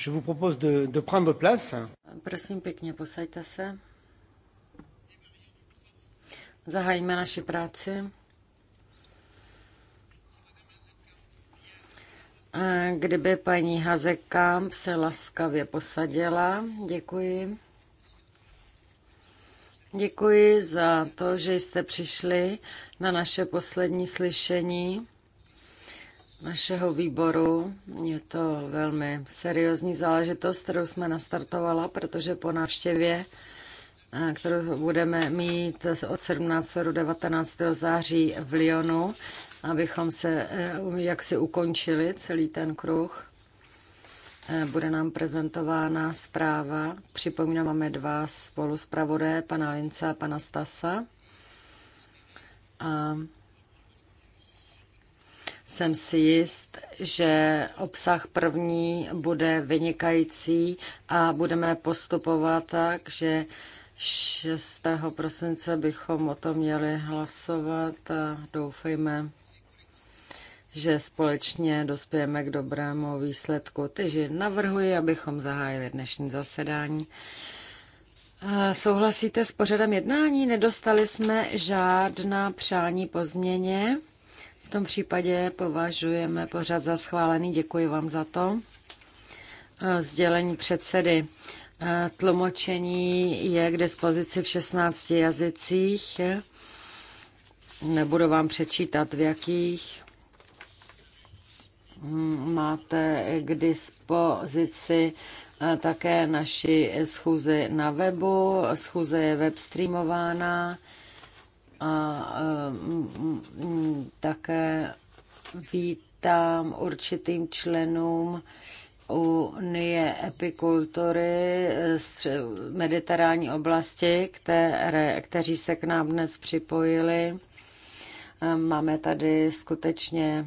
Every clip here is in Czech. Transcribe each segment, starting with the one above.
Je vous propose de, de prendre place. Prosím pěkně, posaďte se. Zahájíme naši práci. Kdyby paní Hazeka se laskavě posadila, děkuji. Děkuji za to, že jste přišli na naše poslední slyšení našeho výboru. Je to velmi seriózní záležitost, kterou jsme nastartovala, protože po návštěvě, eh, kterou budeme mít od 17. do 19. září v Lyonu, abychom se eh, jaksi ukončili celý ten kruh. Eh, bude nám prezentována zpráva. Připomínám, máme dva spolu zpravodaje, pana Lince a pana Stasa. A jsem si jist, že obsah první bude vynikající a budeme postupovat tak, že 6. prosince bychom o tom měli hlasovat a doufejme, že společně dospějeme k dobrému výsledku. Takže navrhuji, abychom zahájili dnešní zasedání. Souhlasíte s pořadem jednání? Nedostali jsme žádná přání po změně. V tom případě považujeme pořád za schválený. Děkuji vám za to. Eh, sdělení předsedy. Eh, tlumočení je k dispozici v 16 jazycích. Nebudu vám přečítat, v jakých hmm, máte k dispozici eh, také naši schůzi na webu. Schůze je webstreamována a e, také vítám určitým členům Unie epikultury mediterální oblasti, které, kteří se k nám dnes připojili. E, máme tady skutečně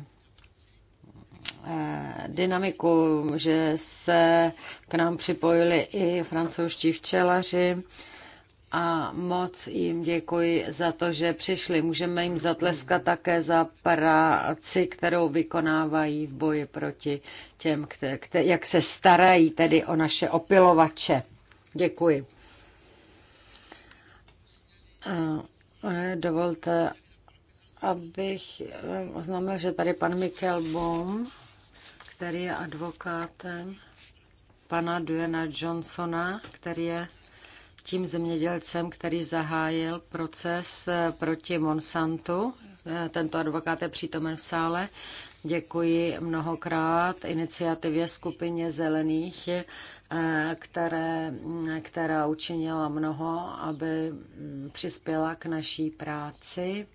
e, dynamiku, že se k nám připojili i francouzští včelaři a moc jim děkuji za to, že přišli. Můžeme jim zatleskat také za práci, kterou vykonávají v boji proti těm, kter, kter, jak se starají tedy o naše opilovače. Děkuji. Dovolte, abych eh, oznámil, že tady pan Mikel Bohm, který je advokátem pana Duena Johnsona, který je tím zemědělcem, který zahájil proces eh, proti Monsantu. Eh, tento advokát je přítomen v sále. Děkuji mnohokrát iniciativě skupině zelených, eh, které, mm, která učinila mnoho, aby mm, přispěla k naší práci.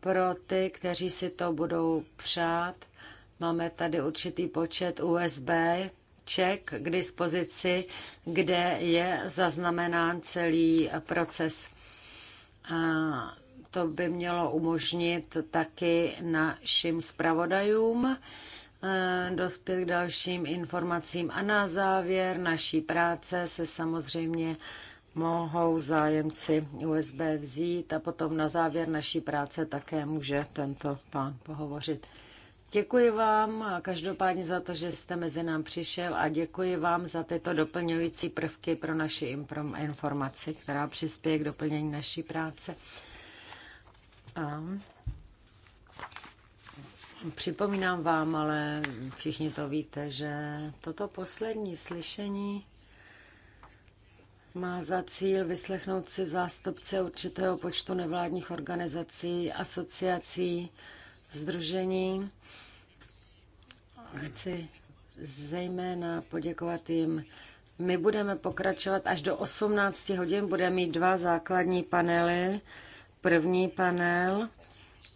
Pro ty, kteří si to budou přát, máme tady určitý počet USB balíček k dispozici, kde je zaznamenán celý proces. A to by mělo umožnit taky našim zpravodajům e, dospět k dalším informacím. A na závěr naší práce se samozřejmě mohou zájemci USB vzít a potom na závěr naší práce také může tento pán pohovořit. Děkuji vám každopádně za to, že jste mezi nám přišel a děkuji vám za tyto doplňující prvky pro naši informaci, která přispěje k doplnění naší práce. A připomínám vám, ale všichni to víte, že toto poslední slyšení má za cíl vyslechnout si zástupce určitého počtu nevládních organizací, asociací, zdržení. Chci zejména poděkovat jim. My budeme pokračovat až do 18 hodin, budeme mít dva základní panely. První panel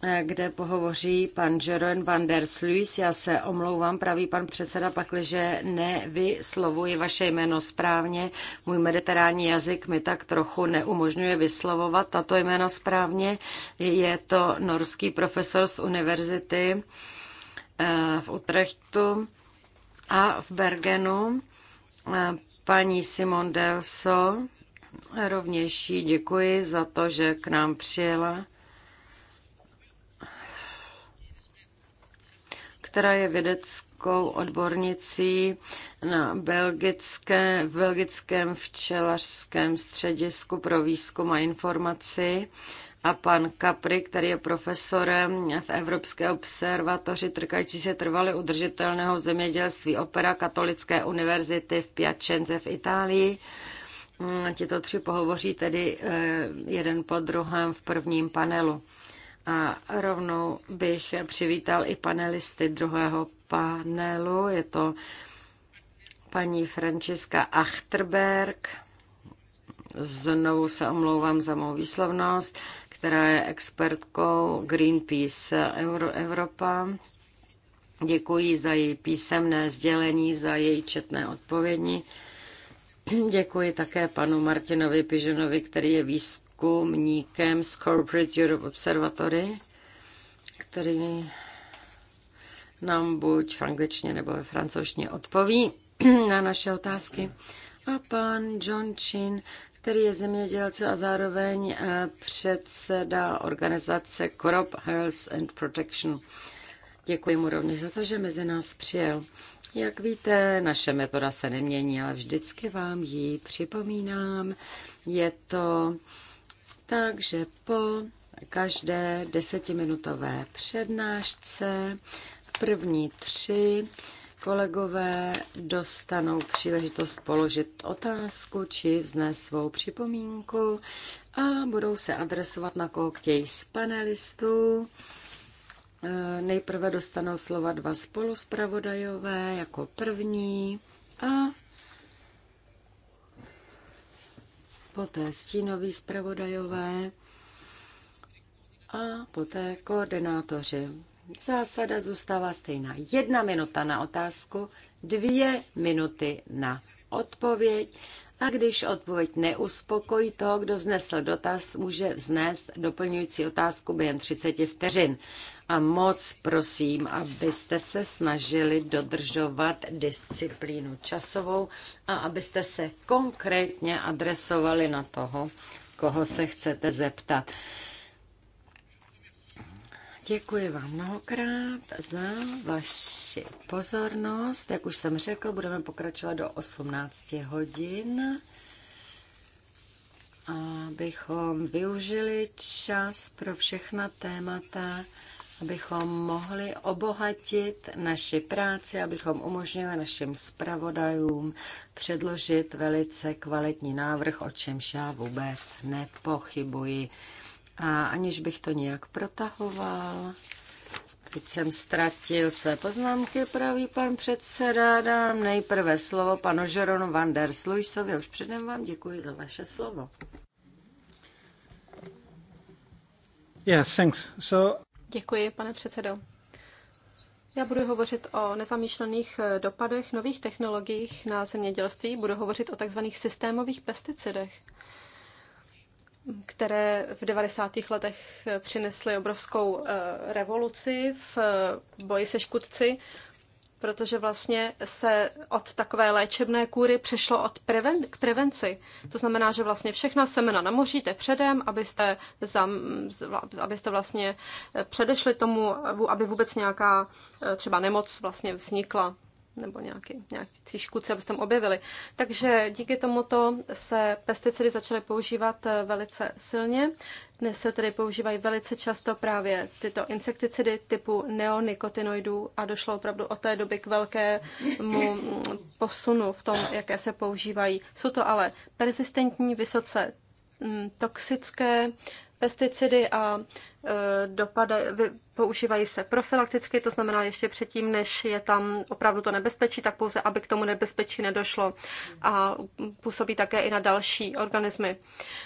Eh, kde pohovoří pan Jeroen van der Sluis. Já se omlouvám, pravý pan předseda, pakliže nevyslovuji vaše jméno správně. Můj mediterální jazyk mi tak trochu neumožňuje vyslovovat tato jména správně. Je to norský profesor z univerzity eh, v Utrechtu a v Bergenu, eh, paní Simon Delso. Rovněž děkuji za to, že k nám přijela která je vědeckou odbornicí na belgické, v belgickém včelařském středisku pro výzkum a informaci a pan Kapry, který je profesorem v Evropské observatoři trkající se trvaly udržitelného zemědělství Opera Katolické univerzity v Piacenze v Itálii. Mm, Tito tři pohovoří tedy eh, jeden po druhém v prvním panelu. A rovnou bych přivítal i panelisty druhého panelu. Je to paní Franciska Achterberg, znovu se omlouvám za mou výslovnost, která je expertkou Greenpeace Euro- Evropa. Děkuji za její písemné sdělení, za její četné odpovědi. Děkuji také panu Martinovi Pižonovi, který je výs Marku Mníkem z Corporate Europe Observatory, který nám buď v angličtině nebo ve francouzštině odpoví na naše otázky. A pan John Chin, který je zemědělce a zároveň eh, předseda organizace Crop Health and Protection. Děkuji mu rovněž za to, že mezi nás přijel. Jak víte, naše metoda se nemění, ale vždycky vám ji připomínám. Je to takže po každé desetiminutové přednášce první tři kolegové dostanou příležitost položit otázku či vznést svou připomínku a budou se adresovat na koho chtějí z panelistů. Nejprve dostanou slova dva spoluspravodajové jako první a poté stínoví zpravodajové a poté koordinátoři. Zásada zůstává stejná. Jedna minuta na otázku, dvě minuty na odpověď a když odpověď neuspokojí toho, kdo vznesl dotaz, může vznést doplňující otázku během 30 vteřin. A moc prosím, abyste se snažili dodržovat disciplínu časovou a abyste se konkrétně adresovali na toho, koho se chcete zeptat. Děkuji vám mnohokrát za vaši pozornost. Jak už jsem řekl, budeme pokračovat do 18 hodin, abychom využili čas pro všechna témata, abychom mohli obohatit naši práci, abychom umožnili našim zpravodajům předložit velice kvalitní návrh, o čemž já vůbec nepochybuji. A aniž bych to nějak protahoval, teď jsem ztratil své poznámky, pravý pan předseda, dám nejprve slovo panu Žeronu van der Sluisovi. Už předem vám děkuji za vaše slovo. Yes, thanks. So... Děkuji, pane předsedo. Já budu hovořit o nezamýšlených eh, dopadech nových technologiích na zemědělství, budu hovořit o takzvaných systémových pesticidech které v 90. letech přinesly obrovskou eh, revoluci v eh, boji se škudci, protože vlastně se od takové léčebné kůry přešlo od preven- k prevenci. To znamená, že vlastně všechna semena namoříte předem, abyste, zam, abyste vlastně eh, předešli tomu, aby vůbec nějaká třeba nemoc vlastně vznikla nebo nějaký, nějaký škůdci, aby se tam objevili. Takže díky tomuto se pesticidy začaly používat eh, velice silně. Dnes se tedy používají velice často právě tyto insekticidy typu neonikotinoidů a došlo opravdu od té doby k velkému mm, posunu v tom, jaké se používají. Jsou to ale persistentní, vysoce mm, toxické pesticidy a e, dopada, používají se profilakticky, to znamená ještě předtím, než je tam opravdu to nebezpečí, tak pouze, aby k tomu nebezpečí nedošlo a působí také i na další organismy.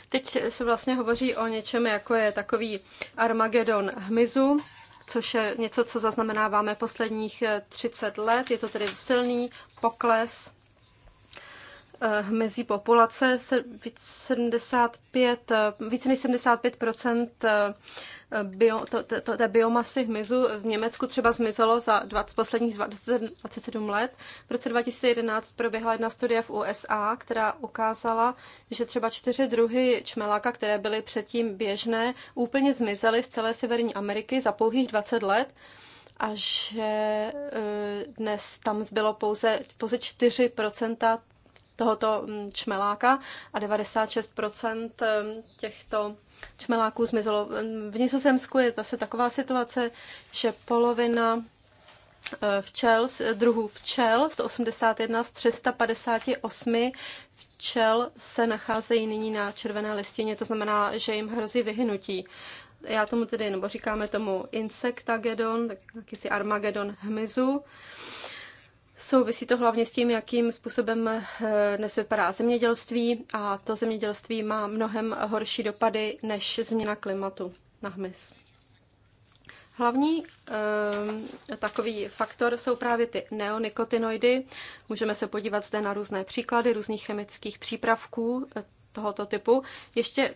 Teď se vlastně hovoří o něčem, jako je takový Armagedon hmyzu, což je něco, co zaznamenáváme posledních 30 e, let. Je to tedy silný pokles hmyzí eh, populace více eh, než 75 eh, bio, to, to, to, té biomasy hmyzu v Německu třeba zmizelo za 20, posledních 20, 27 let. V roce 2011 proběhla jedna studie v USA, která ukázala, že třeba čtyři druhy čmeláka, které byly předtím běžné, úplně zmizely z celé Severní Ameriky za pouhých 20 let a že dnes tam zbylo pouze, pouze 4% tohoto mm, čmeláka a 96% mm, těchto čmeláků zmizelo. Mm, v Nizozemsku je zase taková situace, že polovina e, včel, druhů včel, 181 z 358 včel se nacházejí nyní na červené listině, to znamená, že jim hrozí vyhnutí. Já tomu tedy, nebo říkáme tomu insektagedon, tak jakýsi armagedon hmyzu. Souvisí to hlavně s tím, jakým způsobem eh, dnes vypadá zemědělství a to zemědělství má mnohem horší dopady než změna klimatu na hmyz. Hlavní eh, takový faktor jsou právě ty neonikotinoidy. Můžeme se podívat zde na různé příklady různých chemických přípravků eh, tohoto typu. Ještě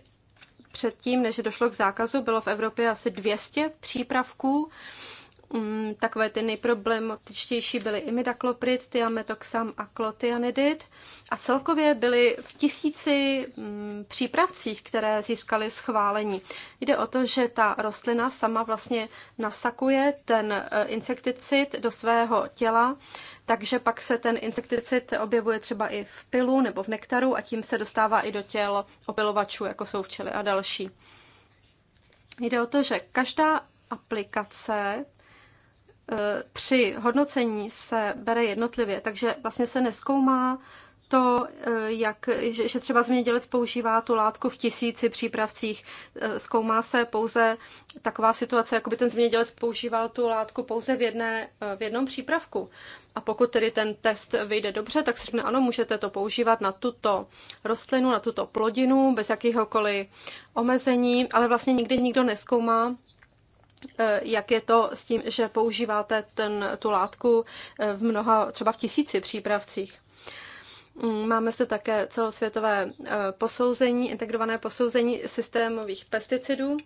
předtím, než došlo k zákazu, bylo v Evropě asi 200 přípravků. Eh, Mm, takové ty nejproblematičtější byly imidakloprid, tiametoxam a klotianidid. A celkově byly v tisíci mm, přípravcích, které získaly schválení. Jde o to, že ta rostlina sama vlastně nasakuje ten eh, insekticid do svého těla, takže pak se ten insekticid objevuje třeba i v pilu nebo v nektaru a tím se dostává i do těl opilovačů, jako jsou včely a další. Jde o to, že každá aplikace Eh, při hodnocení se bere jednotlivě, takže vlastně se neskoumá to, eh, jak, že, že třeba zemědělec používá tu látku v tisíci přípravcích, eh, zkoumá se pouze taková situace, jako by ten zemědělec používal tu látku pouze v, jedné, v jednom přípravku. A pokud tedy ten test vyjde dobře, tak se řekne, ano, můžete to používat na tuto rostlinu, na tuto plodinu, bez jakéhokoliv omezení, ale vlastně nikdy nikdo neskoumá, Eh, jak je to s tím, že používáte ten, tu látku eh, v mnoha, třeba v tisíci přípravcích. Mm, máme se také celosvětové eh, posouzení, integrované posouzení systémových pesticidů,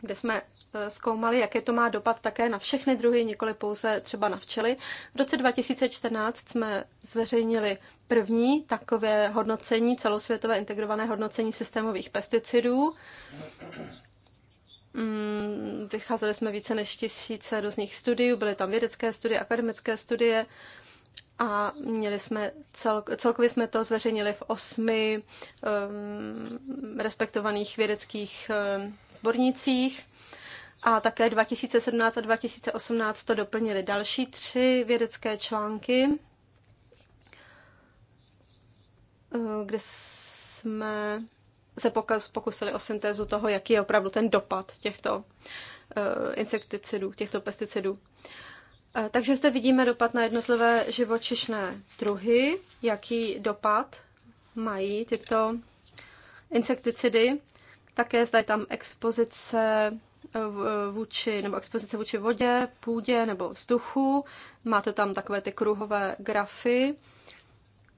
kde jsme zkoumali, jaké to má dopad také na všechny druhy, nikoli pouze třeba na včely. V roce 2014 jsme zveřejnili první takové hodnocení, celosvětové integrované hodnocení systémových pesticidů. Mm, vycházeli jsme více než tisíce různých studií, byly tam vědecké studie, akademické studie a měli jsme cel, celkově jsme to zveřejnili v osmi um, respektovaných vědeckých um, sbornicích a také 2017 a 2018 to doplnili další tři vědecké články, eh, kde jsme se pokusili o syntézu toho, jaký je opravdu ten dopad těchto eh, insekticidů, těchto pesticidů. Eh, takže zde vidíme dopad na jednotlivé živočišné druhy, jaký dopad mají tyto insekticidy. Také zda je tam expozice eh, vůči, nebo expozice vůči vodě, půdě nebo vzduchu. Máte tam takové ty kruhové grafy.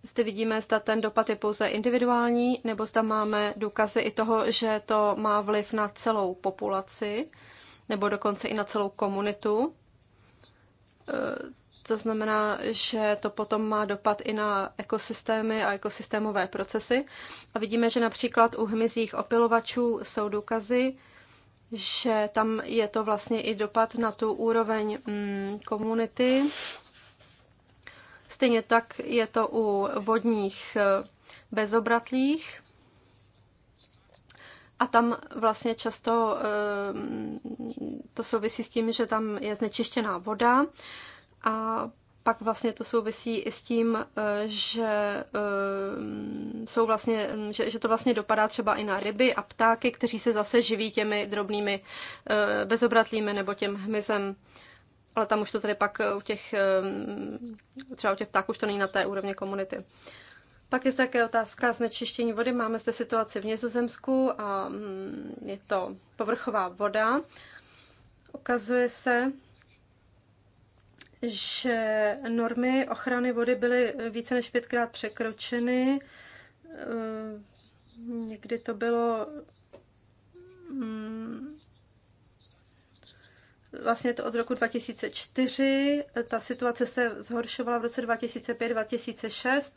Zde vidíme, zda ten dopad je pouze individuální, nebo zda máme důkazy i toho, že to má vliv na celou populaci, nebo dokonce i na celou komunitu. E, to znamená, že to potom má dopad i na ekosystémy a ekosystémové procesy. A vidíme, že například u hmyzích opilovačů jsou důkazy, že tam je to vlastně i dopad na tu úroveň mm, komunity. Mm, Stejně tak je to u vodních eh, bezobratlých. A tam vlastně často eh, to souvisí s tím, že tam je znečištěná voda a pak vlastně to souvisí i s tím, eh, že jsou vlastně, že, že to vlastně dopadá třeba i na ryby a ptáky, kteří se zase živí těmi drobnými bezobratlými nebo těm hmyzem ale tam už to tedy pak eh, u těch, eh, třeba u těch ptáků už to není na té úrovni komunity. Pak je také otázka znečištění vody. Máme zde situaci v Nizozemsku a mm, je to povrchová voda. Ukazuje se, že normy ochrany vody byly více než pětkrát překročeny. Eh, někdy to bylo mm, vlastně to od roku 2004. Ta situace se zhoršovala v roce 2005-2006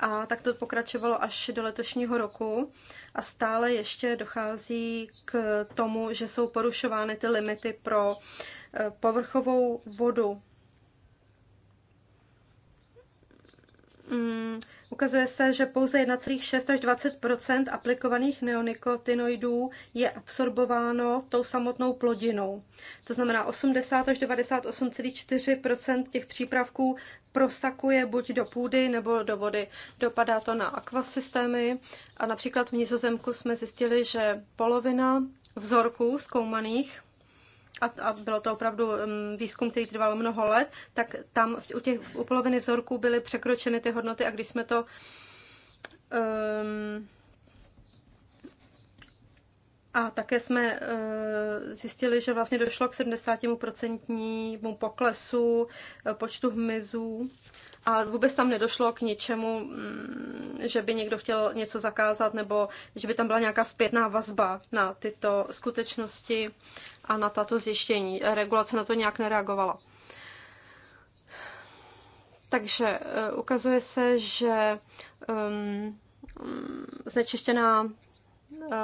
a tak to pokračovalo až do letošního roku. A stále ještě dochází k tomu, že jsou porušovány ty limity pro eh, povrchovou vodu. Mm, Ukazuje se, že pouze 1,6 až 20 aplikovaných neonikotinoidů je absorbováno tou samotnou plodinou. To znamená 80 až 98,4 těch přípravků prosakuje buď do půdy nebo do vody. Dopadá to na akvasystémy a například v Nizozemku jsme zjistili, že polovina vzorků zkoumaných a, a bylo to opravdu mm, výzkum, který trval mnoho let, tak tam u, těch, u poloviny vzorků byly překročeny ty hodnoty a když jsme to um, a také jsme ehm, zjistili, že vlastně došlo k 70% poklesu eh, počtu hmyzů a vůbec tam nedošlo k ničemu, mm, že by někdo chtěl něco zakázat nebo že by tam byla nějaká zpětná vazba na tyto skutečnosti a na tato zjištění. Regulace na to nějak nereagovala. Takže eh, ukazuje se, že um, znečištěná eh,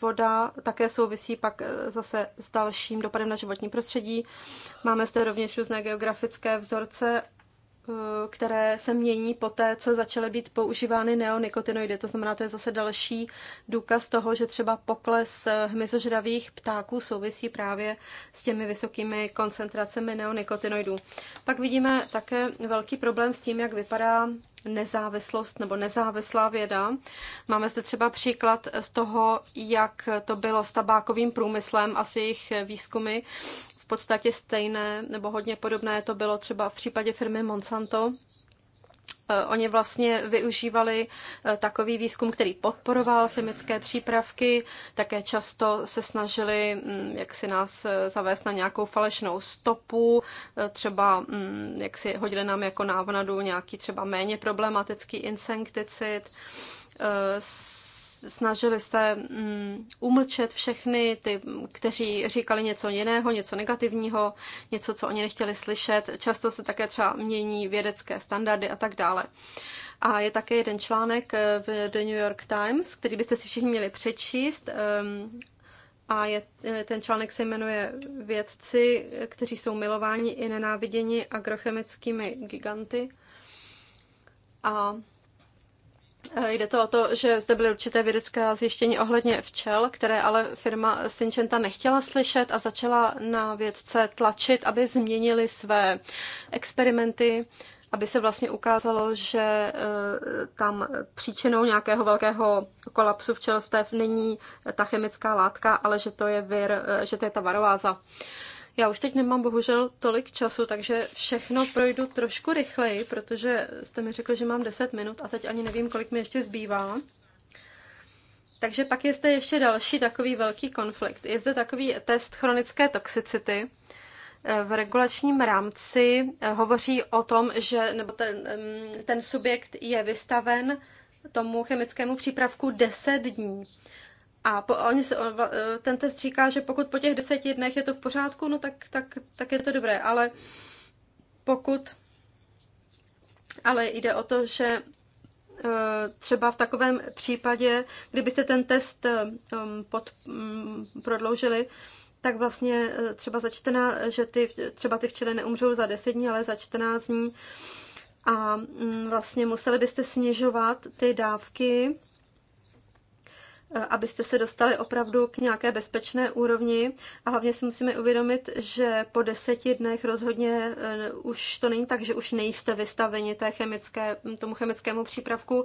voda také souvisí pak eh, zase s dalším dopadem na životní prostředí. Máme zde rovněž různé geografické vzorce Eh, které se mění po té, co začaly být používány neonikotinoidy. To znamená, to je zase další důkaz toho, že třeba pokles eh, hmyzožravých ptáků souvisí právě s těmi vysokými koncentracemi neonikotinoidů. Pak vidíme také velký problém s tím, jak vypadá nezávislost nebo nezávislá věda. Máme zde třeba příklad z toho, jak to bylo s tabákovým průmyslem a s jejich výzkumy podstatě stejné nebo hodně podobné to bylo třeba v případě firmy Monsanto. Eh, oni vlastně využívali eh, takový výzkum, který podporoval chemické přípravky, také často se snažili, mm, jak si nás eh, zavést na nějakou falešnou stopu, třeba mm, jak si hodili nám jako návnadu nějaký třeba méně problematický insekticid snažili jste mm, umlčet všechny ty, kteří říkali něco jiného, něco negativního, něco, co oni nechtěli slyšet. Často se také třeba mění vědecké standardy a tak dále. A je také jeden článek eh, v The New York Times, který byste si všichni měli přečíst. Ehm, a je, eh, ten článek se jmenuje Vědci, kteří jsou milováni i nenáviděni agrochemickými giganty. A Eh, jde to o to, že zde byly určité vědecká zjištění ohledně včel, které ale firma Syngenta nechtěla slyšet a začala na vědce tlačit, aby změnili své experimenty, aby se vlastně ukázalo, že eh, tam příčinou nějakého velkého kolapsu včelstev není ta chemická látka, ale že to je vir, eh, že to je ta varováza. Já už teď nemám bohužel tolik času, takže všechno projdu trošku rychleji, protože jste mi řekli, že mám 10 minut a teď ani nevím, kolik mi ještě zbývá. Takže pak je zde ještě další takový velký konflikt. Je zde takový test chronické toxicity. V regulačním rámci eh, hovoří o tom, že nebo ten, ten subjekt je vystaven tomu chemickému přípravku 10 dní. A po, oni se, e, ten test říká, že pokud po těch deseti dnech je to v pořádku, no tak, tak, tak je to dobré, ale pokud, ale jde o to, že e, třeba v takovém případě, kdybyste ten test e, um, pod, mm, prodloužili, tak vlastně třeba za 14, že ty, třeba ty včely neumřou za 10 dní, ale za 14 dní a mm, vlastně museli byste snižovat ty dávky Eh, abyste se dostali opravdu k nějaké bezpečné úrovni. A hlavně si musíme uvědomit, že po deseti dnech rozhodně eh, už to není tak, že už nejste vystaveni té chemické, tomu chemickému přípravku.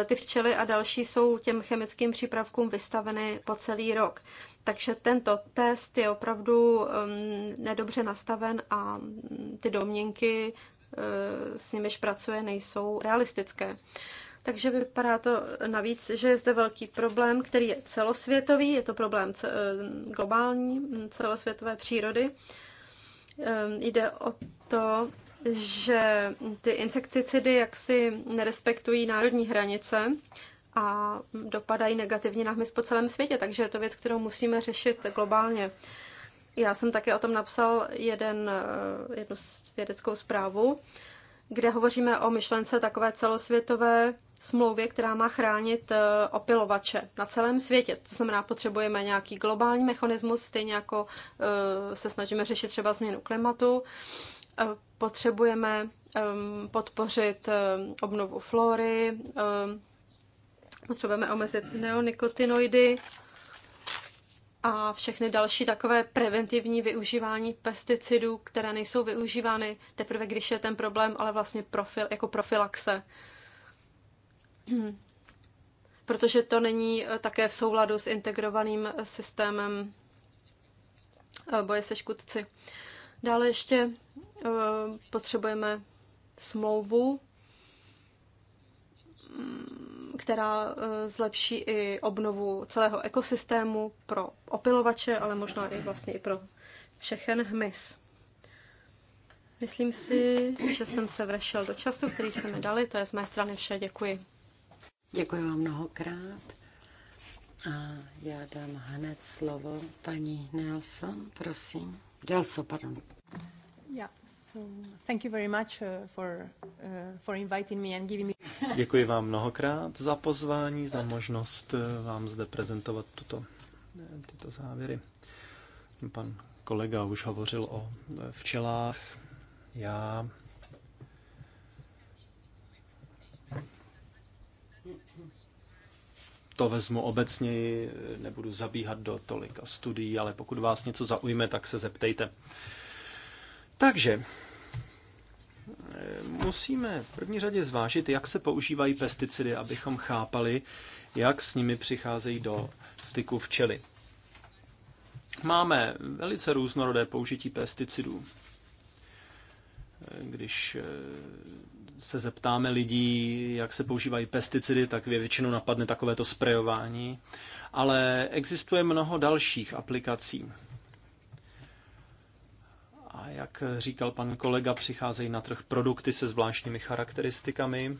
Eh, ty včely a další jsou těm chemickým přípravkům vystaveny po celý rok. Takže tento test je opravdu ehm, nedobře nastaven a mm, ty domněnky, s nimiž pracuje, nejsou realistické. Takže vypadá to navíc, že je zde velký problém, který je celosvětový, je to problém eh, globální, mm, celosvětové přírody. Eh, jde o to, že ty insekticidy jaksi nerespektují národní hranice a dopadají negativně na hmyz po celém světě, takže je to věc, kterou musíme řešit globálně. Já jsem také o tom napsal jeden, eh, jednu vědeckou zprávu, kde hovoříme o myšlence takové celosvětové smlouvě, která má chránit eh, opilovače na celém světě. To znamená, potřebujeme nějaký globální mechanismus, stejně jako eh, se snažíme řešit třeba změnu klimatu. Eh, potřebujeme podpořit obnovu flory, potřebujeme omezit neonikotinoidy a všechny další takové preventivní využívání pesticidů, které nejsou využívány teprve, když je ten problém, ale vlastně profil, jako profilaxe. protože to není eh, také v souladu s integrovaným eh, systémem eh, boje se škudci. Dále ještě potřebujeme smlouvu, mm, která zlepší i obnovu celého ekosystému pro opilovače, ale možná i vlastně i pro všechen hmyz. Myslím si, že jsem se vešel do času, který jsme mi dali. To je z mé strany vše. Děkuji. Děkuji vám mnohokrát. A já dám hned slovo paní Nelson, prosím. Delso, pardon. Yeah, uh, uh, Děkuji vám mnohokrát za pozvání, za možnost uh, vám zde prezentovat tuto, tyto závěry. Pan kolega už hovořil o včelách. Já to vezmu obecně. nebudu zabíhat do tolika studií, ale pokud vás něco zaujme, tak se zeptejte. Takže musíme v první řadě zvážit, jak se používají pesticidy, abychom chápali, jak s nimi přicházejí do styku včely. Máme velice různorodé použití pesticidů. Když se zeptáme lidí, jak se používají pesticidy, tak většinou napadne takovéto sprejování. Ale existuje mnoho dalších aplikací. A jak říkal pan kolega, přicházejí na trh produkty se zvláštními charakteristikami.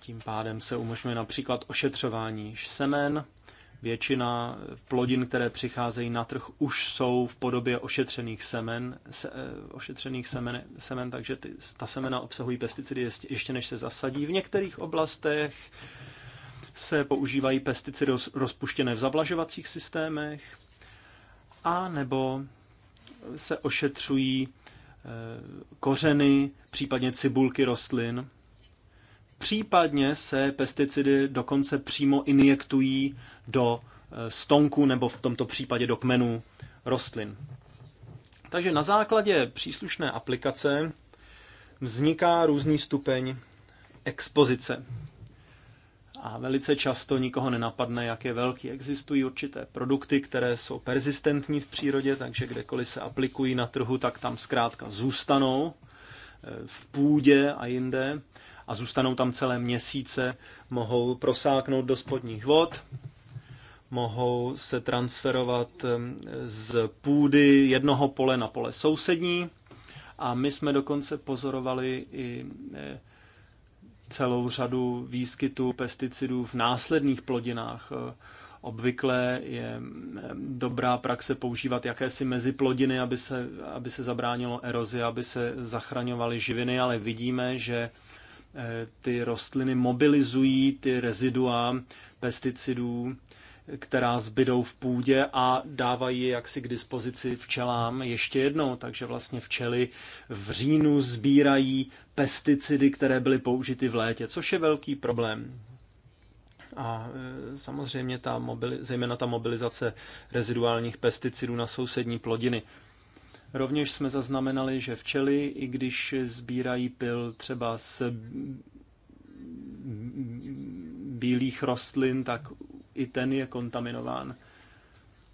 Tím pádem se umožňuje například ošetřování semen Většina plodin, které přicházejí na trh, už jsou v podobě ošetřených semen, se, eh, ošetřených semen, semen takže ty, ta semena obsahují pesticidy ještě než se zasadí. V některých oblastech se používají pesticidy roz, rozpuštěné v zavlažovacích systémech a nebo se ošetřují eh, kořeny, případně cibulky rostlin, Případně se pesticidy dokonce přímo injektují do eh, stonku nebo v tomto případě do kmenů rostlin. Takže na základě příslušné aplikace vzniká různý stupeň expozice. A velice často nikoho nenapadne, jak je velký. Existují určité produkty, které jsou persistentní v přírodě, takže kdekoliv se aplikují na trhu, tak tam zkrátka zůstanou eh, v půdě a jinde a zůstanou tam celé měsíce, mohou prosáknout do spodních vod, mohou se transferovat z půdy jednoho pole na pole sousední a my jsme dokonce pozorovali i e, celou řadu výskytů pesticidů v následných plodinách. E, obvykle je dobrá praxe používat jakési meziplodiny, aby se, aby se zabránilo erozi, aby se zachraňovaly živiny, ale vidíme, že Eh, ty rostliny mobilizují ty rezidua pesticidů, která zbydou v půdě a dávají je jaksi k dispozici včelám ještě jednou. Takže vlastně včely v říjnu sbírají pesticidy, které byly použity v létě, což je velký problém. A eh, samozřejmě ta mobili- zejména ta mobilizace reziduálních pesticidů na sousední plodiny. Rovněž jsme zaznamenali, že včely, i když sbírají pil třeba z bílých rostlin, tak i ten je kontaminován.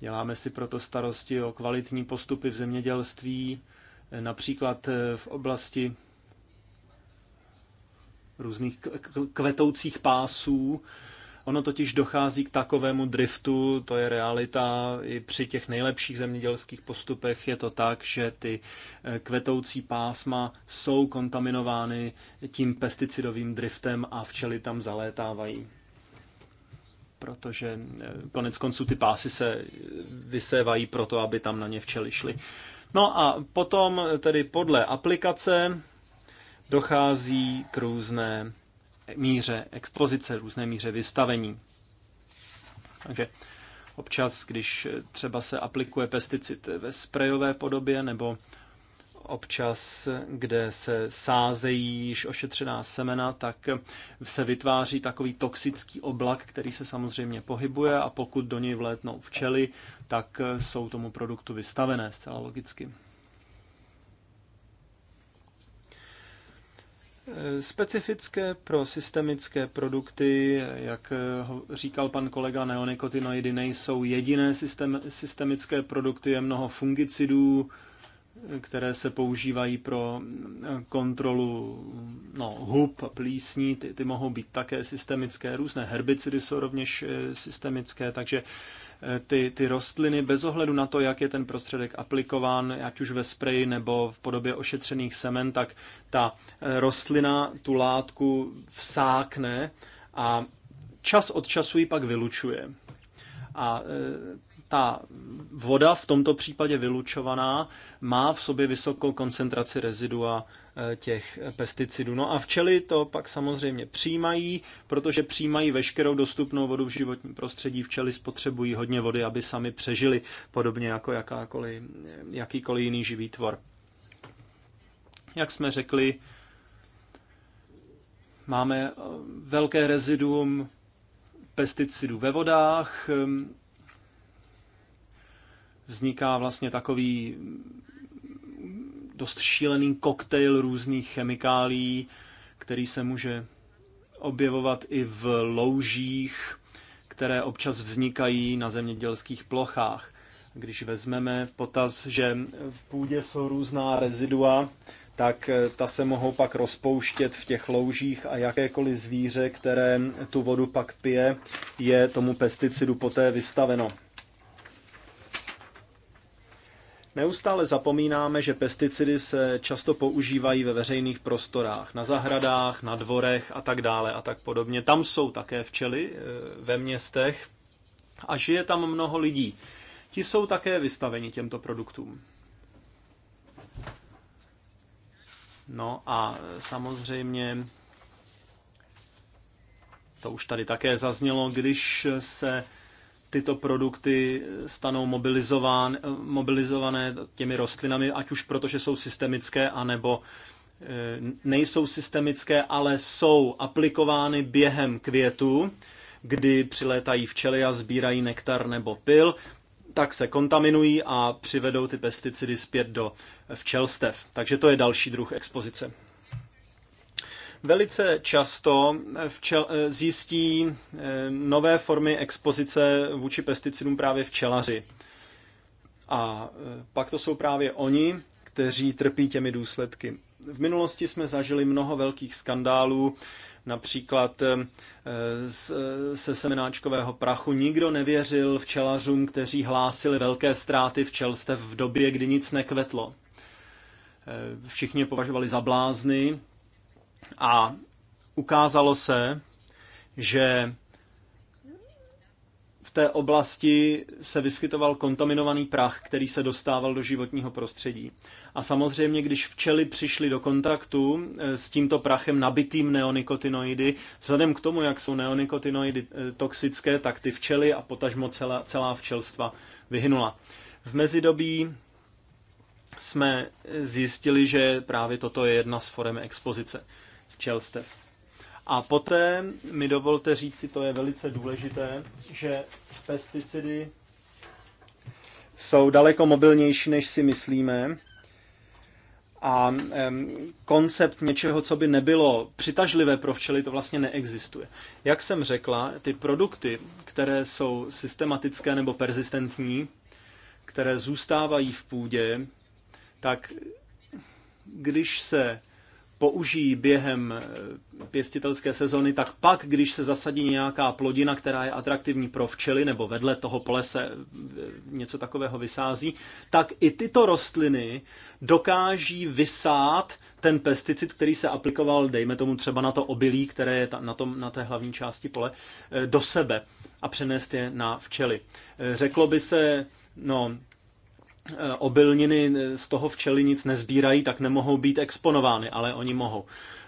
Děláme si proto starosti o kvalitní postupy v zemědělství, například v oblasti různých kvetoucích pásů, Ono totiž dochází k takovému driftu, to je realita i při těch nejlepších zemědělských postupech je to tak, že ty eh, kvetoucí pásma jsou kontaminovány tím pesticidovým driftem a včely tam zalétávají. Protože eh, konec konců ty pásy se eh, vysévají proto, aby tam na ně včely šly. No a potom tedy podle aplikace dochází k různé míře expozice, různé míře vystavení. Takže občas, když třeba se aplikuje pesticid ve sprejové podobě nebo občas, kde se sázejí již ošetřená semena, tak se vytváří takový toxický oblak, který se samozřejmě pohybuje a pokud do něj vlétnou včely, tak jsou tomu produktu vystavené zcela logicky. specifické pro systemické produkty, jak říkal pan kolega, neonikotinoidy nejsou jediné systém, systemické produkty, je mnoho fungicidů, které se používají pro kontrolu no, hub a plísní, ty, ty mohou být také systemické, různé herbicidy jsou rovněž eh, systemické, takže ty, ty rostliny bez ohledu na to, jak je ten prostředek aplikován, ať už ve spreji nebo v podobě ošetřených semen, tak ta eh, rostlina tu látku vsákne a čas od času ji pak vylučuje. A eh, ta voda, v tomto případě vylučovaná, má v sobě vysokou koncentraci rezidua Eh, těch pesticidů. No a včely to pak samozřejmě přijímají, protože přijímají veškerou dostupnou vodu v životním prostředí. Včely spotřebují hodně vody, aby sami přežili, podobně jako jakákoliv, jakýkoliv jiný živý tvor. Jak jsme řekli, máme eh, velké reziduum pesticidů ve vodách, ehm, vzniká vlastně takový dost šílený koktejl různých chemikálií, který se může objevovat i v loužích, které občas vznikají na zemědělských plochách. Když vezmeme v potaz, že v půdě jsou různá rezidua, tak eh, ta se mohou pak rozpouštět v těch loužích a jakékoliv zvíře, které tu vodu pak pije, je tomu pesticidu poté vystaveno. Neustále zapomínáme, že pesticidy se často používají ve veřejných prostorách, na zahradách, na dvorech a tak dále a tak podobně. Tam jsou také včely eh, ve městech a žije tam mnoho lidí. Ti jsou také vystaveni těmto produktům. No a eh, samozřejmě to už tady také zaznělo, když se tyto produkty stanou mobilizován, mobilizované těmi rostlinami, ať už protože jsou systemické, anebo e, nejsou systemické, ale jsou aplikovány během květu, kdy přilétají včely a sbírají nektar nebo pil, tak se kontaminují a přivedou ty pesticidy zpět do včelstev. Takže to je další druh expozice. Velice často včel, eh, zjistí eh, nové formy expozice vůči pesticidům právě včelaři. A eh, pak to jsou právě oni, kteří trpí těmi důsledky. V minulosti jsme zažili mnoho velkých skandálů, například se semenáčkového prachu. Nikdo nevěřil včelařům, kteří hlásili velké ztráty včelstev v době, kdy nic nekvetlo. Všichni je považovali za blázny a ukázalo se, že v té oblasti se vyskytoval kontaminovaný prach, který se dostával do životního prostředí. A samozřejmě, když včely přišly do kontaktu eh, s tímto prachem nabitým neonikotinoidy, vzhledem k tomu, jak jsou neonikotinoidy eh, toxické, tak ty včely a potažmo celá, celá včelstva vyhynula. V mezidobí jsme zjistili, že právě toto je jedna z forem expozice včelstev. A poté mi dovolte říct si, to je velice důležité, že pesticidy jsou daleko mobilnější, než si myslíme. A koncept něčeho, co by nebylo přitažlivé pro včely, to vlastně neexistuje. Jak jsem řekla, ty produkty, které jsou systematické nebo persistentní, které zůstávají v půdě, tak když se použijí během eh, pěstitelské sezony, tak pak, když se zasadí nějaká plodina, která je atraktivní pro včely, nebo vedle toho pole se eh, něco takového vysází, tak i tyto rostliny dokáží vysát ten pesticid, který se aplikoval, dejme tomu třeba na to obilí, které je na, tom, na té hlavní části pole, eh, do sebe a přenést je na včely. Řeklo by se, no, Eh, obilniny eh, z toho včely nic nezbírají, tak nemohou být exponovány, ale oni mohou.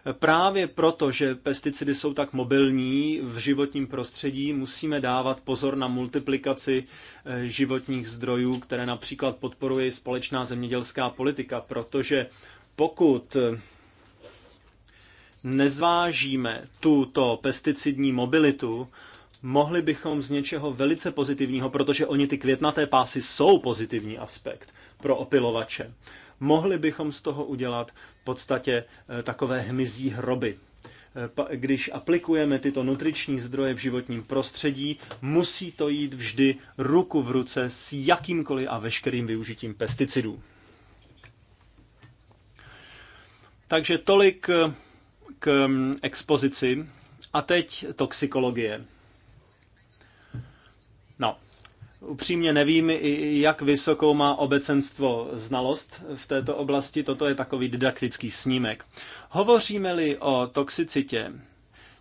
Eh, právě proto, že pesticidy jsou tak mobilní v životním prostředí, musíme dávat pozor na multiplikaci životních zdrojů, které například podporuje společná zemědělská politika, protože pokud nezvážíme tuto pesticidní mobilitu, mohli bychom z něčeho velice pozitivního, protože oni ty květnaté pásy jsou pozitivní aspekt pro opilovače, mohli bychom z toho udělat v podstatě eh, takové hmyzí hroby. Eh, když aplikujeme tyto nutriční zdroje v životním prostředí, musí to jít vždy ruku v ruce s jakýmkoliv a veškerým využitím pesticidů. Takže tolik eh, k mm, expozici. A teď toxikologie. Upřímně nevím, jak vysokou má obecenstvo znalost v této oblasti. Toto je takový didaktický snímek. Hovoříme-li o toxicitě,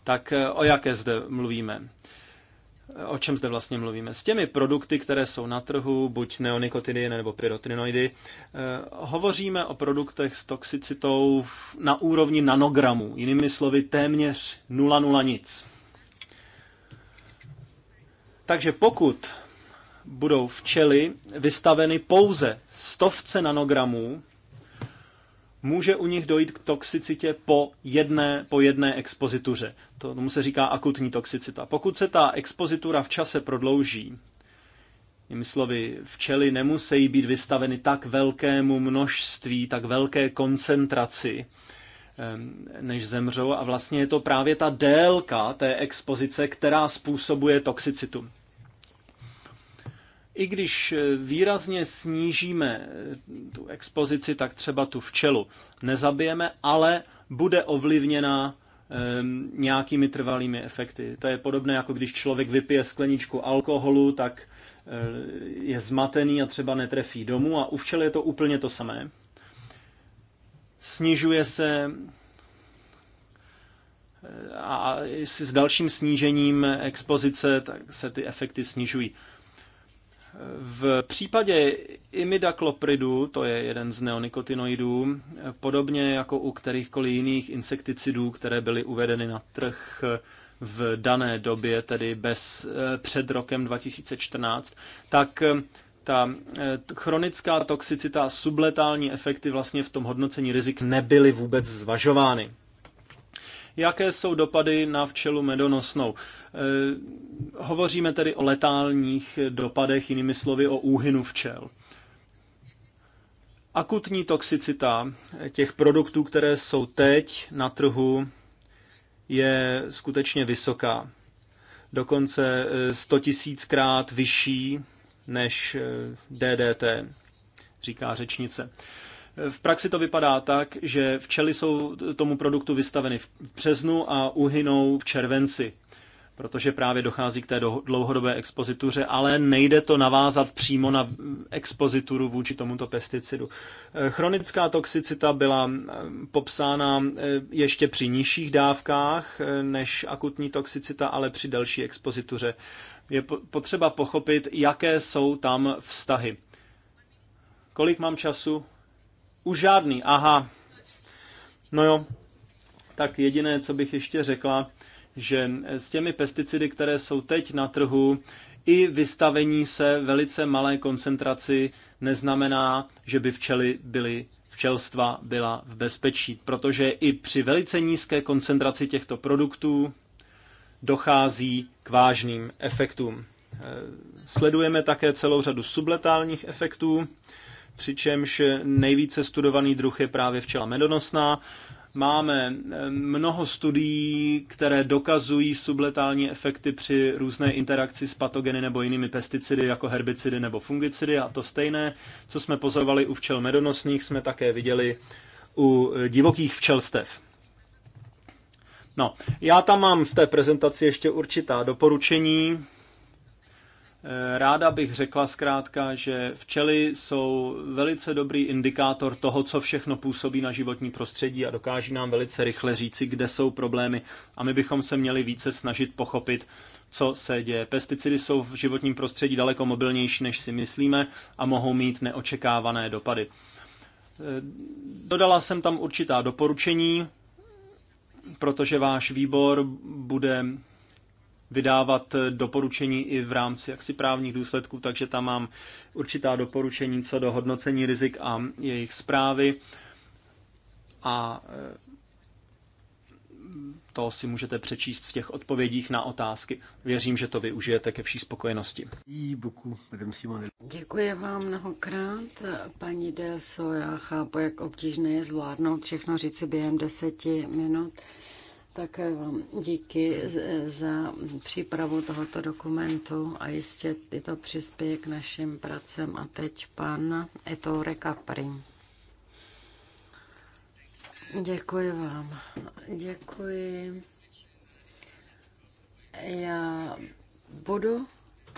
tak eh, o jaké zde mluvíme? O čem zde vlastně mluvíme? S těmi produkty, které jsou na trhu, buď neonikotidy nebo pyrotrinoidy, eh, hovoříme o produktech s toxicitou na úrovni nanogramů, jinými slovy téměř 0,0 nic. Takže pokud budou včely vystaveny pouze stovce nanogramů, může u nich dojít k toxicitě po jedné, po jedné expozituře. To tomu se říká akutní toxicita. Pokud se ta expozitura v čase prodlouží, jim slovy, včely nemusí být vystaveny tak velkému množství, tak velké koncentraci, než zemřou. A vlastně je to právě ta délka té expozice, která způsobuje toxicitu i když eh, výrazně snížíme eh, tu expozici, tak třeba tu včelu nezabijeme, ale bude ovlivněna ehm, nějakými trvalými efekty. To je podobné, jako když člověk vypije skleničku alkoholu, tak eh, je zmatený a třeba netrefí domů a u včel je to úplně to samé. Snižuje se a s dalším snížením expozice tak se ty efekty snižují. V případě imidaklopridu, to je jeden z neonikotinoidů, podobně jako u kterýchkoliv jiných insekticidů, které byly uvedeny na trh v dané době, tedy bez, eh, před rokem 2014, tak eh, ta eh, chronická toxicita a subletální efekty vlastně v tom hodnocení rizik nebyly vůbec zvažovány. Jaké jsou dopady na včelu medonosnou? Eh, hovoříme tedy o letálních dopadech, jinými slovy o úhynu včel. Akutní toxicita těch produktů, které jsou teď na trhu, je skutečně vysoká. Dokonce 100 eh, tisíckrát vyšší než eh, DDT, říká řečnice. V praxi to vypadá tak, že včely jsou tomu produktu vystaveny v březnu a uhynou v červenci, protože právě dochází k té dlouhodobé expozituře, ale nejde to navázat přímo na expozituru vůči tomuto pesticidu. Eh, chronická toxicita byla eh, popsána eh, ještě při nižších dávkách než akutní toxicita, ale při delší expozituře. Je potřeba pochopit, jaké jsou tam vztahy. Kolik mám času? Už žádný, aha. No jo, tak jediné, co bych ještě řekla, že s těmi pesticidy, které jsou teď na trhu, i vystavení se velice malé koncentraci neznamená, že by včely byly včelstva byla v bezpečí, protože i při velice nízké koncentraci těchto produktů dochází k vážným efektům. Eh, sledujeme také celou řadu subletálních efektů, přičemž nejvíce studovaný druh je právě včela medonosná. Máme eh, mnoho studií, které dokazují subletální efekty při různé interakci s patogeny nebo jinými pesticidy, jako herbicidy nebo fungicidy. A to stejné, co jsme pozorovali u včel medonosných, jsme také viděli u eh, divokých včelstev. No, já tam mám v té prezentaci ještě určitá doporučení, Ráda bych řekla zkrátka, že včely jsou velice dobrý indikátor toho, co všechno působí na životní prostředí a dokáží nám velice rychle říci, kde jsou problémy a my bychom se měli více snažit pochopit, co se děje. Pesticidy jsou v životním prostředí daleko mobilnější, než si myslíme a mohou mít neočekávané dopady. Dodala jsem tam určitá doporučení, protože váš výbor bude vydávat eh, doporučení i v rámci jaksi právních důsledků, takže tam mám určitá doporučení co do hodnocení rizik a jejich zprávy. A eh, to si můžete přečíst v těch odpovědích na otázky. Věřím, že to využijete ke vší spokojenosti. Děkuji vám mnohokrát, paní Delso. Já chápu, jak obtížné je zvládnout všechno říci během deseti minut. Také vám díky za přípravu tohoto dokumentu a jistě i to přispěje k našim pracem. A teď pan Ettore Capri. Děkuji vám. Děkuji. Já budu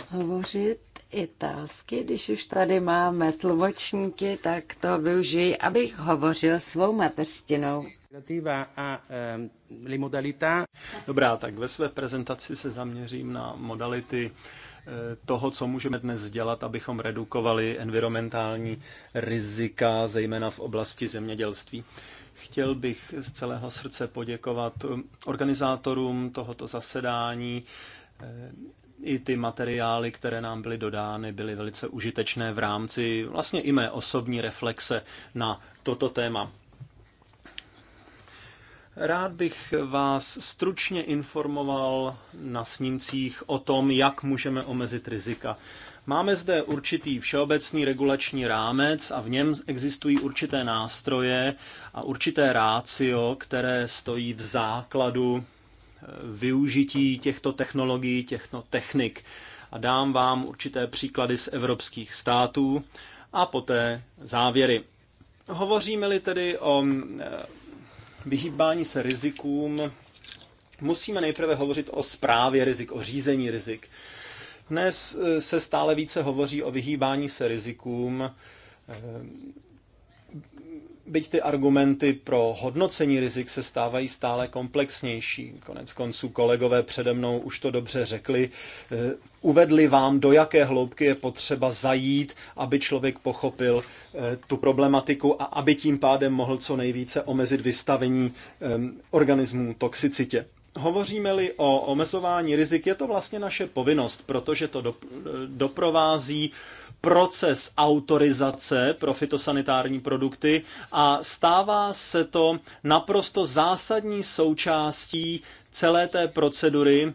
hovořit italsky, když už tady máme tlumočníky, tak to využiji, abych hovořil svou mateřštinou. Ehm, Dobrá, tak ve své prezentaci se zaměřím na modality eh, toho, co můžeme dnes dělat, abychom redukovali environmentální rizika, zejména v oblasti zemědělství. Chtěl bych z celého srdce poděkovat ehm, organizátorům tohoto zasedání. Eh, I ty materiály, které nám byly dodány, byly velice užitečné v rámci vlastně i mé osobní reflexe na toto téma. Rád bych vás stručně informoval na snímcích o tom, jak můžeme omezit rizika. Máme zde určitý všeobecný regulační rámec a v něm existují určité nástroje a určité rácio, které stojí v základu eh, využití těchto technologií, těchto technik. A dám vám určité příklady z evropských států a poté závěry. Hovoříme-li tedy o eh, vyhýbání se rizikům, musíme nejprve hovořit o správě rizik, o řízení rizik. Dnes eh, se stále více hovoří o vyhýbání se rizikům, eh, byť ty argumenty pro hodnocení rizik se stávají stále komplexnější. Konec konců kolegové přede mnou už to dobře řekli. Eh, uvedli vám, do jaké hloubky je potřeba zajít, aby člověk pochopil eh, tu problematiku a aby tím pádem mohl co nejvíce omezit vystavení organismů toxicitě. Hovoříme-li o omezování rizik, je to vlastně naše povinnost, protože to doprovází proces autorizace pro fitosanitární produkty a stává se to naprosto zásadní součástí celé té procedury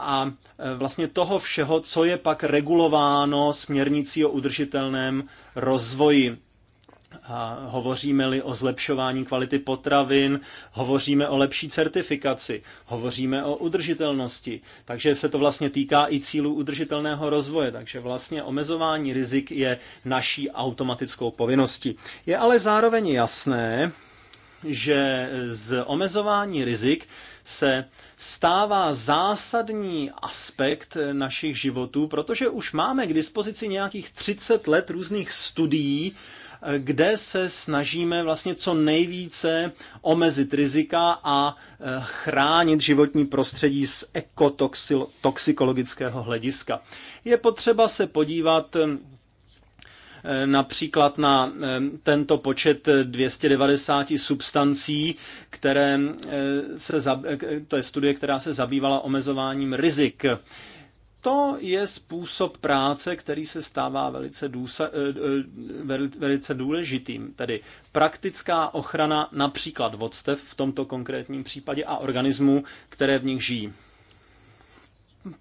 a e, vlastně toho všeho, co je pak regulováno směrnicí o udržitelném rozvoji. A hovoříme-li o zlepšování kvality potravin, hovoříme o lepší certifikaci, hovoříme o udržitelnosti. Takže se to vlastně týká i cílů udržitelného rozvoje. Takže vlastně omezování rizik je naší automatickou povinností. Je ale zároveň jasné, že z omezování rizik se stává zásadní aspekt našich životů, protože už máme k dispozici nějakých 30 let různých studií, kde se snažíme vlastně co nejvíce omezit rizika a eh, chránit životní prostředí z ekotoxikologického hlediska. Je potřeba se podívat Eh, například na eh, tento počet 290 substancí, které eh, se, to je studie, která se zabývala omezováním rizik. To je způsob práce, který se stává velice, důsa, velice důležitým, tedy praktická ochrana například vodstev v tomto konkrétním případě a organismů, které v nich žijí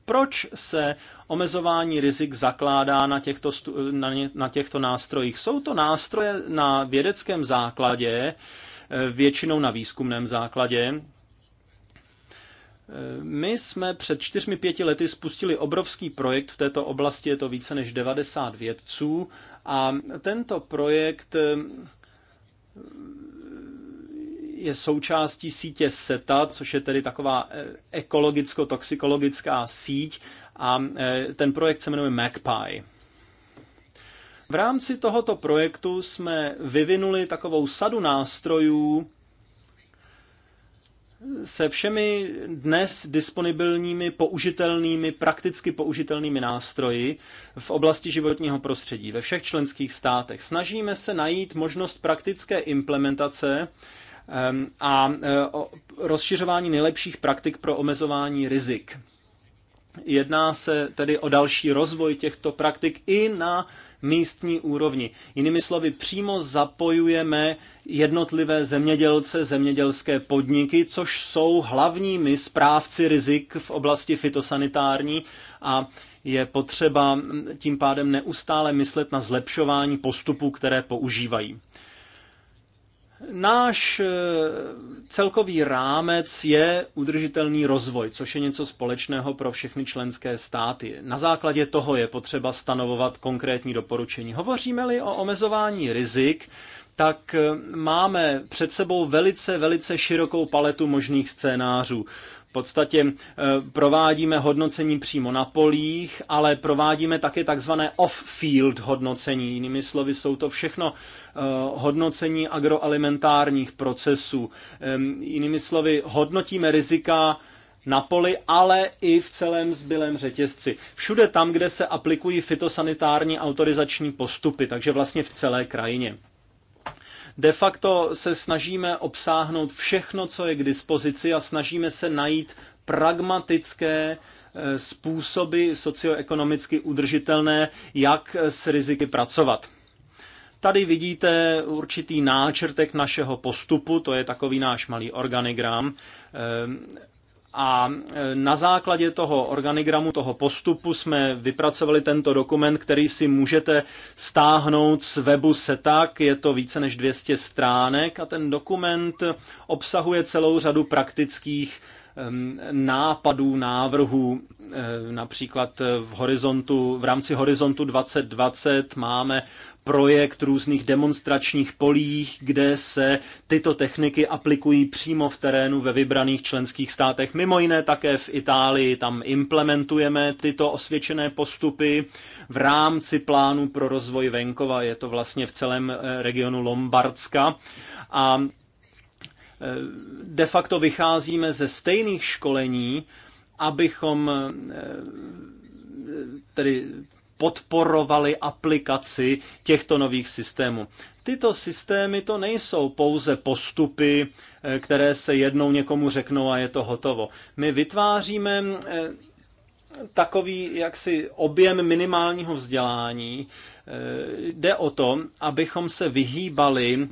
proč se omezování rizik zakládá na těchto, na, na těchto nástrojích? Jsou to nástroje na vědeckém základě, eh, většinou na výzkumném základě. Eh, my jsme před čtyřmi pěti lety spustili obrovský projekt v této oblasti, je to více než 90 vědců a tento projekt eh, je součástí sítě SETA, což je tedy taková eh, ekologicko-toxikologická síť a eh, ten projekt se jmenuje Magpie. V rámci tohoto projektu jsme vyvinuli takovou sadu nástrojů se všemi dnes disponibilními, použitelnými, prakticky použitelnými nástroji v oblasti životního prostředí ve všech členských státech. Snažíme se najít možnost praktické implementace Ehm, a e, rozšiřování nejlepších praktik pro omezování rizik. Jedná se tedy o další rozvoj těchto praktik i na místní úrovni. Jinými slovy, přímo zapojujeme jednotlivé zemědělce, zemědělské podniky, což jsou hlavními správci rizik v oblasti fitosanitární a je potřeba tím pádem neustále myslet na zlepšování postupů, které používají. Náš eh, celkový rámec je udržitelný rozvoj, což je něco společného pro všechny členské státy. Na základě toho je potřeba stanovovat konkrétní doporučení. Hovoříme-li o omezování rizik, tak eh, máme před sebou velice, velice širokou paletu možných scénářů. V podstatě eh, provádíme hodnocení přímo na polích, ale provádíme také takzvané off-field hodnocení. Jinými slovy, jsou to všechno eh, hodnocení agroalimentárních procesů. Ehm, jinými slovy, hodnotíme rizika na poli, ale i v celém zbylém řetězci. Všude tam, kde se aplikují fitosanitární autorizační postupy, takže vlastně v celé krajině. De facto se snažíme obsáhnout všechno, co je k dispozici a snažíme se najít pragmatické eh, způsoby socioekonomicky udržitelné, jak s riziky pracovat. Tady vidíte určitý náčrtek našeho postupu, to je takový náš malý organigram. Ehm, a e, na základě toho organigramu, toho postupu jsme vypracovali tento dokument, který si můžete stáhnout z webu SETAK. Je to více než 200 stránek a ten dokument obsahuje celou řadu praktických nápadů, návrhů. Eh, například v, horizontu, v rámci Horizontu 2020 máme projekt různých demonstračních polích, kde se tyto techniky aplikují přímo v terénu ve vybraných členských státech. Mimo jiné také v Itálii tam implementujeme tyto osvědčené postupy v rámci plánu pro rozvoj venkova. Je to vlastně v celém eh, regionu Lombardska. A de facto vycházíme ze stejných školení, abychom eh, tedy podporovali aplikaci těchto nových systémů. Tyto systémy to nejsou pouze postupy, eh, které se jednou někomu řeknou a je to hotovo. My vytváříme eh, takový jaksi objem minimálního vzdělání. Jde o to, abychom se vyhýbali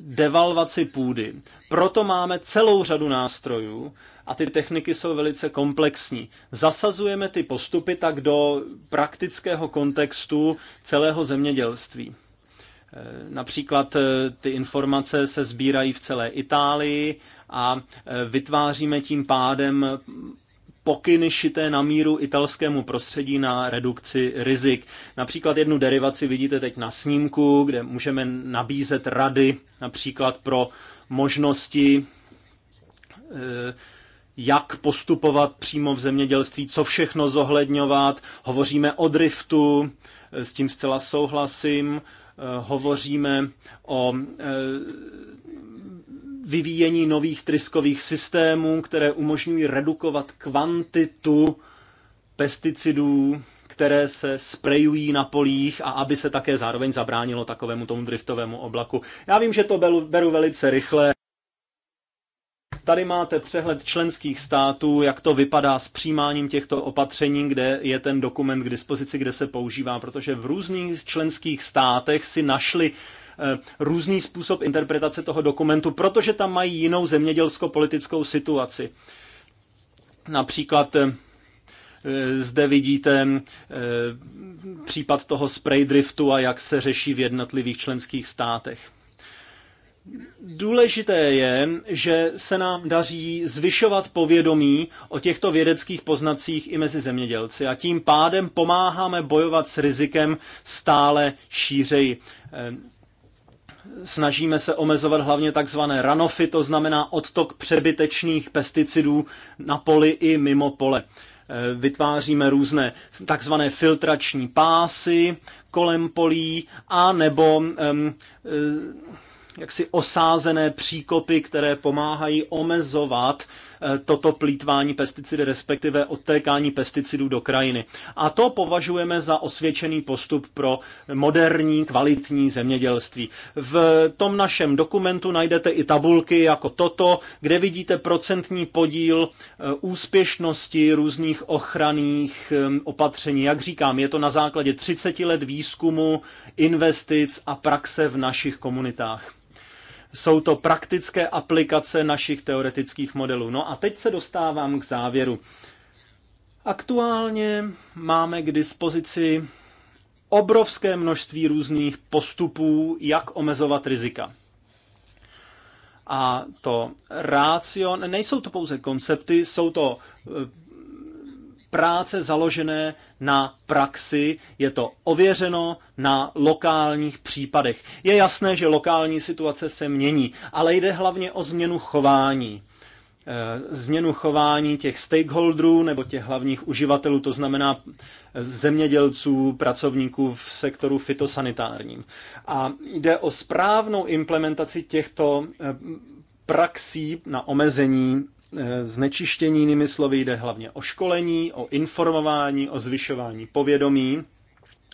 devalvaci půdy. Proto máme celou řadu nástrojů a ty techniky jsou velice komplexní. Zasazujeme ty postupy tak do praktického kontextu celého zemědělství. E, například e, ty informace se sbírají v celé Itálii a e, vytváříme tím pádem pokyny šité na míru italskému prostředí na redukci rizik. Například jednu derivaci vidíte teď na snímku, kde můžeme nabízet rady například pro možnosti eh, jak postupovat přímo v zemědělství, co všechno zohledňovat. Hovoříme o driftu, eh, s tím zcela souhlasím. Eh, hovoříme o vyvíjení nových tryskových systémů, které umožňují redukovat kvantitu pesticidů, které se sprejují na polích a aby se také zároveň zabránilo takovému tomu driftovému oblaku. Já vím, že to beru velice rychle. Tady máte přehled členských států, jak to vypadá s přijímáním těchto opatření, kde je ten dokument k dispozici, kde se používá, protože v různých členských státech si našli Eh, různý způsob interpretace toho dokumentu, protože tam mají jinou zemědělsko-politickou situaci. Například eh, zde vidíte eh, případ toho spray driftu a jak se řeší v jednotlivých členských státech. Důležité je, že se nám daří zvyšovat povědomí o těchto vědeckých poznacích i mezi zemědělci a tím pádem pomáháme bojovat s rizikem stále šířej snažíme se omezovat hlavně takzvané ranofy, to znamená odtok přebytečných pesticidů na poli i mimo pole. E, vytváříme různé takzvané filtrační pásy kolem polí a nebo um, jaksi osázené příkopy, které pomáhají omezovat Eh, toto plítvání pesticidy, respektive odtékání pesticidů do krajiny. A to považujeme za osvědčený postup pro moderní, kvalitní zemědělství. V tom našem dokumentu najdete i tabulky jako toto, kde vidíte procentní podíl eh, úspěšnosti různých ochranných eh, opatření. Jak říkám, je to na základě 30 let výzkumu, investic a praxe v našich komunitách. Jsou to praktické aplikace našich teoretických modelů. No a teď se dostávám k závěru. Aktuálně máme k dispozici obrovské množství různých postupů, jak omezovat rizika. A to rácio, nejsou to pouze koncepty, jsou to eh, práce založené na praxi, je to ověřeno na lokálních případech. Je jasné, že lokální situace se mění, ale jde hlavně o změnu chování eh, změnu chování těch stakeholderů nebo těch hlavních uživatelů, to znamená eh, zemědělců, pracovníků v sektoru fitosanitárním. A jde o správnou implementaci těchto eh, praxí na omezení Eh, znečištění, jinými slovy, jde hlavně o školení, o informování, o zvyšování povědomí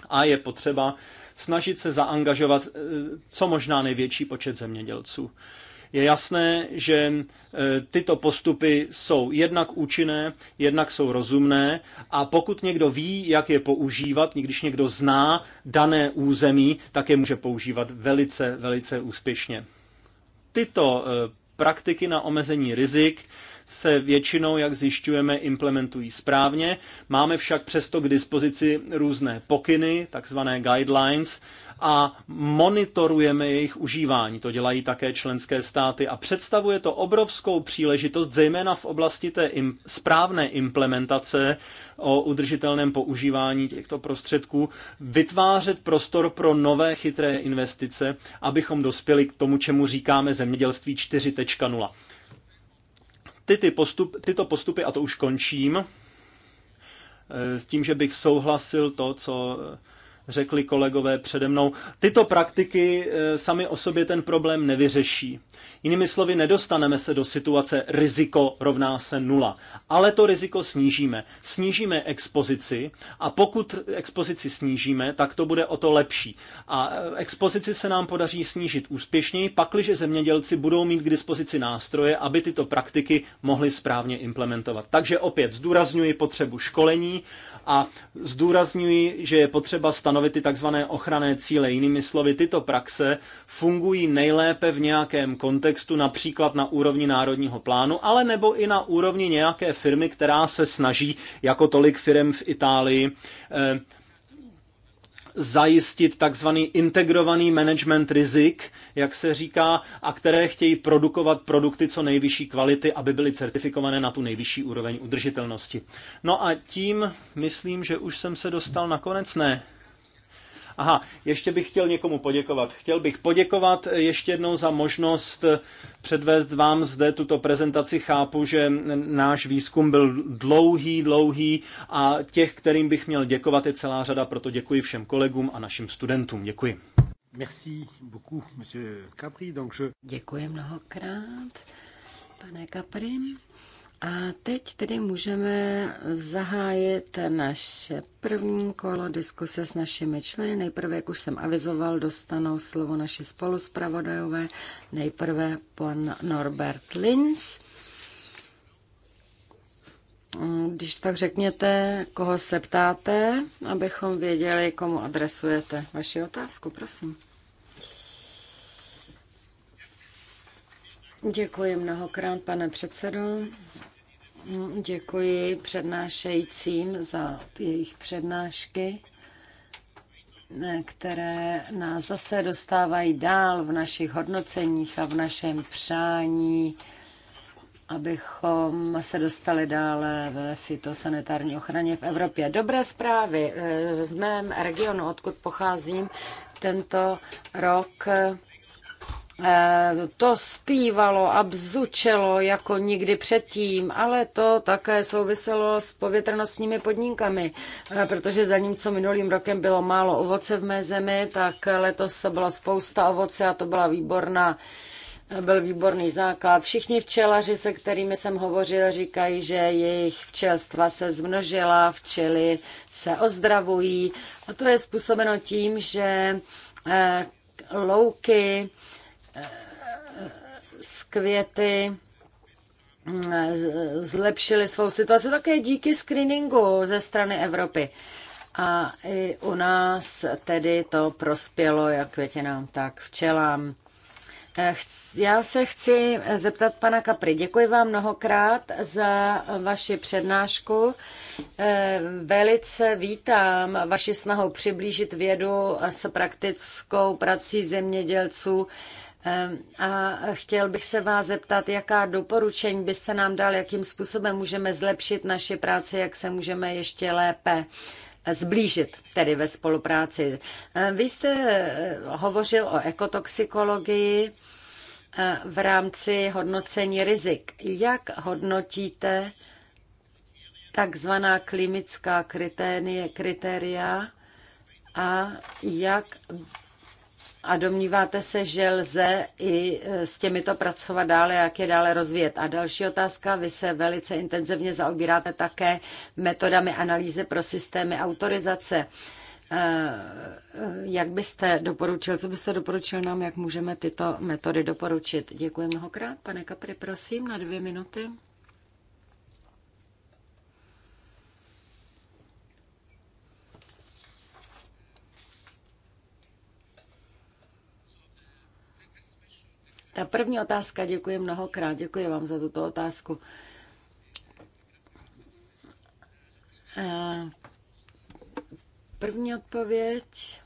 a je potřeba snažit se zaangažovat eh, co možná největší počet zemědělců. Je jasné, že eh, tyto postupy jsou jednak účinné, jednak jsou rozumné a pokud někdo ví, jak je používat, když někdo zná dané území, tak je může používat velice, velice úspěšně. Tyto praktiky na omezení rizik se většinou, jak zjišťujeme, implementují správně. Máme však přesto k dispozici různé pokyny, takzvané guidelines, a monitorujeme jejich užívání. To dělají také členské státy a představuje to obrovskou příležitost, zejména v oblasti té im, správné implementace o udržitelném používání těchto prostředků, vytvářet prostor pro nové chytré investice, abychom dospěli k tomu, čemu říkáme zemědělství 4.0. Ty, ty postup, tyto postupy, a to už končím, eh, s tím, že bych souhlasil to, co řekli kolegové přede mnou, tyto praktiky e, sami o sobě ten problém nevyřeší. Jinými slovy, nedostaneme se do situace riziko rovná se nula. Ale to riziko snížíme. Snížíme expozici a pokud expozici snížíme, tak to bude o to lepší. A e, expozici se nám podaří snížit úspěšněji, pakliže zemědělci budou mít k dispozici nástroje, aby tyto praktiky mohli správně implementovat. Takže opět zdůrazňuji potřebu školení a zdůrazňuji, že je potřeba stanovit ty tzv. ochranné cíle. Jinými slovy, tyto praxe fungují nejlépe v nějakém kontextu, například na úrovni národního plánu, ale nebo i na úrovni nějaké firmy, která se snaží, jako tolik firm v Itálii, eh, zajistit takzvaný integrovaný management rizik, jak se říká, a které chtějí produkovat produkty co nejvyšší kvality, aby byly certifikované na tu nejvyšší úroveň udržitelnosti. No a tím myslím, že už jsem se dostal na konec. Ne, Aha, ještě bych chtěl někomu poděkovat. Chtěl bych poděkovat ještě jednou za možnost eh, předvést vám zde tuto prezentaci. Chápu, že náš výzkum byl dlouhý, dlouhý a těch, kterým bych měl děkovat, je celá řada, proto děkuji všem kolegům a našim studentům. Děkuji. Merci beaucoup, monsieur Capri. Donc je... Děkuji mnohokrát, pane Capri. A teď tedy můžeme zahájit naše první kolo diskuse s našimi členy. Nejprve, jak už jsem avizoval, dostanou slovo naši spoluspravodajové. Nejprve pan Norbert Linz. Když tak řekněte, koho se ptáte, abychom věděli, komu adresujete vaši otázku, prosím. Děkuji mnohokrát, pane předsedo. Děkuji přednášejícím za jejich přednášky, které nás zase dostávají dál v našich hodnoceních a v našem přání, abychom se dostali dále ve fitosanitární ochraně v Evropě. Dobré zprávy. Z mém regionu, odkud pocházím, tento rok Eh, to zpívalo a bzučelo jako nikdy předtím, ale to také souviselo s povětrnostními podmínkami, eh, protože za ním co minulým rokem bylo málo ovoce v mé zemi, tak letos to byla spousta ovoce a to byla výborná eh, byl výborný základ. Všichni včelaři, se kterými jsem hovořil, říkají, že jejich včelstva se zmnožila, včely se ozdravují a to je způsobeno tím, že louky s květy zlepšili svou situaci také díky screeningu ze strany Evropy. A i u nás tedy to prospělo jak květinám, tak včelám. Eh, já se chci zeptat pana Kapry. Děkuji vám mnohokrát za vaši přednášku. Eh, velice vítám vaši snahu přiblížit vědu s praktickou prací zemědělců Ehm, a chtěl bych se vás zeptat, jaká doporučení byste nám dal, jakým způsobem můžeme zlepšit naši práci, jak se můžeme ještě lépe zblížit, tedy ve spolupráci. Ehm, vy jste eh, hovořil o ekotoxikologii eh, v rámci hodnocení rizik. Jak hodnotíte takzvaná klimická kritéria a jak a domníváte se, že lze i e, s těmito pracovat dále, jak je dále rozvíjet? A další otázka, vy se velice intenzivně zaobíráte také metodami analýzy pro systémy autorizace. E, e, jak byste doporučil, co byste doporučil nám, jak můžeme tyto metody doporučit? Děkuji mnohokrát. Pane Kapry, prosím, na dvě minuty. Ta první otázka, děkuji mnohokrát, děkuji vám za tuto otázku. První odpověď.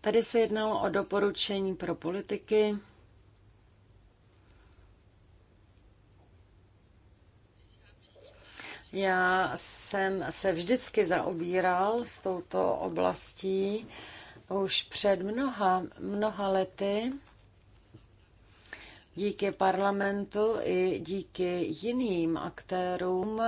Tady se jednalo o doporučení pro politiky. Já jsem se vždycky zaobíral s touto oblastí už před mnoha, mnoha lety díky parlamentu i díky jiným aktérům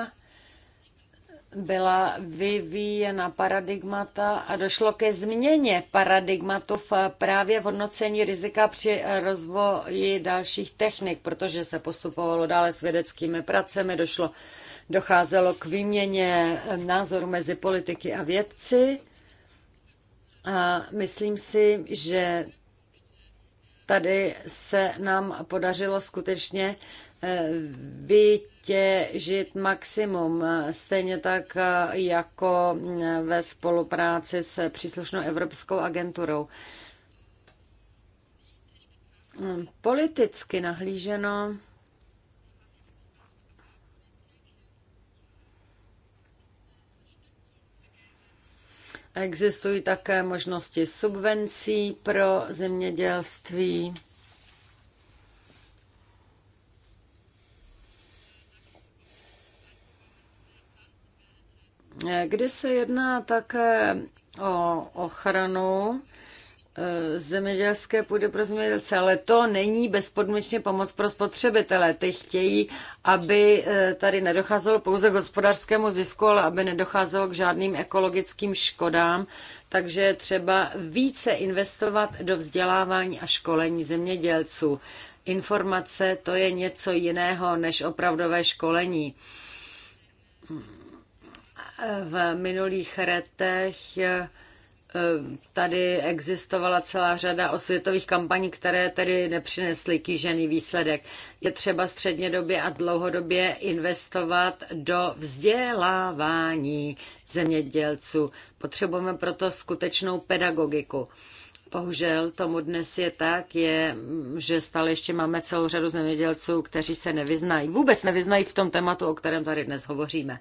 byla vyvíjena paradigmata a došlo ke změně paradigmatu v právě v hodnocení rizika při rozvoji dalších technik, protože se postupovalo dále s vědeckými pracemi, došlo, docházelo k výměně eh, názoru mezi politiky a vědci a myslím si, že tady se nám podařilo skutečně eh, vytěžit maximum, stejně tak eh, jako eh, ve spolupráci s příslušnou Evropskou agenturou. Hm, politicky nahlíženo, Existují také možnosti subvencí pro zemědělství. Kde se jedná také o ochranu Eh, zemědělské půdy pro zemědělce, ale to není bezpodmínečně pomoc pro spotřebitele. Ty chtějí, aby eh, tady nedocházelo pouze k hospodářskému zisku, ale aby nedocházelo k žádným ekologickým škodám, takže je třeba více investovat do vzdělávání a školení zemědělců. Informace to je něco jiného než opravdové školení. V minulých letech eh, Eh, tady existovala celá řada osvětových kampaní, které tedy nepřinesly kýžený výsledek. Je třeba střednědobě a dlouhodobě investovat do vzdělávání zemědělců. Potřebujeme proto skutečnou pedagogiku. Bohužel tomu dnes je tak, je, že stále ještě máme celou řadu zemědělců, kteří se nevyznají, vůbec nevyznají v tom tématu, o kterém tady dnes hovoříme.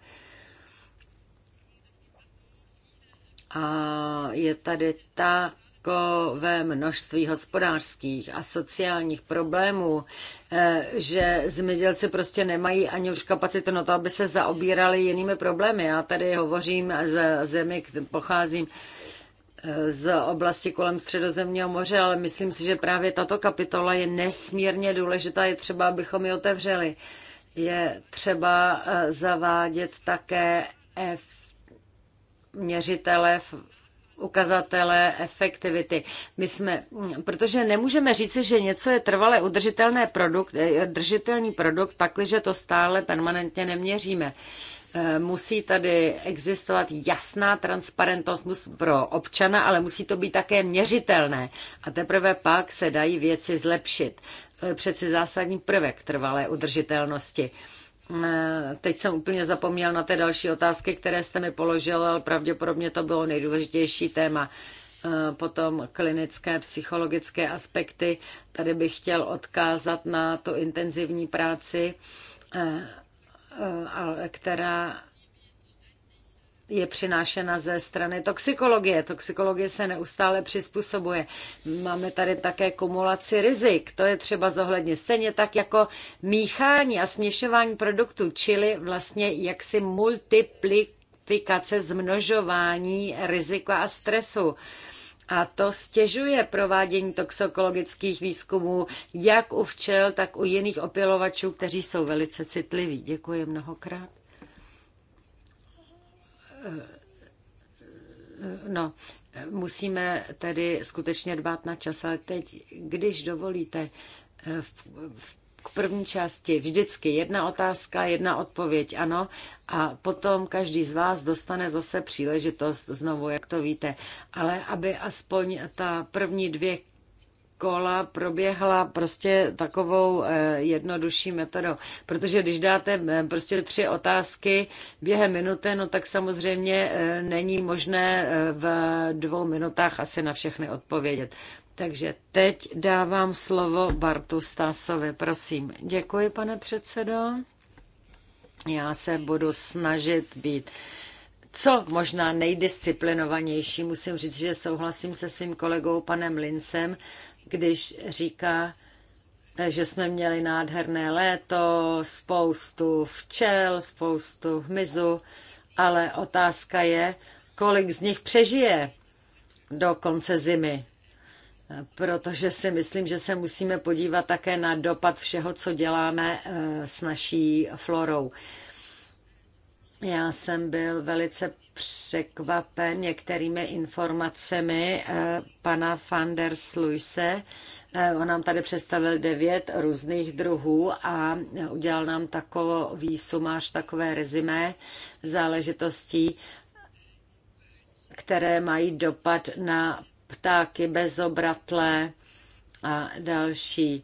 A je tady takové množství hospodářských a sociálních problémů, eh, že zemědělci prostě nemají ani už kapacitu na to, aby se zaobírali jinými problémy. Já tady hovořím z zemi, pocházím eh, z oblasti kolem Středozemního moře, ale myslím si, že právě tato kapitola je nesmírně důležitá, je třeba, abychom ji otevřeli. Je třeba eh, zavádět také F měřitele ukazatele efektivity. My jsme, protože nemůžeme říci, že něco je trvale eh, udržitelný produkt, držitelný produkt, pakliže to stále permanentně neměříme. Eh, musí tady existovat jasná transparentnost pro občana, ale musí to být také měřitelné. A teprve pak se dají věci zlepšit. To je přeci zásadní prvek trvalé udržitelnosti. Eh, teď jsem úplně zapomněl na té další otázky, které jste mi položil, ale pravděpodobně to bylo nejdůležitější téma. Eh, potom klinické, psychologické aspekty. Tady bych chtěl odkázat na tu intenzivní práci, eh, která je přinášena ze strany toxikologie. Toxikologie se neustále přizpůsobuje. Máme tady také kumulaci rizik, to je třeba zohlednit. Stejně tak jako míchání a směšování produktů, čili vlastně jaksi multiplikace, zmnožování rizika a stresu. A to stěžuje provádění toxikologických výzkumů jak u včel, tak u jiných opilovačů, kteří jsou velice citliví. Děkuji mnohokrát. No, musíme tedy skutečně dbát na čas, ale teď, když dovolíte, v, v k první části vždycky jedna otázka, jedna odpověď, ano, a potom každý z vás dostane zase příležitost znovu, jak to víte. Ale aby aspoň ta první dvě kola proběhla prostě takovou eh, jednodušší metodou. Protože když dáte eh, prostě tři otázky během minuty, no tak samozřejmě eh, není možné v dvou minutách asi na všechny odpovědět. Takže teď dávám slovo Bartu Stásovi, prosím. Děkuji, pane předsedo. Já se budu snažit být co možná nejdisciplinovanější. Musím říct, že souhlasím se svým kolegou panem Lincem když říká, že jsme měli nádherné léto, spoustu včel, spoustu hmyzu, ale otázka je, kolik z nich přežije do konce zimy. Protože si myslím, že se musíme podívat také na dopad všeho, co děláme eh, s naší florou. Já jsem byl velice překvapen některými informacemi eh, pana van der Sluise. Eh, on nám tady představil devět různých druhů a eh, udělal nám takový sumář, takové rezimé záležitostí, které mají dopad na ptáky bezobratlé a další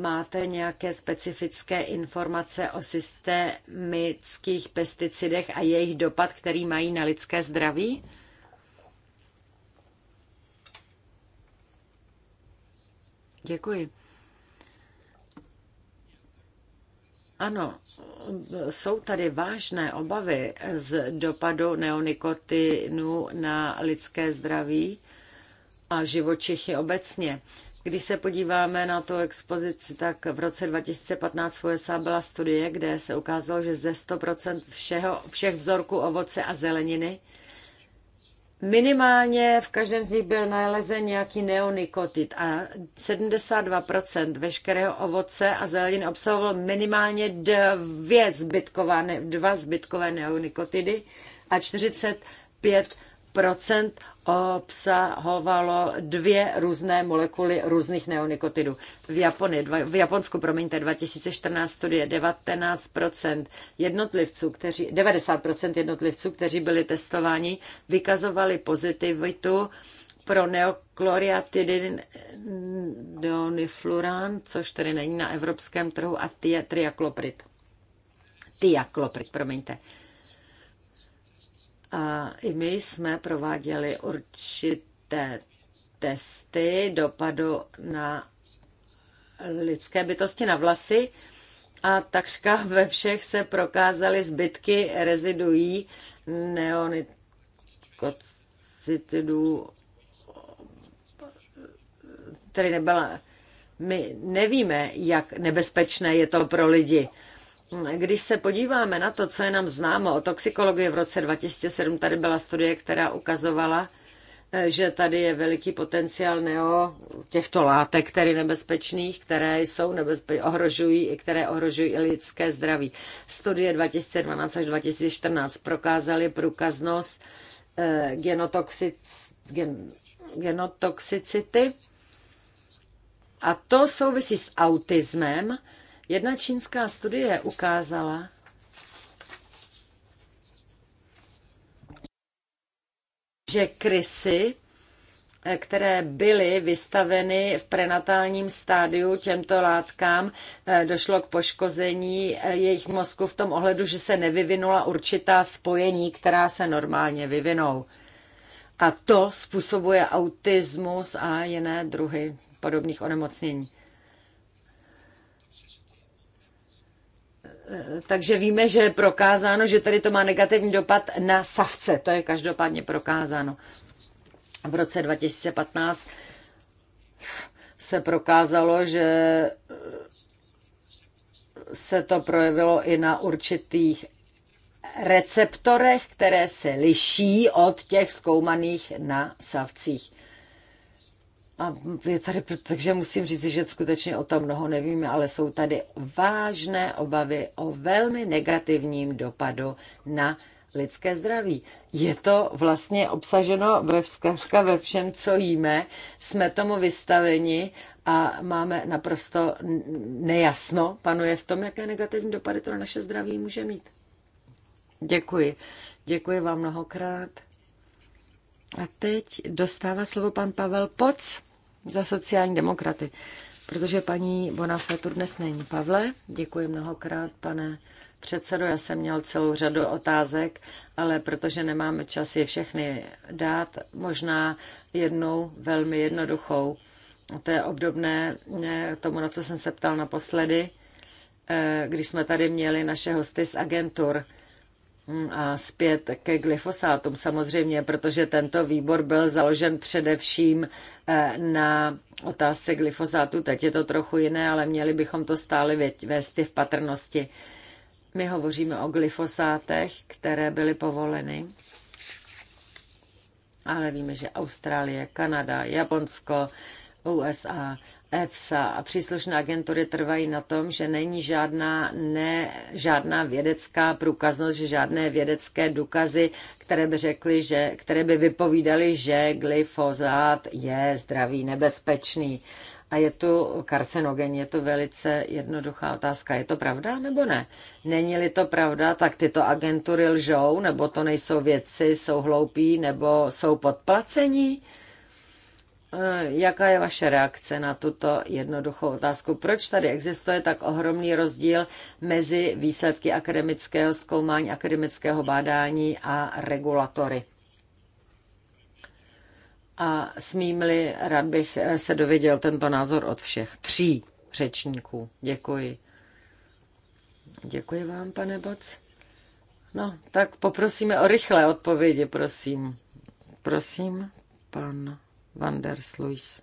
máte nějaké specifické informace o systémických pesticidech a jejich dopad, který mají na lidské zdraví? Děkuji. Ano, jsou tady vážné obavy z dopadu neonikotinu na lidské zdraví a živočichy obecně. Když se podíváme na tu expozici, tak v roce 2015 v USA byla studie, kde se ukázalo, že ze 100% všeho, všech vzorků ovoce a zeleniny minimálně v každém z nich byl nalezen nějaký neonikotid a 72% veškerého ovoce a zeleniny obsahovalo minimálně dvě zbytkové, dva zbytkové neonikotidy a 45 Procent obsahovalo dvě různé molekuly různých neonikotidů. V, Japony, v Japonsku, promiňte, 2014 studie 19% jednotlivců, kteří, 90% jednotlivců, kteří byli testováni, vykazovali pozitivitu pro neokloriatidin donifluran, což tedy není na evropském trhu, a tiakloprid. Tiakloprid, promiňte. A i my jsme prováděli určité testy dopadu na lidské bytosti na vlasy a takřka ve všech se prokázaly zbytky reziduí neonikocidů, který nebyla. My nevíme, jak nebezpečné je to pro lidi. Když se podíváme na to, co je nám známo o toxikologii v roce 2007, tady byla studie, která ukazovala, eh, že tady je veliký potenciál neo těchto látek, které nebezpečných, které jsou nebezpe- ohrožují i které ohrožují i lidské zdraví. Studie 2012 až 2014 prokázaly průkaznost eh, genotoxic, gen, genotoxicity a to souvisí s autismem, Jedna čínská studie ukázala, že krysy, eh, které byly vystaveny v prenatálním stádiu těmto látkám, eh, došlo k poškození eh, jejich mozku v tom ohledu, že se nevyvinula určitá spojení, která se normálně vyvinou. A to způsobuje autismus a jiné druhy podobných onemocnění. takže víme, že je prokázáno, že tady to má negativní dopad na savce. To je každopádně prokázáno. V roce 2015 se prokázalo, že se to projevilo i na určitých receptorech, které se liší od těch zkoumaných na savcích. A je tady, takže musím říct, že skutečně o tom mnoho nevíme, ale jsou tady vážné obavy o velmi negativním dopadu na lidské zdraví. Je to vlastně obsaženo ve vzkažka ve všem, co jíme, jsme tomu vystaveni a máme naprosto nejasno, panuje v tom, jaké negativní dopady to na naše zdraví může mít. Děkuji. Děkuji vám mnohokrát. A teď dostává slovo pan Pavel Poc za sociální demokraty, protože paní Bonafé tu dnes není. Pavle, děkuji mnohokrát, pane předsedo. Já jsem měl celou řadu otázek, ale protože nemáme čas je všechny dát, možná jednou velmi jednoduchou. To je obdobné eh, tomu, na co jsem se ptal naposledy, eh, když jsme tady měli naše hosty z agentur – Mm, a zpět ke glyfosátům samozřejmě, protože tento výbor byl založen především eh, na otázce glyfosátu. Teď je to trochu jiné, ale měli bychom to stále vést v patrnosti. My hovoříme o glyfosátech, které byly povoleny, ale víme, že Austrálie, Kanada, Japonsko, USA, EFSA a příslušné agentury trvají na tom, že není žádná, ne, žádná vědecká průkaznost, že žádné vědecké důkazy, které by řekly, že, které by vypovídaly, že glyfozát je zdravý, nebezpečný. A je tu karcinogen, je to velice jednoduchá otázka. Je to pravda nebo ne? Není-li to pravda, tak tyto agentury lžou, nebo to nejsou věci, jsou hloupí, nebo jsou podplacení? Eh, jaká je vaše reakce na tuto jednoduchou otázku? Proč tady existuje tak ohromný rozdíl mezi výsledky akademického zkoumání, akademického bádání a regulatory? A smím-li, rád bych eh, se dověděl tento názor od všech tří řečníků. Děkuji. Děkuji vám, pane Boc. No, tak poprosíme o rychlé odpovědi, prosím. Prosím, pan van der Sluis.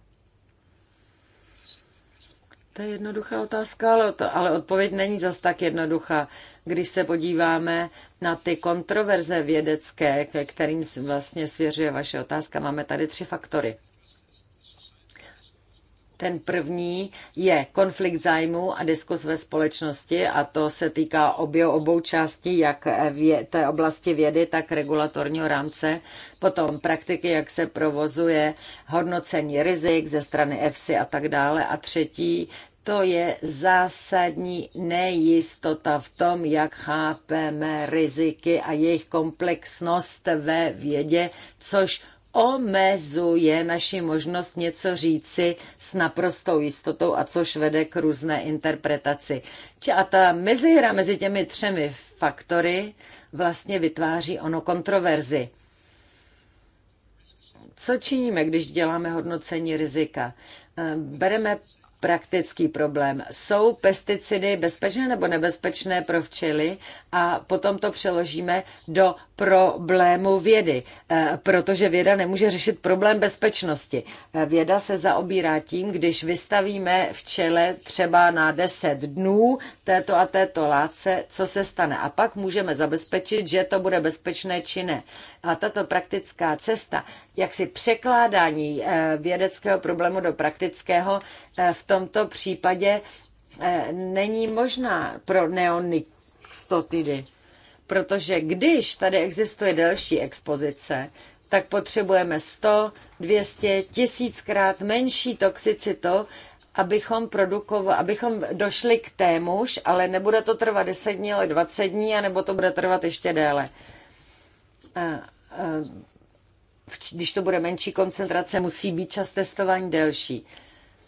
To je jednoduchá otázka, ale, to, ale odpověď není zas tak jednoduchá. Když se podíváme na ty kontroverze vědecké, ke kterým vlastně svěřuje vaše otázka, máme tady tři faktory. Ten první je konflikt zájmů a diskus ve společnosti a to se týká obě, obou částí, jak vě, té oblasti vědy, tak regulatorního rámce. Potom praktiky, jak se provozuje hodnocení rizik ze strany EFSI a tak dále. A třetí to je zásadní nejistota v tom, jak chápeme riziky a jejich komplexnost ve vědě, což omezuje naši možnost něco říci s naprostou jistotou a což vede k různé interpretaci. a ta mezihra mezi těmi třemi faktory vlastně vytváří ono kontroverzi. Co činíme, když děláme hodnocení rizika? Ehm, bereme praktický problém. Jsou pesticidy bezpečné nebo nebezpečné pro včely a potom to přeložíme do problému vědy, eh, protože věda nemůže řešit problém bezpečnosti. Eh, věda se zaobírá tím, když vystavíme včele třeba na 10 dnů této a této látce, co se stane. A pak můžeme zabezpečit, že to bude bezpečné či ne. A tato praktická cesta, jak si překládání eh, vědeckého problému do praktického, v tomto případě eh, není možná pro neonikostidy. Protože když tady existuje delší expozice, tak potřebujeme 100, 200, tisíckrát menší toxicitu, abychom, produkovali, abychom došli k témuž, ale nebude to trvat 10 dní, ale 20 dní, anebo to bude trvat ještě déle. Eh, eh, když to bude menší koncentrace, musí být čas testování delší.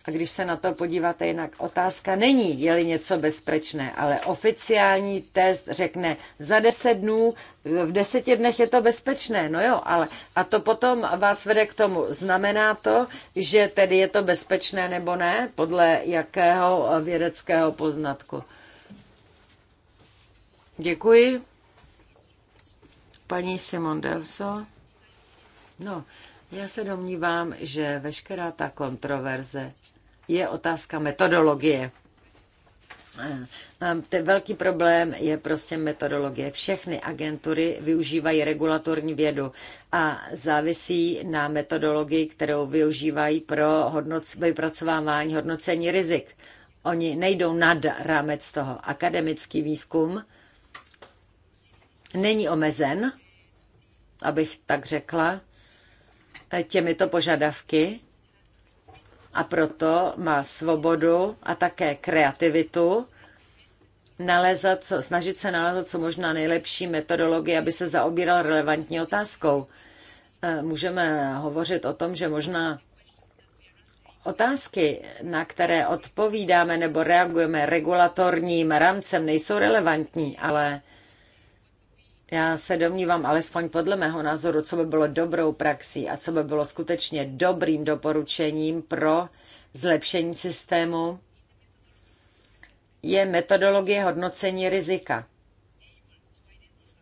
A když se na to podíváte jinak, otázka není, je-li něco bezpečné, ale oficiální test řekne za deset dnů, v deseti dnech je to bezpečné, no jo, ale a to potom vás vede k tomu, znamená to, že tedy je to bezpečné nebo ne, podle jakého vědeckého poznatku. Děkuji. Paní Simon Delso. No, já se domnívám, že veškerá ta kontroverze je otázka metodologie. Ten velký problém je prostě metodologie. Všechny agentury využívají regulatorní vědu a závisí na metodologii, kterou využívají pro hodnoc, vypracovávání hodnocení rizik. Oni nejdou nad rámec toho. Akademický výzkum není omezen, abych tak řekla, těmito požadavky a proto má svobodu a také kreativitu nalézat, co, snažit se nalézat co možná nejlepší metodologii, aby se zaobíral relevantní otázkou. E, můžeme hovořit o tom, že možná otázky, na které odpovídáme nebo reagujeme regulatorním rámcem, nejsou relevantní, ale já se domnívám, alespoň podle mého názoru, co by bylo dobrou praxí a co by bylo skutečně dobrým doporučením pro zlepšení systému, je metodologie hodnocení rizika.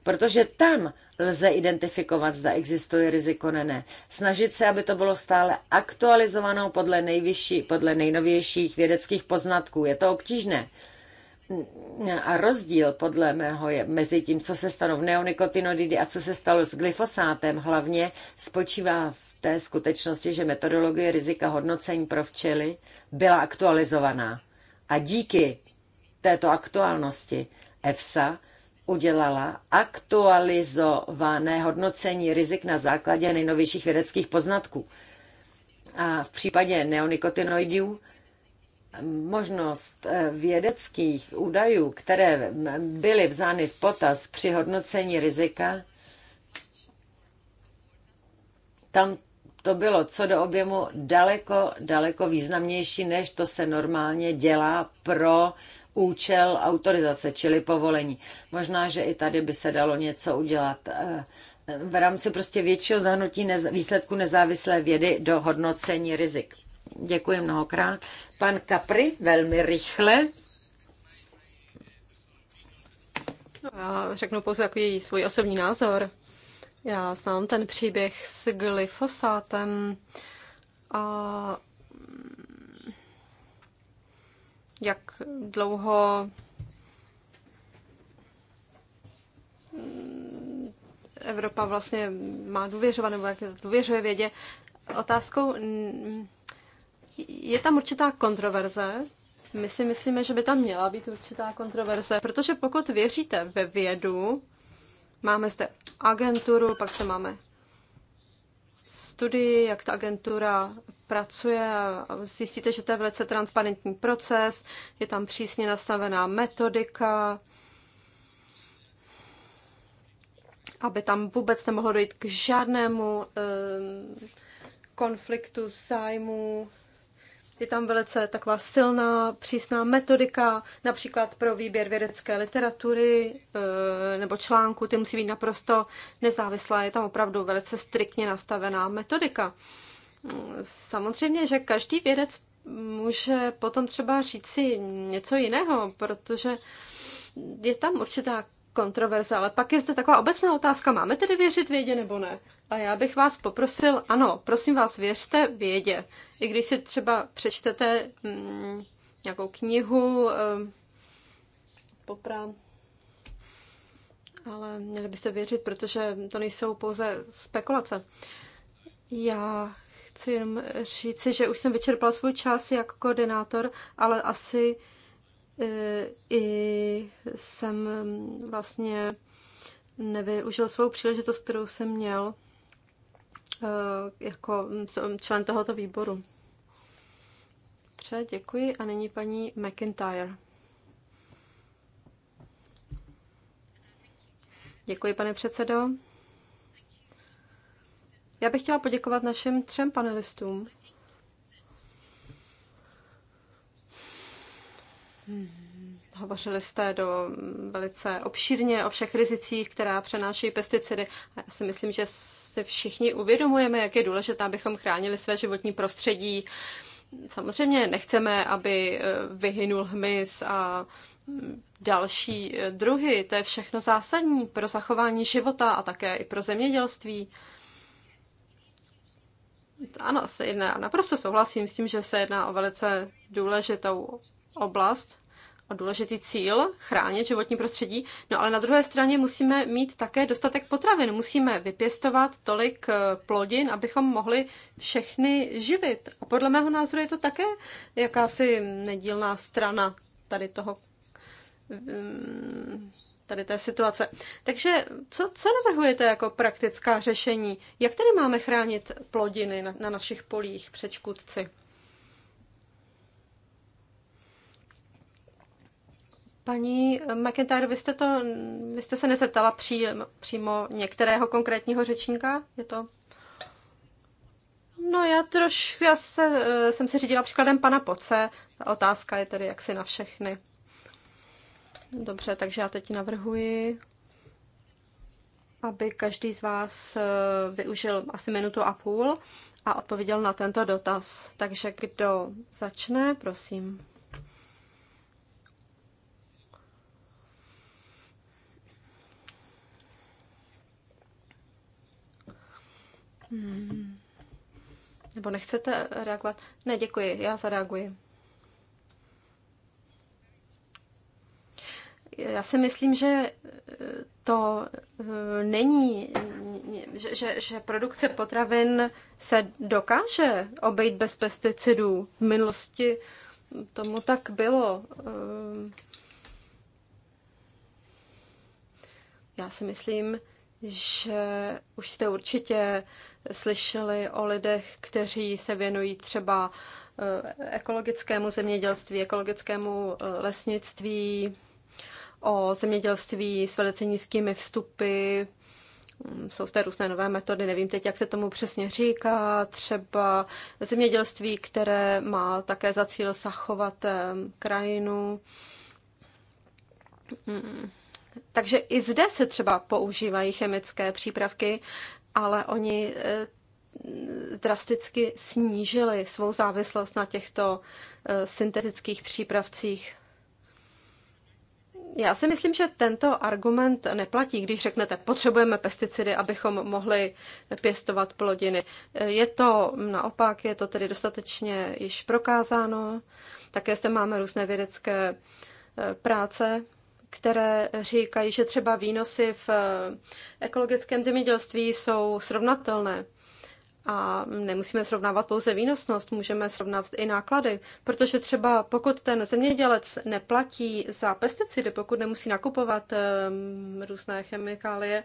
Protože tam lze identifikovat, zda existuje riziko ne, ne. Snažit se, aby to bylo stále aktualizovanou podle, nejvyšší, podle nejnovějších vědeckých poznatků. Je to obtížné a rozdíl podle mého je mezi tím, co se stalo v neonikotinoidy a co se stalo s glyfosátem, hlavně spočívá v té skutečnosti, že metodologie rizika hodnocení pro včely byla aktualizovaná. A díky této aktuálnosti EFSA udělala aktualizované hodnocení rizik na základě nejnovějších vědeckých poznatků. A v případě neonikotinoidů možnost eh, vědeckých údajů, které byly vzány v potaz při hodnocení rizika, tam to bylo co do objemu daleko, daleko významnější, než to se normálně dělá pro účel autorizace, čili povolení. Možná, že i tady by se dalo něco udělat eh, v rámci prostě většího zahnutí výsledku nezávislé vědy do hodnocení rizik. Děkuji mnohokrát. Pan Kapry, velmi rychle. No, já řeknu pouze takový svůj osobní názor. Já znám ten příběh s glyfosátem a jak dlouho Evropa vlastně má důvěřovat, nebo jak důvěřuje vědě. Otázkou je tam určitá kontroverze. My si myslíme, že by tam měla být určitá kontroverze, protože pokud věříte ve vědu, máme zde agenturu, pak se máme studii, jak ta agentura pracuje a zjistíte, že to je velice transparentní proces, je tam přísně nastavená metodika, aby tam vůbec nemohlo dojít k žádnému eh, konfliktu zájmu, je tam velice taková silná, přísná metodika, například pro výběr vědecké literatury eh, nebo článku, ty musí být naprosto nezávislá, je tam opravdu velice striktně nastavená metodika. Samozřejmě, že každý vědec může potom třeba říct si něco jiného, protože je tam určitá kontroverze, ale pak je zde taková obecná otázka, máme tedy věřit vědě nebo ne? A já bych vás poprosil, ano, prosím vás, věřte vědě. I když si třeba přečtete mm, nějakou knihu, mm, eh, poprám, ale měli byste věřit, protože to nejsou pouze spekulace. Já chci jenom říci, že už jsem vyčerpala svůj čas jako koordinátor, ale asi eh, i jsem vlastně nevyužil svou příležitost, kterou jsem měl. Eh, jako mm, mm, člen tohoto výboru. Dobře, děkuji. A nyní paní McIntyre. Děkuji, pane předsedo. Já bych chtěla poděkovat našim třem panelistům. Hmm, hovořili jste do mm, velice obšírně o všech rizicích, která přenáší pesticidy. Já si myslím, že se všichni uvědomujeme, jak je důležité, abychom chránili své životní prostředí. Samozřejmě nechceme, aby eh, vyhynul hmyz a mm, další eh, druhy. To je všechno zásadní pro zachování života a také i pro zemědělství. Ano, se jedná, naprosto souhlasím s tím, že se jedná o velice důležitou oblast o důležitý cíl chránit životní prostředí, no ale na druhé straně musíme mít také dostatek potravin. Musíme vypěstovat tolik eh, plodin, abychom mohli všechny živit. A podle mého názoru je to také jakási nedílná strana tady toho mm, tady té situace. Takže co, co navrhujete jako praktická řešení? Jak tedy máme chránit plodiny na, na našich polích před škůdci? Paní McIntyre, vy jste, to, vy jste se nezeptala pří, přímo některého konkrétního řečníka? Je to... No já trošku, já se, eh, jsem se řídila příkladem pana Poce. Ta otázka je tedy jaksi na všechny. Dobře, takže já teď navrhuji, aby každý z vás eh, využil asi minutu a půl a odpověděl na tento dotaz. Takže kdo začne, prosím. Hmm. Nebo nechcete reagovat? Ne, děkuji, já zareaguji. Já si myslím, že eh, to eh, není, že, že, že produkce potravin se dokáže obejít bez pesticidů. V minulosti tomu tak bylo. Eh. Já si myslím, že už jste určitě slyšeli o lidech, kteří se věnují třeba eh, ekologickému zemědělství, ekologickému eh, lesnictví, o zemědělství s velice nízkými vstupy. Mm, jsou zde různé nové metody, nevím teď, jak se tomu přesně říká. Třeba zemědělství, které má také za cíl zachovat eh, krajinu. Mm. Takže i zde se třeba používají chemické přípravky, ale oni eh, drasticky snížili svou závislost na těchto eh, syntetických přípravcích. Já si myslím, že tento argument neplatí, když řeknete, potřebujeme pesticidy, abychom mohli pěstovat plodiny. Eh, je to naopak, je to tedy dostatečně již prokázáno. Také zde máme různé vědecké práce, které říkají, že třeba výnosy v eh, ekologickém zemědělství jsou srovnatelné. A nemusíme srovnávat pouze výnosnost, můžeme srovnat i náklady, protože třeba pokud ten zemědělec neplatí za pesticidy, pokud nemusí nakupovat eh, různé chemikálie,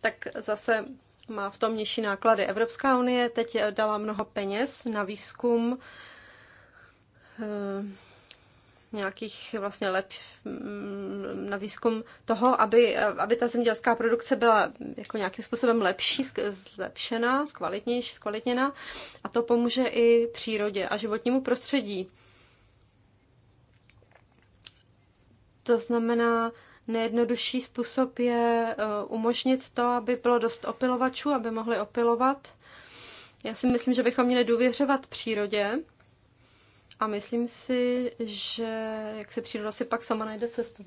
tak zase má v tom nižší náklady. Evropská unie teď eh, dala mnoho peněz na výzkum nějakých vlastně lep mm, na výzkum toho, aby, aby ta zemědělská produkce byla jako nějakým způsobem lepší, zlepšená, zkvalitnější, zkvalitněná a to pomůže i přírodě a životnímu prostředí. To znamená, nejjednodušší způsob je eh, umožnit to, aby bylo dost opilovačů, aby mohli opilovat. Já si myslím, že bychom měli důvěřovat přírodě, a myslím si, že jak se příroda si pak sama najde cestu.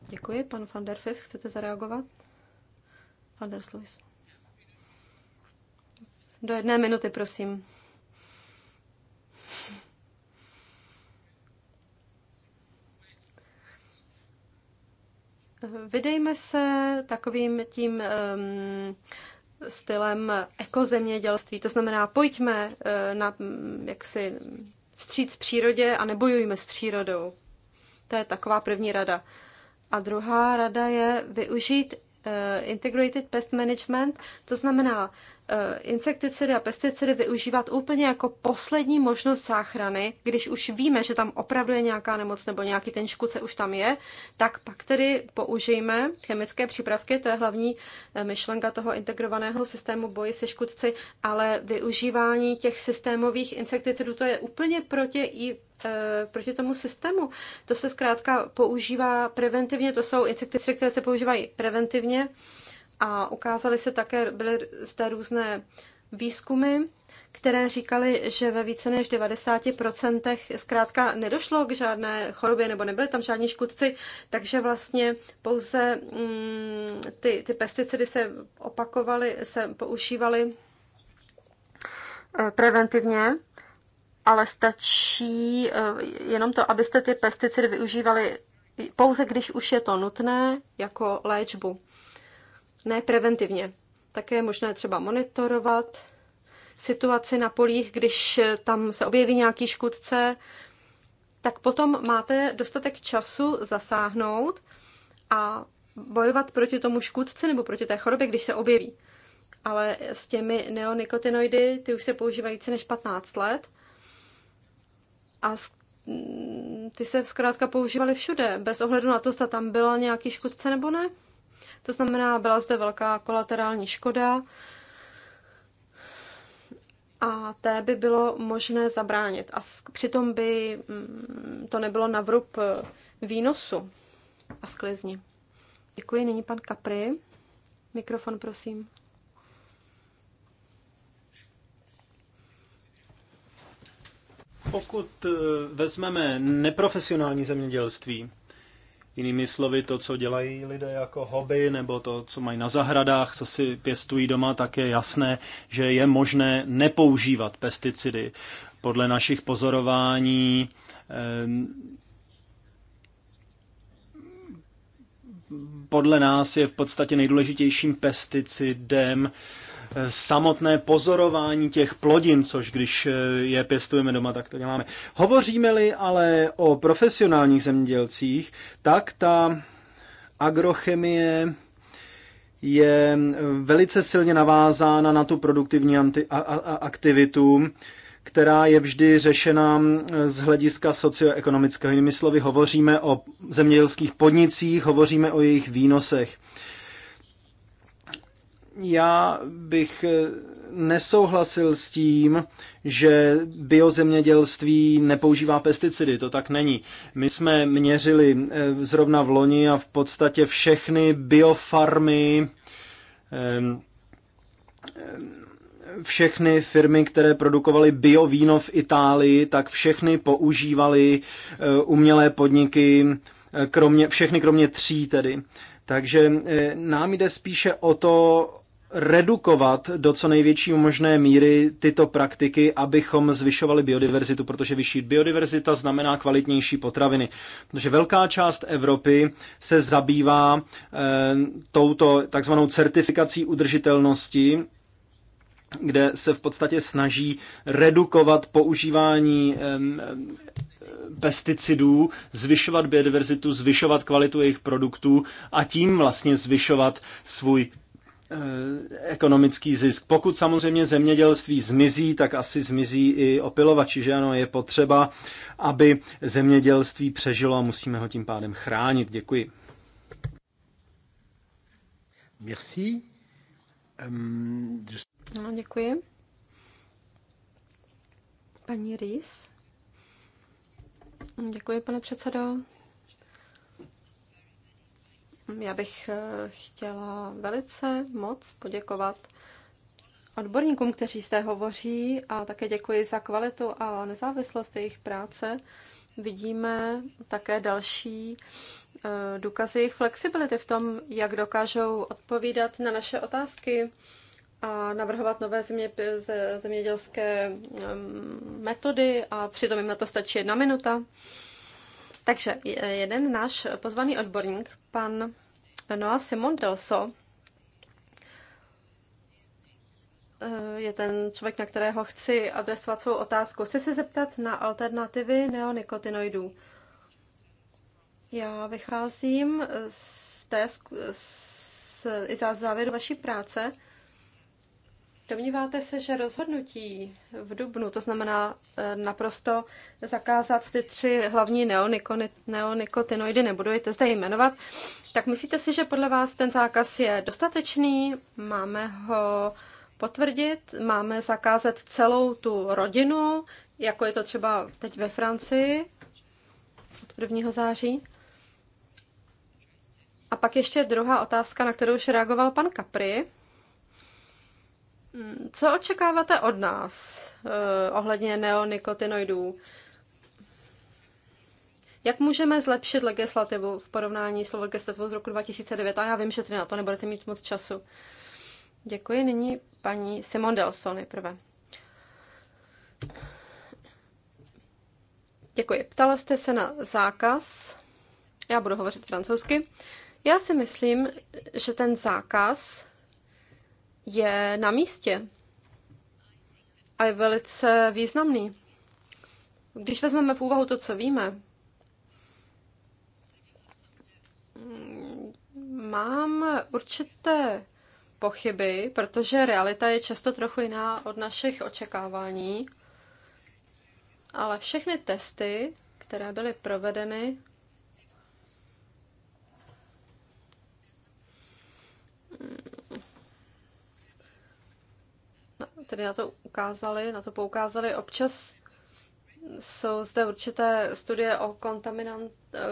Děkuji. Pan van der Fis, chcete zareagovat? Van der Sluis. Do jedné minuty, prosím. Vydejme se takovým tím um, stylem ekozemědělství, to znamená, pojďme uh, na mm, jaksi vstříc přírodě a nebojujme s přírodou. To je taková první rada. A druhá rada je využít eh, integrated pest management, to znamená Eh, insekticidy a pesticidy využívat úplně jako poslední možnost záchrany, když už víme, že tam opravdu je nějaká nemoc nebo nějaký ten škůdce už tam je, tak pak tedy použijeme chemické přípravky, to je hlavní eh, myšlenka toho integrovaného systému boji se škůdci, ale využívání těch systémových insekticidů, to je úplně proti i eh, proti tomu systému. To se zkrátka používá preventivně, to jsou insekticidy, které se používají preventivně a ukázaly se také, byly zde různé výzkumy, které říkaly, že ve více než 90% zkrátka nedošlo k žádné chorobě nebo nebyly tam žádní škůdci, takže vlastně pouze mm, ty, ty pesticidy se opakovaly, se používaly eh, preventivně, ale stačí eh, jenom to, abyste ty pesticidy využívali pouze když už je to nutné jako léčbu ne preventivně. Také je možné třeba monitorovat situaci na polích, když tam se objeví nějaký škůdce, tak potom máte dostatek času zasáhnout a bojovat proti tomu škůdci nebo proti té chorobě, když se objeví. Ale s těmi neonikotinoidy, ty už se používají více než 15 let a ty se zkrátka používaly všude, bez ohledu na to, zda tam byla nějaký škůdce nebo ne. To znamená, byla zde velká kolaterální škoda a té by bylo možné zabránit. A přitom by mm, to nebylo na vrub eh, výnosu a sklizni. Děkuji. Nyní pan Kapry. Mikrofon, prosím. Pokud eh, vezmeme neprofesionální zemědělství, Jinými slovy, to, co dělají lidé jako hobby, nebo to, co mají na zahradách, co si pěstují doma, tak je jasné, že je možné nepoužívat pesticidy. Podle našich pozorování ehm, podle nás je v podstatě nejdůležitějším pesticidem samotné pozorování těch plodin, což když eh, je pěstujeme doma, tak to děláme. Hovoříme-li ale o profesionálních zemědělcích, tak ta agrochemie je velice silně navázána na tu produktivní anti- a- a- aktivitu, která je vždy řešena eh, z hlediska socioekonomického. Jinými slovy, hovoříme o zemědělských podnicích, hovoříme o jejich výnosech já bych eh, nesouhlasil s tím, že biozemědělství nepoužívá pesticidy. To tak není. My jsme měřili eh, zrovna v loni a v podstatě všechny biofarmy, ehm, ehm, všechny firmy, které produkovaly biovíno v Itálii, tak všechny používaly eh, umělé podniky, kromě, všechny kromě tří tedy. Takže nám jde spíše o to, redukovat do co největší možné míry tyto praktiky, abychom zvyšovali biodiverzitu, protože vyšší biodiverzita znamená kvalitnější potraviny. Protože velká část Evropy se zabývá e, touto takzvanou certifikací udržitelnosti, kde se v podstatě snaží redukovat používání e, pesticidů, zvyšovat biodiverzitu, zvyšovat kvalitu jejich produktů a tím vlastně zvyšovat svůj Eh, ekonomický zisk. Pokud samozřejmě zemědělství zmizí, tak asi zmizí i opilovači, že ano, je potřeba, aby zemědělství přežilo a musíme ho tím pádem chránit. Děkuji. Merci. Um, just... no, děkuji. Paní Rýs. Děkuji, pane předsedo. Já bych eh, chtěla velice moc poděkovat odborníkům, kteří zde hovoří a také děkuji za kvalitu a nezávislost jejich práce. Vidíme také další eh, důkazy jejich flexibility v tom, jak dokážou odpovídat na naše otázky a navrhovat nové země, zemědělské metody a přitom jim na to stačí jedna minuta. Takže jeden náš pozvaný odborník, pan Benoit Simon Delso, eh, je ten člověk, na kterého chci adresovat svou otázku. Chci se zeptat na alternativy neonikotinoidů. Já vycházím z té, z, z, z závěru vaší práce, Domníváte se, že rozhodnutí v Dubnu, to znamená eh, naprosto zakázat ty tři hlavní neonikotinoidy, nebudu je zde jmenovat, tak myslíte si, že podle vás ten zákaz je dostatečný? Máme ho potvrdit? Máme zakázat celou tu rodinu, jako je to třeba teď ve Francii od 1. září? A pak ještě druhá otázka, na kterou už reagoval pan Capri co očekáváte od nás eh, ohledně neonikotinoidů? Jak můžeme zlepšit legislativu v porovnání s legislativou z roku 2009? A já vím, že tedy na to nebudete mít moc času. Děkuji. Nyní paní Simon Delson nejprve. Děkuji. Ptala jste se na zákaz. Já budu hovořit francouzsky. Já si myslím, že ten zákaz je na místě a je velice významný. Když vezmeme v úvahu to, co víme, mám určité pochyby, protože realita je často trochu jiná od našich očekávání, ale všechny testy, které byly provedeny, tedy na to ukázali, na to poukázali. Občas jsou zde určité studie o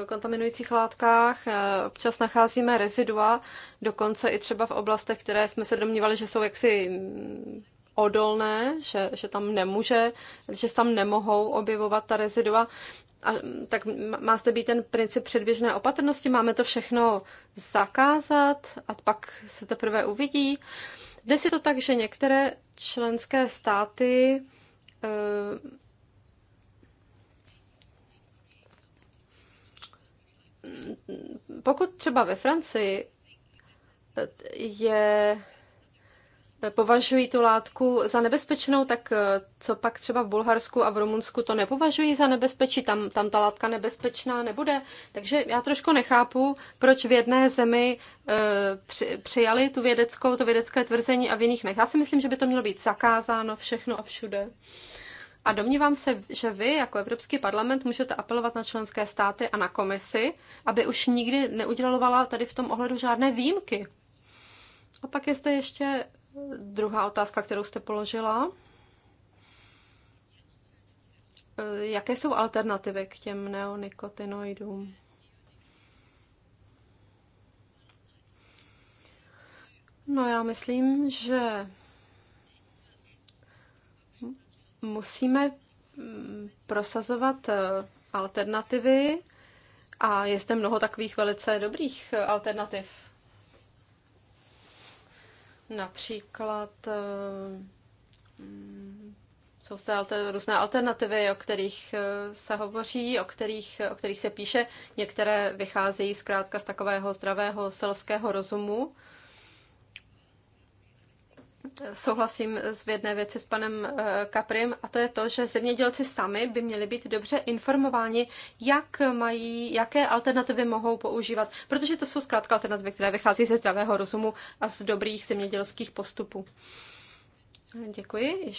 kontaminujících látkách. Občas nacházíme rezidua, dokonce i třeba v oblastech, které jsme se domnívali, že jsou jaksi mm, odolné, že, že tam nemůže, že tam nemohou objevovat ta rezidua. A, mm, tak má zde být ten princip předběžné opatrnosti, máme to všechno zakázat a pak se teprve uvidí. Dnes je to tak, že některé členské státy eh, pokud třeba ve Francii je považují tu látku za nebezpečnou, tak eh, co pak třeba v Bulharsku a v Rumunsku to nepovažují za nebezpečí, tam, tam ta látka nebezpečná nebude. Takže já trošku nechápu, proč v jedné zemi eh, při, přijali tu vědeckou, to vědecké tvrzení a v jiných nech. Já si myslím, že by to mělo být zakázáno všechno a všude. A domnívám se, že vy jako Evropský parlament můžete apelovat na členské státy a na komisi, aby už nikdy neudělovala tady v tom ohledu žádné výjimky. A pak je zde ještě Druhá otázka, kterou jste položila. E, jaké jsou alternativy k těm neonikotinoidům? No já myslím, že musíme mm, prosazovat e, alternativy a je zde mnoho takových velice dobrých e, alternativ Například eh, mm, jsou zde různé alternativy, o kterých eh, se hovoří, o kterých, eh, o kterých se píše. Některé vycházejí zkrátka z takového zdravého selského rozumu, souhlasím s jedné věci s panem eh, Kaprim, a to je to, že zemědělci sami by měli být dobře informováni, jak mají, jaké alternativy mohou používat, protože to jsou zkrátka alternativy, které vychází ze zdravého rozumu a z dobrých zemědělských postupů. Děkuji.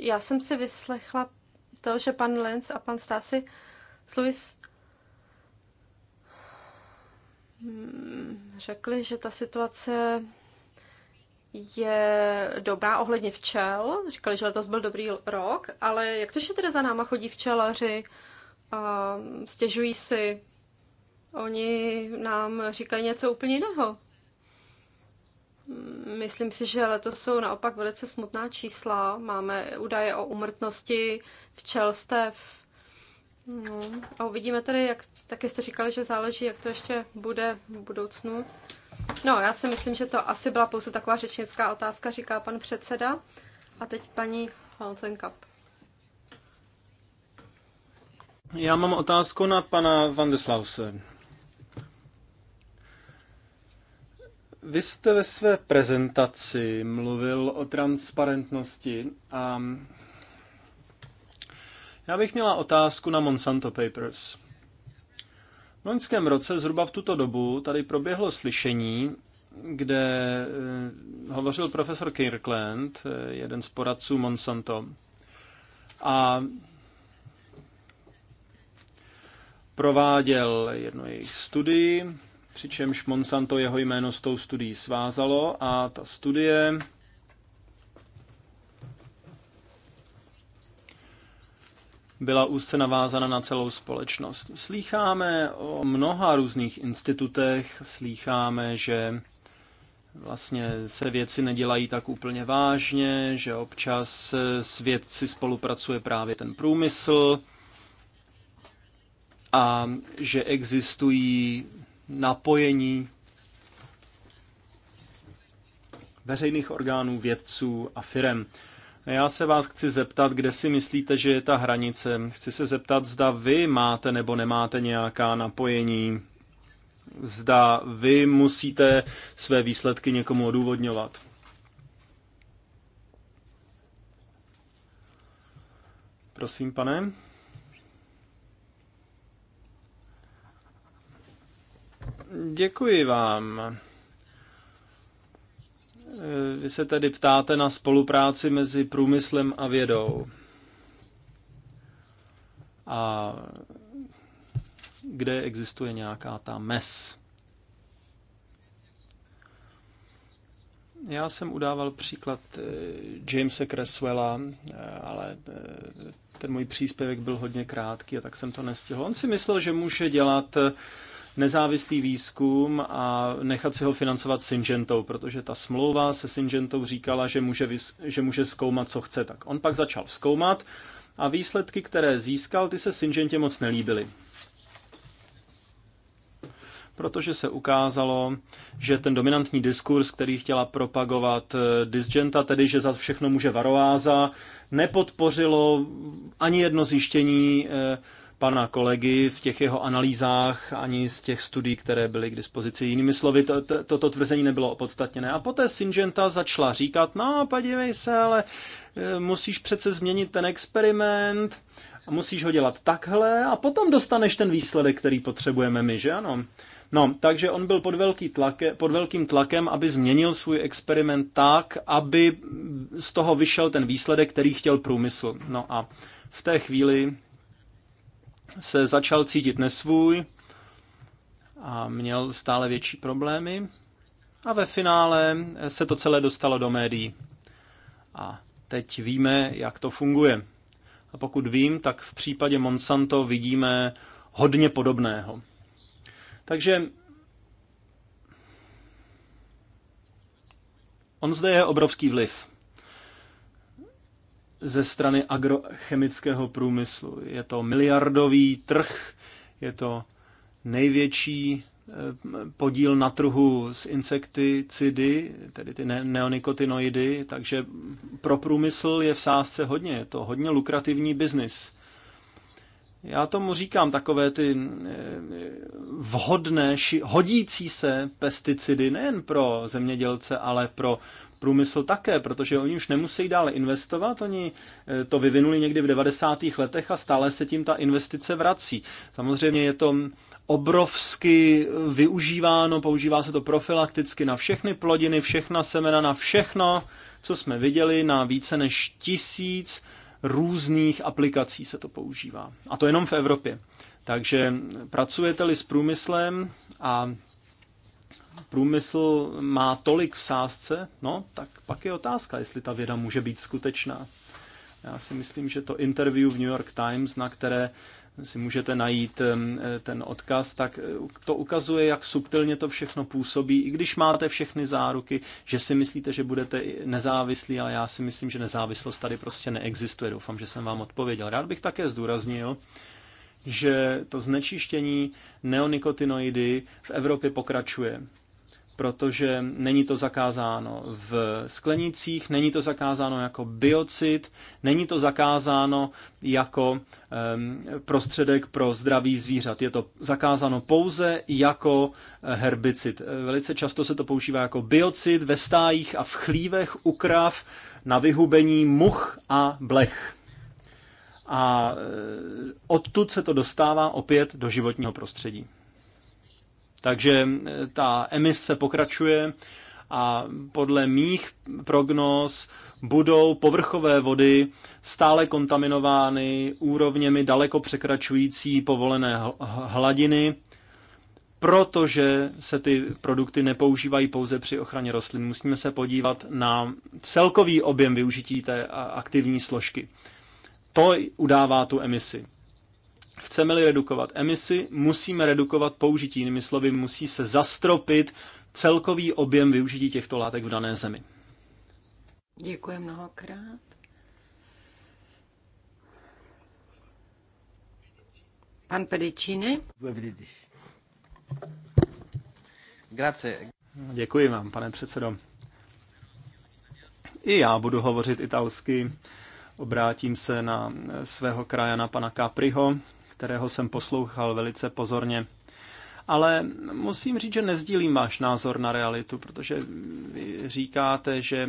Já jsem si vyslechla to, že pan Lenz a pan Stasi Sluis hm, řekli, že ta situace je dobrá ohledně včel. Říkali, že letos byl dobrý rok, ale jak to, že tedy za náma chodí včelaři a stěžují si, oni nám říkají něco úplně jiného. Myslím si, že letos jsou naopak velice smutná čísla. Máme údaje o umrtnosti včelstev. No, a uvidíme tedy, jak taky jste říkali, že záleží, jak to ještě bude v budoucnu. No, já si myslím, že to asi byla pouze taková řečnická otázka, říká pan předseda. A teď paní Holzenkap. Já mám otázku na pana Vandeslause. Vy jste ve své prezentaci mluvil o transparentnosti a já bych měla otázku na Monsanto Papers loňském roce zhruba v tuto dobu tady proběhlo slyšení, kde eh, hovořil profesor Kirkland, eh, jeden z poradců Monsanto. A prováděl jednu jejich studii, přičemž Monsanto jeho jméno s tou studií svázalo a ta studie byla úzce navázána na celou společnost. Slýcháme o mnoha různých institutech, slýcháme, že vlastně se věci nedělají tak úplně vážně, že občas s vědci spolupracuje právě ten průmysl a že existují napojení veřejných orgánů, vědců a firem. Já se vás chci zeptat, kde si myslíte, že je ta hranice. Chci se zeptat, zda vy máte nebo nemáte nějaká napojení. Zda vy musíte své výsledky někomu odůvodňovat. Prosím, pane. Děkuji vám. Eh, vy se tedy ptáte na spolupráci mezi průmyslem a vědou. A kde existuje nějaká ta mes. Já jsem udával příklad eh, Jamesa Cresswella, eh, ale ten můj příspěvek byl hodně krátký a tak jsem to nestihl. On si myslel, že může dělat nezávislý výzkum a nechat si ho financovat Syngentou, protože ta smlouva se Syngentou říkala, že může, že může zkoumat, co chce. Tak on pak začal zkoumat a výsledky, které získal, ty se Syngentě moc nelíbily. Protože se ukázalo, že ten dominantní diskurs, který chtěla propagovat eh, Disgenta, tedy že za všechno může varováza, nepodpořilo ani jedno zjištění eh, pana kolegy v těch jeho analýzách ani z těch studií, které byly k dispozici. Jinými slovy, to, to, toto tvrzení nebylo opodstatněné. A poté Syngenta začala říkat, no podívej se, ale e, musíš přece změnit ten experiment a musíš ho dělat takhle a potom dostaneš ten výsledek, který potřebujeme my, že ano? No, takže on byl pod, velký tlake, pod velkým tlakem, aby změnil svůj experiment tak, aby z toho vyšel ten výsledek, který chtěl průmysl. No a v té chvíli se začal cítit nesvůj a měl stále větší problémy. A ve finále se to celé dostalo do médií. A teď víme, jak to funguje. A pokud vím, tak v případě Monsanto vidíme hodně podobného. Takže on zde je obrovský vliv ze strany agrochemického průmyslu. Je to miliardový trh, je to největší eh, podíl na trhu s insekticidy, tedy ty neonikotinoidy, takže pro průmysl je v sázce hodně, je to hodně lukrativní biznis. Já tomu říkám takové ty eh, vhodné, hodící se pesticidy nejen pro zemědělce, ale pro průmysl také, protože oni už nemusí dále investovat, oni eh, to vyvinuli někdy v 90. letech a stále se tím ta investice vrací. Samozřejmě je to obrovsky využíváno, používá se to profilakticky na všechny plodiny, všechna semena, na všechno, co jsme viděli, na více než tisíc různých aplikací se to používá. A to jenom v Evropě. Takže eh, pracujete-li s průmyslem a průmysl má tolik v sázce, no, tak pak je otázka, jestli ta věda může být skutečná. Já si myslím, že to interview v New York Times, na které si můžete najít eh, ten odkaz, tak eh, to ukazuje, jak subtilně to všechno působí. I když máte všechny záruky, že si myslíte, že budete nezávislí, ale já si myslím, že nezávislost tady prostě neexistuje. Doufám, že jsem vám odpověděl. Rád bych také zdůraznil, že to znečištění neonikotinoidy v Evropě pokračuje protože není to zakázáno v sklenicích, není to zakázáno jako biocid, není to zakázáno jako prostředek pro zdraví zvířat. Je to zakázáno pouze jako eh, herbicid. Eh, velice často se to používá jako biocid ve stájích a v chlívech u krav na vyhubení much a blech. A eh, odtud se to dostává opět do životního prostředí. Takže eh, ta emise pokračuje a podle mých prognóz budou povrchové vody stále kontaminovány úrovněmi daleko překračující povolené hladiny, protože se ty produkty nepoužívají pouze při ochraně rostlin. Musíme se podívat na celkový objem využití té aktivní složky. To udává tu emisi. Chceme-li redukovat emisi, musíme redukovat použití. Jinými slovy, musí se zastropit celkový objem využití těchto látek v dané zemi. Děkuji mnohokrát. Pan Pedicini. Grazie. Děkuji vám, pane předsedo. I já budu hovořit italsky. Obrátím se na svého krajana, pana Capriho, kterého jsem poslouchal velice pozorně. Ale musím říct, že nezdílím váš názor na realitu, protože vy říkáte, že e,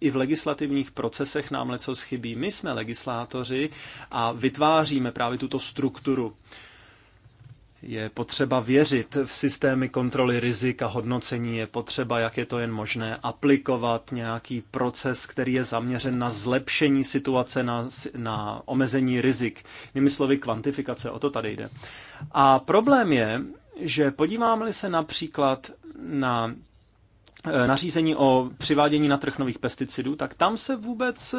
i v legislativních procesech nám leco chybí. My jsme legislátoři a vytváříme právě tuto strukturu je potřeba věřit v systémy kontroly rizik a hodnocení, je potřeba, jak je to jen možné, aplikovat nějaký proces, který je zaměřen na zlepšení situace, na, na omezení rizik. Jinými slovy, kvantifikace, o to tady jde. A problém je, že podíváme-li se například na e, nařízení o přivádění na trh nových pesticidů, tak tam se vůbec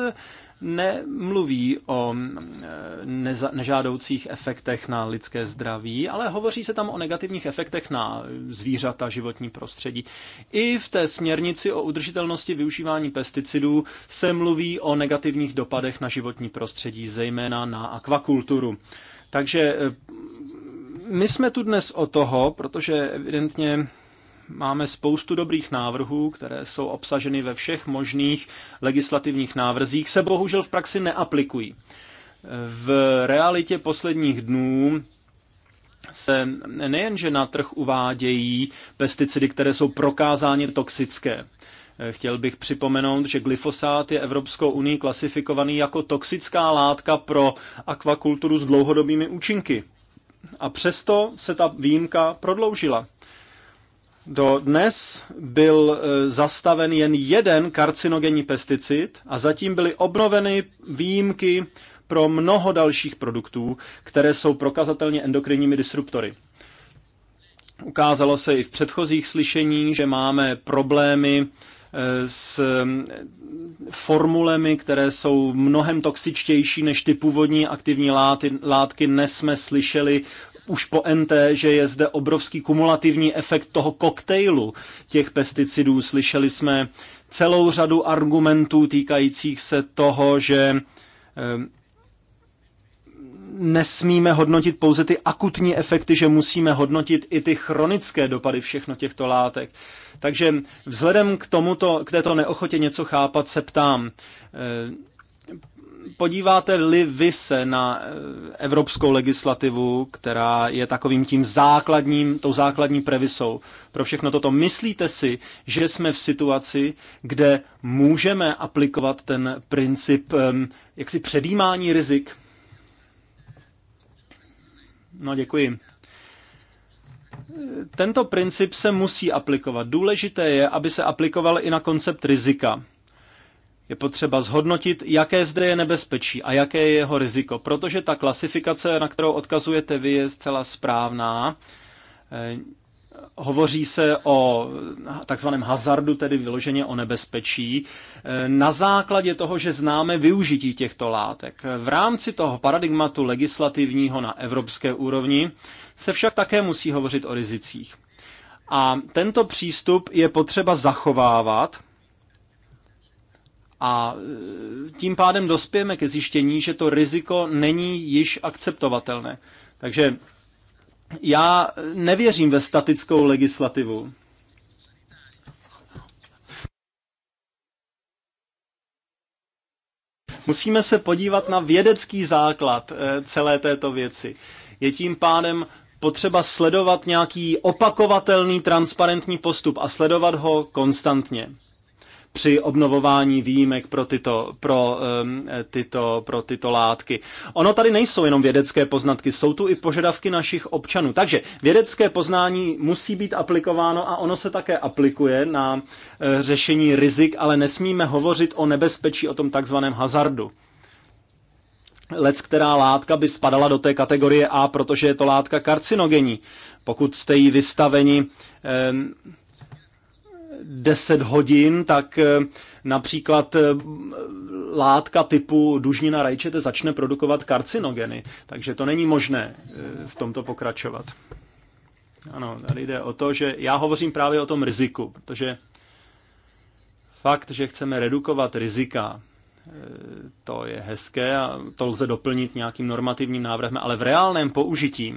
nemluví o eh, neza, nežádoucích efektech na lidské zdraví, ale hovoří se tam o negativních efektech na zvířata, životní prostředí. I v té směrnici o udržitelnosti využívání pesticidů se mluví o negativních dopadech na životní prostředí, zejména na akvakulturu. Takže eh, my jsme tu dnes o toho, protože evidentně Máme spoustu dobrých návrhů, které jsou obsaženy ve všech možných legislativních návrzích, se bohužel v praxi neaplikují. V realitě posledních dnů se nejenže na trh uvádějí pesticidy, které jsou prokázáně toxické, Chtěl bych připomenout, že glyfosát je Evropskou unii klasifikovaný jako toxická látka pro akvakulturu s dlouhodobými účinky. A přesto se ta výjimka prodloužila. Do dnes byl e, zastaven jen jeden karcinogenní pesticid a zatím byly obnoveny výjimky pro mnoho dalších produktů, které jsou prokazatelně endokrinními disruptory. Ukázalo se i v předchozích slyšení, že máme problémy e, s e, formulemi, které jsou mnohem toxičtější než ty původní aktivní látky. Dnes jsme slyšeli už po NT, že je zde obrovský kumulativní efekt toho koktejlu těch pesticidů. Slyšeli jsme celou řadu argumentů týkajících se toho, že eh, nesmíme hodnotit pouze ty akutní efekty, že musíme hodnotit i ty chronické dopady všechno těchto látek. Takže vzhledem k, tomuto, k této neochotě něco chápat se ptám, eh, podíváte-li vy se na eh, evropskou legislativu, která je takovým tím základním, tou základní previsou pro všechno toto, myslíte si, že jsme v situaci, kde můžeme aplikovat ten princip jaksi předjímání rizik? No, děkuji. Tento princip se musí aplikovat. Důležité je, aby se aplikoval i na koncept rizika je potřeba zhodnotit, jaké zde je nebezpečí a jaké je jeho riziko, protože ta klasifikace, na kterou odkazujete vy, je zcela správná. Eh, hovoří se o takzvaném hazardu, tedy vyloženě o nebezpečí, eh, na základě toho, že známe využití těchto látek. V rámci toho paradigmatu legislativního na evropské úrovni se však také musí hovořit o rizicích. A tento přístup je potřeba zachovávat, a e, tím pádem dospějeme ke zjištění, že to riziko není již akceptovatelné. Takže já nevěřím ve statickou legislativu. Musíme se podívat na vědecký základ e, celé této věci. Je tím pádem potřeba sledovat nějaký opakovatelný transparentní postup a sledovat ho konstantně při obnovování výjimek pro tyto, pro, tyto, pro tyto látky. Ono tady nejsou jenom vědecké poznatky, jsou tu i požadavky našich občanů. Takže vědecké poznání musí být aplikováno a ono se také aplikuje na eh, řešení rizik, ale nesmíme hovořit o nebezpečí, o tom takzvaném hazardu lec která látka by spadala do té kategorie A, protože je to látka karcinogenní. Pokud jste jí vystaveni Um, 10 hodin, tak eh, například eh, látka typu dužnina rajčete začne produkovat karcinogeny. Takže to není možné eh, v tomto pokračovat. Ano, tady jde o to, že já hovořím právě o tom riziku, protože fakt, že chceme redukovat rizika, to je hezké a to lze doplnit nějakým normativním návrhem, ale v reálném použití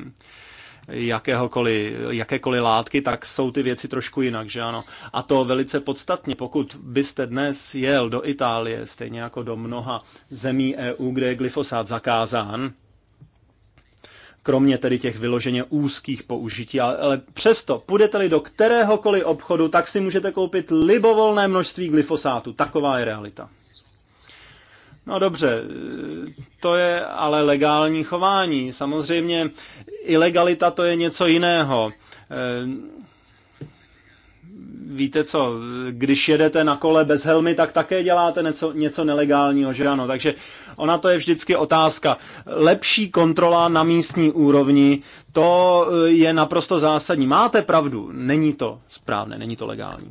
jakéhokoliv, jakékoliv látky, tak jsou ty věci trošku jinak, že ano. A to velice podstatně, pokud byste dnes jel do Itálie, stejně jako do mnoha zemí EU, kde je glyfosát zakázán, kromě tedy těch vyloženě úzkých použití, ale, ale přesto, půjdete-li do kteréhokoliv obchodu, tak si můžete koupit libovolné množství glyfosátu. Taková je realita. No dobře, to je ale legální chování. Samozřejmě ilegalita to je něco jiného. Eh, víte co, když jedete na kole bez helmy, tak také děláte něco, něco nelegálního, že ano? Takže ona to je vždycky otázka. Lepší kontrola na místní úrovni, to eh, je naprosto zásadní. Máte pravdu, není to správné, není to legální.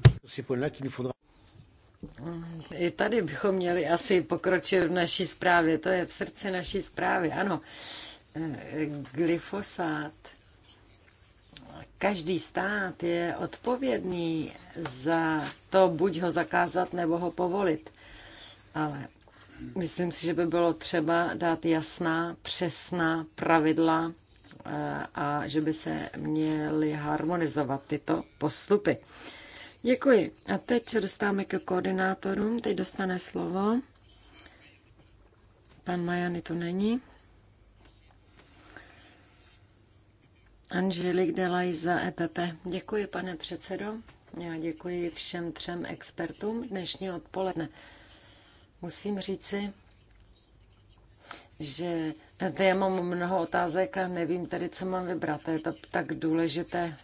I tady bychom měli asi pokročit v naší zprávě. To je v srdci naší zprávy. Ano, eh, glyfosát. Každý stát je odpovědný za to, buď ho zakázat, nebo ho povolit. Ale myslím si, že by bylo třeba dát jasná, přesná pravidla eh, a že by se měly harmonizovat tyto postupy. Děkuji. A teď se dostáváme ke koordinátorům. Teď dostane slovo. Pan Majany tu není. Angelik Delaj za EPP. Děkuji, pane předsedo. Já děkuji všem třem expertům dnešní odpoledne. Musím říci, že já mám mnoho otázek a nevím tady, co mám vybrat. Je to tak důležité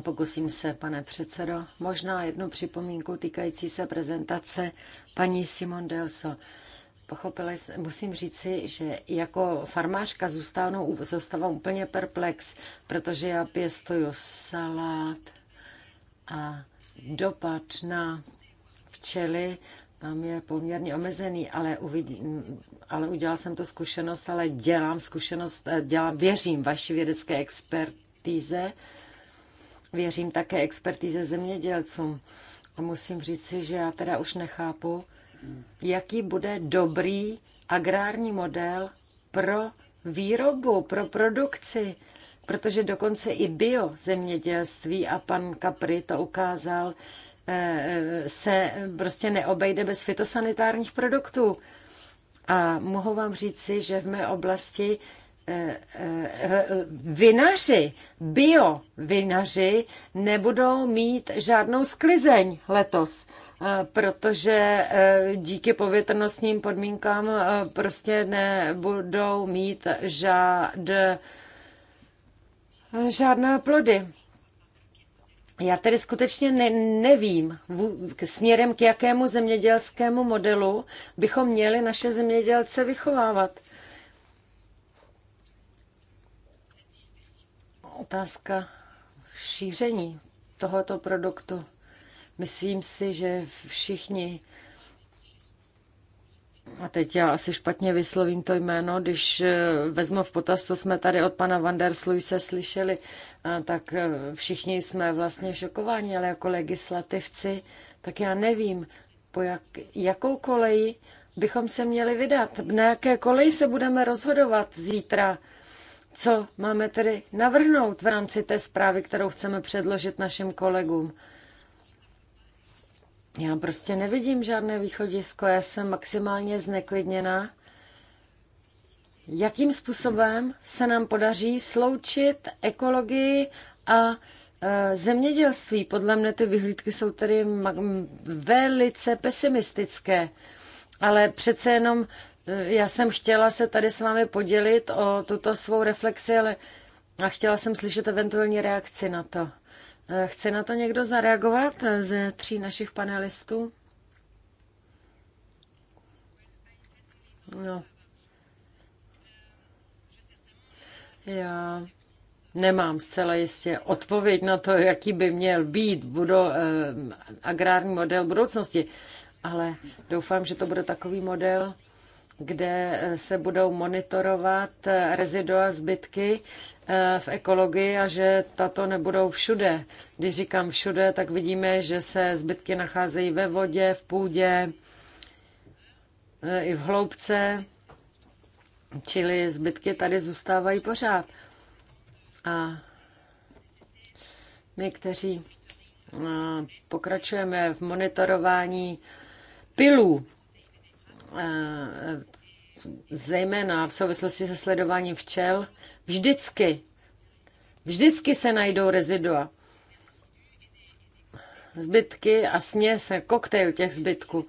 Pokusím se, pane předsedo. Možná jednu připomínku týkající se prezentace paní Simon Delso. Pochopila musím říci, že jako farmářka zůstávám, zůstávám úplně perplex, protože já pěstuju salát a dopad na včely tam je poměrně omezený, ale, uvidím, ale udělal jsem to zkušenost, ale dělám zkušenost, eh, dělám, věřím vaši vědecké expertíze Věřím také expertize zemědělcům. A musím říct si, že já teda už nechápu, jaký bude dobrý agrární model pro výrobu, pro produkci, protože dokonce i bio zemědělství a pan Kapry to ukázal, eh, eh, se prostě neobejde bez fitosanitárních produktů. A mohu vám říci, že v mé oblasti Eh, eh, vinaři, bio vinaři nebudou mít žádnou sklizeň letos, eh, protože díky povětrnostním podmínkám prostě nebudou mít žád, žádné plody. Já tedy skutečně ne, nevím, v, k, směrem k jakému zemědělskému modelu bychom měli naše zemědělce vychovávat. otázka šíření tohoto produktu. Myslím si, že všichni, a teď já asi špatně vyslovím to jméno, když eh, vezmu v potaz, co jsme tady od pana Vandersluise slyšeli, eh, tak eh, všichni jsme vlastně šokováni, ale jako legislativci, tak já nevím, po jak, jakou koleji bychom se měli vydat, na jaké koleji se budeme rozhodovat zítra co máme tedy navrhnout v rámci té zprávy, kterou chceme předložit našim kolegům? Já prostě nevidím žádné východisko, já jsem maximálně zneklidněná. Jakým způsobem se nám podaří sloučit ekologii a e, zemědělství? Podle mne ty vyhlídky jsou tedy velice pesimistické, ale přece jenom já jsem chtěla se tady s vámi podělit o tuto svou reflexi, ale a chtěla jsem slyšet eventuální reakci na to. Eh, chce na to někdo zareagovat eh, ze tří našich panelistů? No. Já nemám zcela jistě odpověď na to, jaký by měl být budo, eh, agrární model budoucnosti, ale doufám, že to bude takový model, kde eh, se budou monitorovat eh, rezidua zbytky eh, v ekologii a že tato nebudou všude. Když říkám všude, tak vidíme, že se zbytky nacházejí ve vodě, v půdě, i v hloubce, čili zbytky tady zůstávají pořád. A my, kteří pokračujeme v monitorování pilů, Eh, zejména v souvislosti se sledováním včel, vždycky, vždycky se najdou rezidua. Zbytky a směs, eh, koktejl těch zbytků.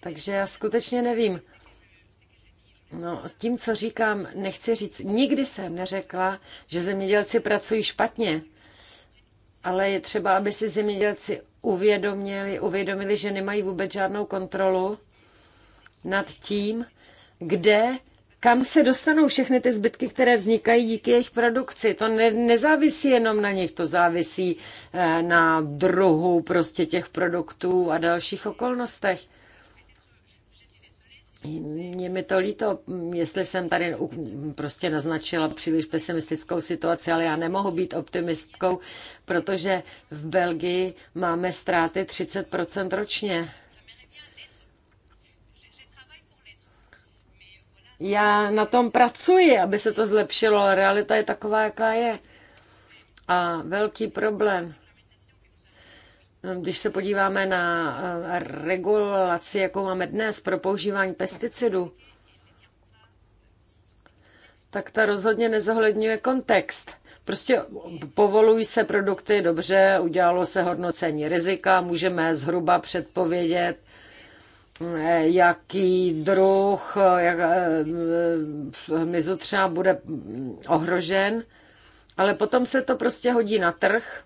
Takže já skutečně nevím. No, s tím, co říkám, nechci říct, nikdy jsem neřekla, že zemědělci pracují špatně, ale je třeba, aby si zemědělci uvědomili, uvědomili, že nemají vůbec žádnou kontrolu nad tím, kde kam se dostanou všechny ty zbytky, které vznikají díky jejich produkci. To ne, nezávisí jenom na nich, to závisí eh, na druhu prostě těch produktů a dalších okolnostech. Je mi to líto, jestli jsem tady prostě naznačila příliš pesimistickou situaci, ale já nemohu být optimistkou, protože v Belgii máme ztráty 30% ročně. Já na tom pracuji, aby se to zlepšilo, ale realita je taková, jaká je. A velký problém, když se podíváme na eh, regulaci, jakou máme dnes pro používání pesticidů, tak ta rozhodně nezohledňuje kontext. Prostě povolují se produkty, dobře, udělalo se hodnocení rizika, můžeme zhruba předpovědět, jaký druh jak, eh, hmyzu třeba bude ohrožen, ale potom se to prostě hodí na trh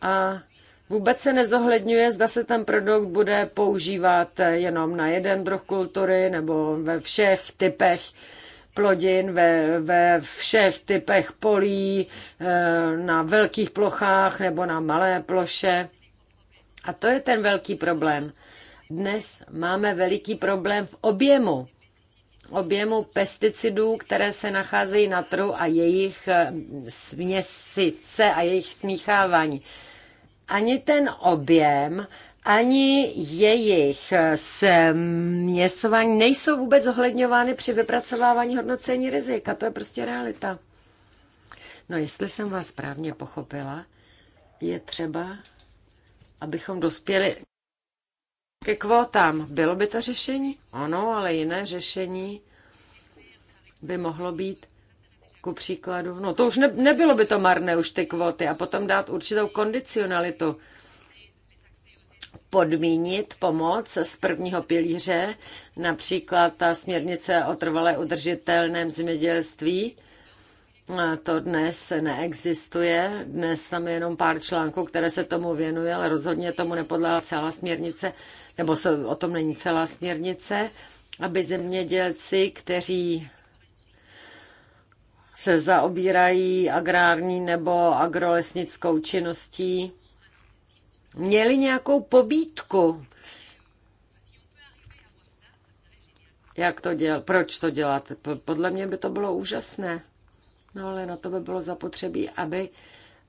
a vůbec se nezohledňuje, zda se ten produkt bude používat jenom na jeden druh kultury nebo ve všech typech plodin, ve, ve všech typech polí, eh, na velkých plochách nebo na malé ploše. A to je ten velký problém dnes máme veliký problém v objemu objemu pesticidů, které se nacházejí na trhu a jejich eh, směsice a jejich smíchávání. Ani ten objem, ani jejich eh, směsování nejsou vůbec zohledňovány při vypracovávání hodnocení rizika. to je prostě realita. No, jestli jsem vás správně pochopila, je třeba, abychom dospěli ke kvótám. Bylo by to řešení? Ano, ale jiné řešení by mohlo být ku příkladu. No to už ne, nebylo by to marné, už ty kvóty. A potom dát určitou kondicionalitu. Podmínit pomoc z prvního pilíře, například ta směrnice o trvalé udržitelném zemědělství. To dnes neexistuje. Dnes tam je jenom pár článků, které se tomu věnuje, ale rozhodně tomu nepodlá celá směrnice nebo se o tom není celá směrnice, aby zemědělci, kteří se zaobírají agrární nebo agrolesnickou činností, měli nějakou pobítku. Jak to dělat? Proč to dělat? Podle mě by to bylo úžasné. No ale na to by bylo zapotřebí, aby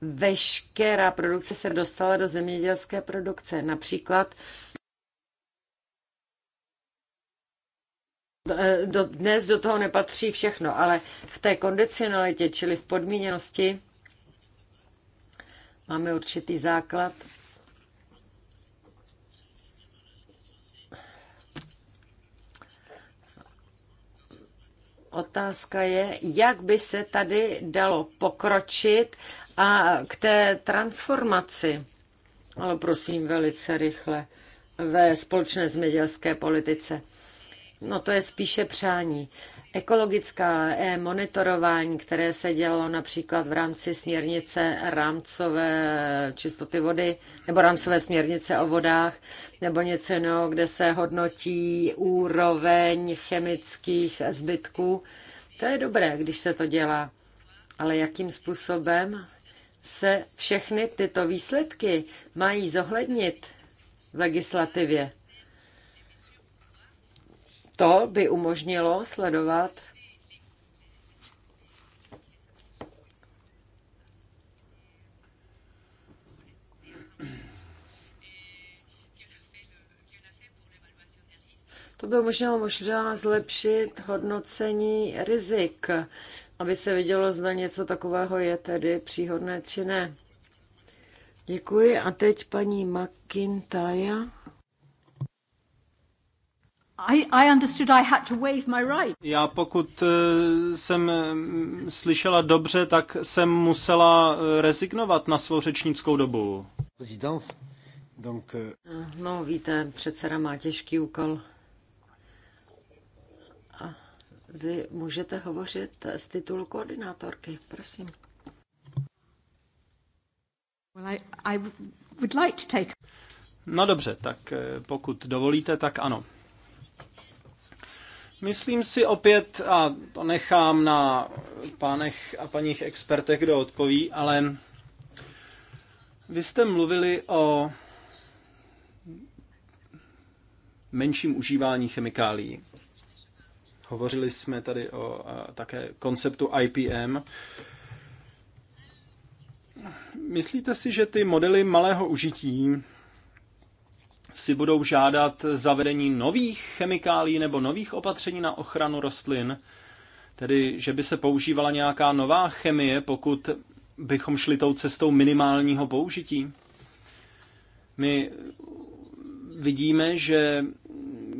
veškerá produkce se dostala do zemědělské produkce. Například E, do, dnes do toho nepatří všechno, ale v té kondicionalitě, čili v podmíněnosti, máme určitý základ. Otázka je, jak by se tady dalo pokročit a k té transformaci, ale prosím velice rychle, ve společné zemědělské politice. No to je spíše přání. Ekologická eh, monitorování, které se dělalo například v rámci směrnice rámcové čistoty vody nebo rámcové směrnice o vodách nebo něco jiného, kde se hodnotí úroveň chemických zbytků. To je dobré, když se to dělá. Ale jakým způsobem se všechny tyto výsledky mají zohlednit v legislativě? To by umožnilo sledovat To by možná možná zlepšit hodnocení rizik, aby se vidělo, zda něco takového je tedy příhodné či ne. Děkuji. A teď paní McIntyre. I, I understood I had to waive my right. Já pokud eh, jsem mm, slyšela dobře, tak jsem musela eh, rezignovat na svou řečnickou dobu. Euh, no, víte, předseda má těžký úkol. A vy můžete hovořit z titulu koordinátorky, prosím. Well, I, I would like to take... No dobře, tak eh, pokud dovolíte, tak ano. Myslím si opět, a to nechám na pánech a paních expertech, kdo odpoví, ale vy jste mluvili o menším užívání chemikálií. Hovořili jsme tady o také konceptu IPM. Myslíte si, že ty modely malého užití si budou žádat zavedení nových chemikálií nebo nových opatření na ochranu rostlin, tedy že by se používala nějaká nová chemie, pokud bychom šli tou cestou minimálního použití. My vidíme, že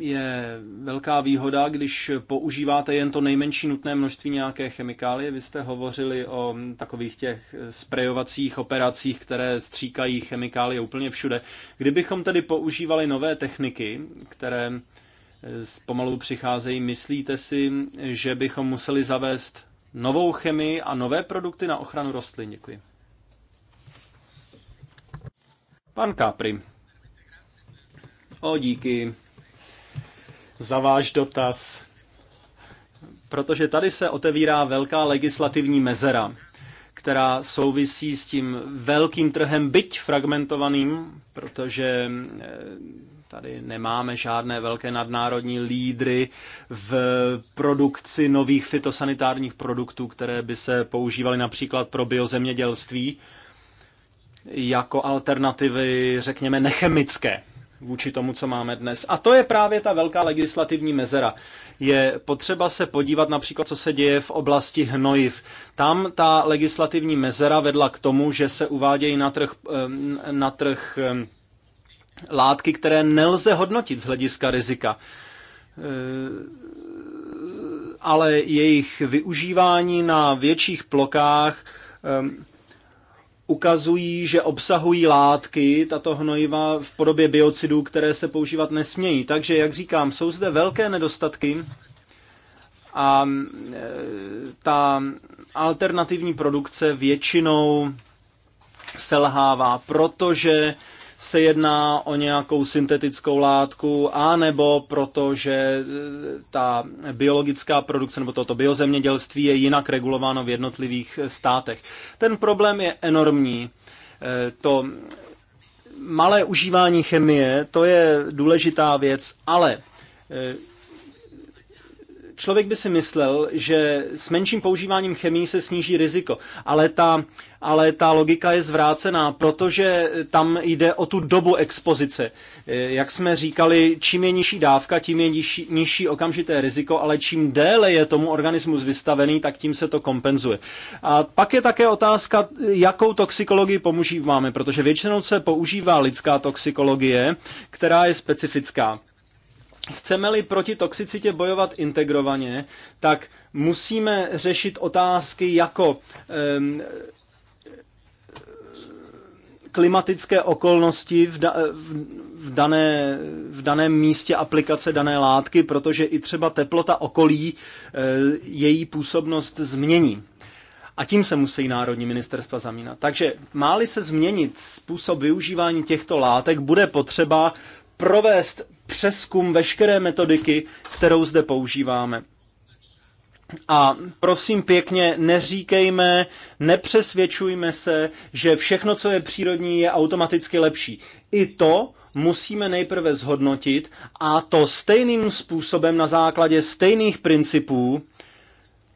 je velká výhoda, když používáte jen to nejmenší nutné množství nějaké chemikálie. Vy jste hovořili o takových těch sprejovacích operacích, které stříkají chemikálie úplně všude. Kdybychom tedy používali nové techniky, které eh, pomalu přicházejí, myslíte si, že bychom museli zavést novou chemii a nové produkty na ochranu rostlin? Děkuji. Pan Capri. O, díky za váš dotaz, protože tady se otevírá velká legislativní mezera, která souvisí s tím velkým trhem, byť fragmentovaným, protože eh, tady nemáme žádné velké nadnárodní lídry v produkci nových fitosanitárních produktů, které by se používaly například pro biozemědělství jako alternativy, řekněme, nechemické vůči tomu, co máme dnes. A to je právě ta velká legislativní mezera. Je potřeba se podívat například, co se děje v oblasti hnojiv. Tam ta legislativní mezera vedla k tomu, že se uvádějí na trh, na trh látky, které nelze hodnotit z hlediska rizika e, ale jejich využívání na větších plokách ukazují, že obsahují látky, tato hnojiva v podobě biocidů, které se používat nesmějí. Takže, jak říkám, jsou zde velké nedostatky a e, ta alternativní produkce většinou selhává, protože se jedná o nějakou syntetickou látku, a nebo protože e, ta biologická produkce nebo toto biozemědělství je jinak regulováno v jednotlivých e, státech. Ten problém je enormní. E, to malé užívání chemie, to je důležitá věc, ale Člověk by si myslel, že s menším používáním chemii se sníží riziko, ale ta, ale ta logika je zvrácená, protože tam jde o tu dobu expozice. E, jak jsme říkali, čím je nižší dávka, tím je nižší, nižší okamžité riziko, ale čím déle je tomu organismus vystavený, tak tím se to kompenzuje. A pak je také otázka, jakou toxikologii používáme, protože většinou se používá lidská toxikologie, která je specifická. Chceme-li proti toxicitě bojovat integrovaně, tak musíme řešit otázky jako um, klimatické okolnosti v, da, v, v, dané, v daném místě aplikace dané látky, protože i třeba teplota okolí e, její působnost změní. A tím se musí národní ministerstva zamínat. Takže máli se změnit způsob využívání těchto látek, bude potřeba provést přeskum veškeré metodiky, kterou zde používáme. A prosím pěkně, neříkejme, nepřesvědčujme se, že všechno, co je přírodní, je automaticky lepší. I to musíme nejprve zhodnotit a to stejným způsobem na základě stejných principů,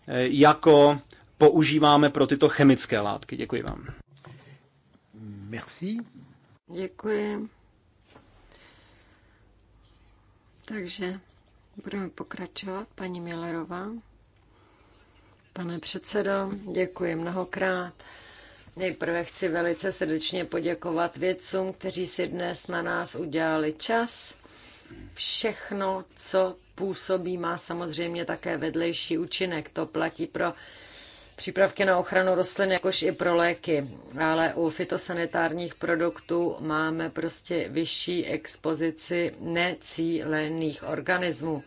eh, jako používáme pro tyto chemické látky. Děkuji vám. Merci. Děkuji. Takže budeme pokračovat. Paní Millerová. Pane předsedo, děkuji mnohokrát. Nejprve chci velice srdečně poděkovat vědcům, kteří si dnes na nás udělali čas. Všechno, co působí, má samozřejmě také vedlejší účinek. To platí pro přípravky na ochranu rostlin, jakož i pro léky. Ale u fitosanitárních produktů máme prostě vyšší expozici necílených organismů.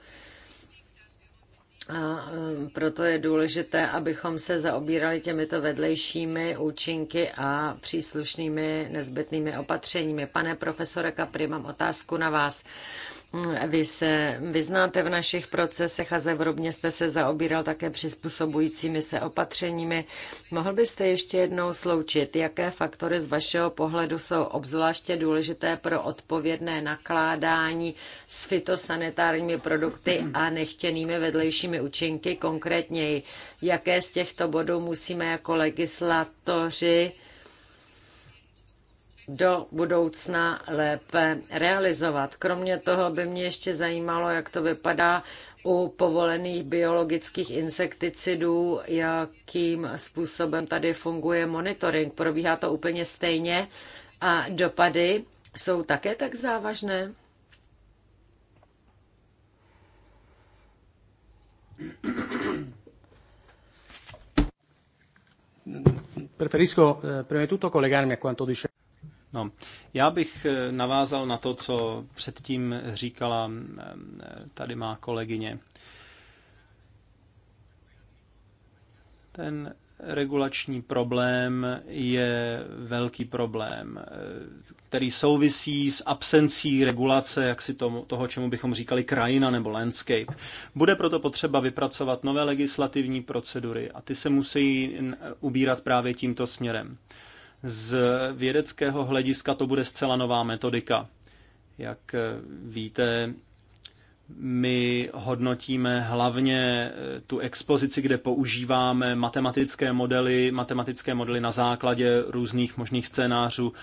A um, proto je důležité, abychom se zaobírali těmito vedlejšími účinky a příslušnými nezbytnými opatřeními. Pane profesore Kapry, mám otázku na vás. Vy se vyznáte v našich procesech a zevrobně jste se zaobíral také přizpůsobujícími se opatřeními. Mohl byste ještě jednou sloučit, jaké faktory z vašeho pohledu jsou obzvláště důležité pro odpovědné nakládání s fitosanitárními produkty a nechtěnými vedlejšími účinky konkrétněji? Jaké z těchto bodů musíme jako legislatoři do budoucna lépe realizovat. Kromě toho by mě ještě zajímalo, jak to vypadá u povolených biologických insekticidů, jakým způsobem tady funguje monitoring. Probíhá to úplně stejně a dopady jsou také tak závažné? Preferisco eh, prima di tutto collegarmi a quanto dice. No, já bych eh, navázal na to, co předtím říkala eh, tady má kolegyně. Ten regulační problém je velký problém, eh, který souvisí s absencí regulace, jak si tomu, toho, čemu bychom říkali krajina nebo landscape. Bude proto potřeba vypracovat nové legislativní procedury a ty se musí ubírat právě tímto směrem. Z vědeckého hlediska to bude zcela nová metodika. Jak eh, víte, my hodnotíme hlavně eh, tu expozici, kde používáme matematické modely, matematické modely na základě různých možných scénářů,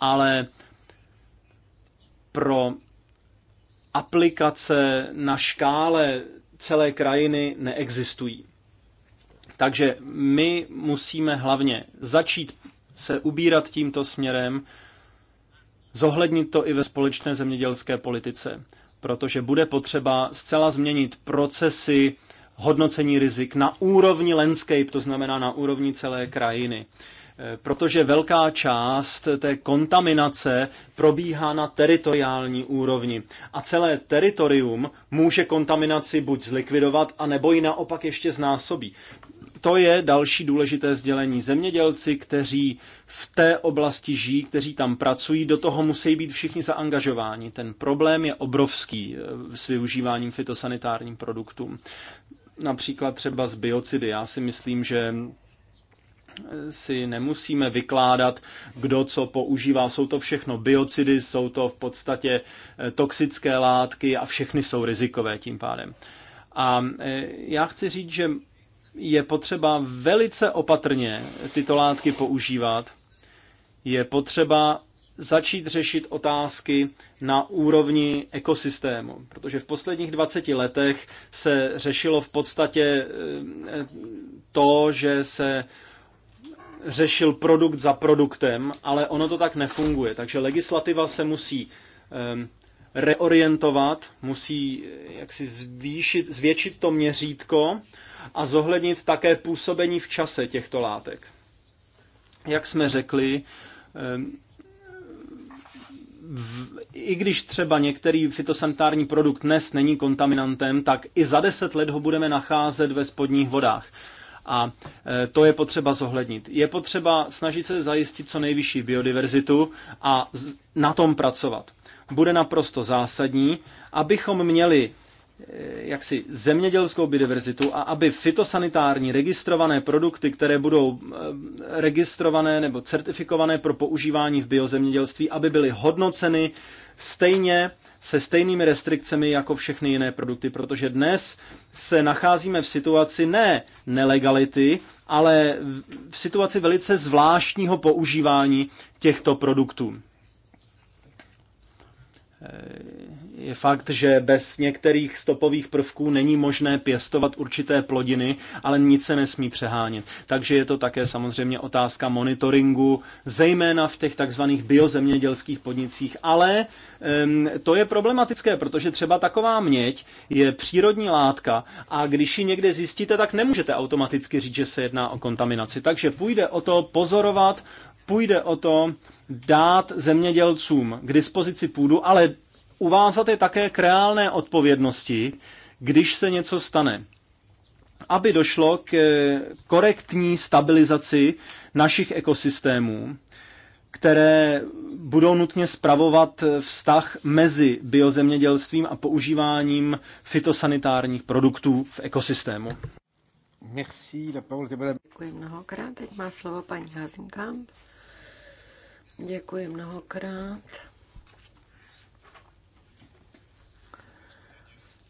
ale pro aplikace na škále celé krajiny neexistují. Takže my musíme hlavně začít se ubírat tímto směrem, zohlednit to i ve společné zemědělské politice, protože bude potřeba zcela změnit procesy hodnocení rizik na úrovni landscape, to znamená na úrovni celé krajiny. E, protože velká část té kontaminace probíhá na teritoriální úrovni a celé teritorium může kontaminaci buď zlikvidovat, anebo ji naopak ještě znásobí to je další důležité sdělení. Zemědělci, kteří v té oblasti žijí, kteří tam pracují, do toho musí být všichni zaangažováni. Ten problém je obrovský eh, s využíváním fitosanitárních produktů. Například třeba z biocidy. Já si myslím, že eh, si nemusíme vykládat, kdo co používá. Jsou to všechno biocidy, jsou to v podstatě eh, toxické látky a všechny jsou rizikové tím pádem. A já chci říct, že je potřeba velice opatrně tyto látky používat. Je potřeba začít řešit otázky na úrovni ekosystému, protože v posledních 20 letech se řešilo v podstatě eh, to, že se řešil produkt za produktem, ale ono to tak nefunguje. Takže legislativa se musí ehm, reorientovat, musí eh, jaksi zvýšit, zvětšit to měřítko a zohlednit také působení v čase těchto látek. Jak jsme řekli, ehm, v, i když třeba některý fitosanitární produkt dnes není kontaminantem, tak i za deset let ho budeme nacházet ve spodních vodách. A e, to je potřeba zohlednit. Je potřeba snažit se zajistit co nejvyšší biodiverzitu a na tom pracovat. Bude naprosto zásadní, abychom měli jaksi zemědělskou biodiverzitu a aby fitosanitární registrované produkty, které budou eh, registrované nebo certifikované pro používání v biozemědělství, aby byly hodnoceny stejně se stejnými restrikcemi jako všechny jiné produkty, protože dnes se nacházíme v situaci ne nelegality, ale v situaci velice zvláštního používání těchto produktů je fakt, že bez některých stopových prvků není možné pěstovat určité plodiny, ale nic se nesmí přehánět. Takže je to také samozřejmě otázka monitoringu, zejména v těch takzvaných biozemědělských podnicích. Ale um, to je problematické, protože třeba taková měď je přírodní látka a když ji někde zjistíte, tak nemůžete automaticky říct, že se jedná o kontaminaci. Takže půjde o to pozorovat, půjde o to dát zemědělcům k dispozici půdu, ale uvázat je také k reálné odpovědnosti, když se něco stane. Aby došlo k korektní stabilizaci našich ekosystémů, které budou nutně spravovat vztah mezi biozemědělstvím a používáním fitosanitárních produktů v ekosystému. Merci, la parole Děkuji mnohokrát. Teď má slovo paní Hazenkamp. Děkuji mnohokrát.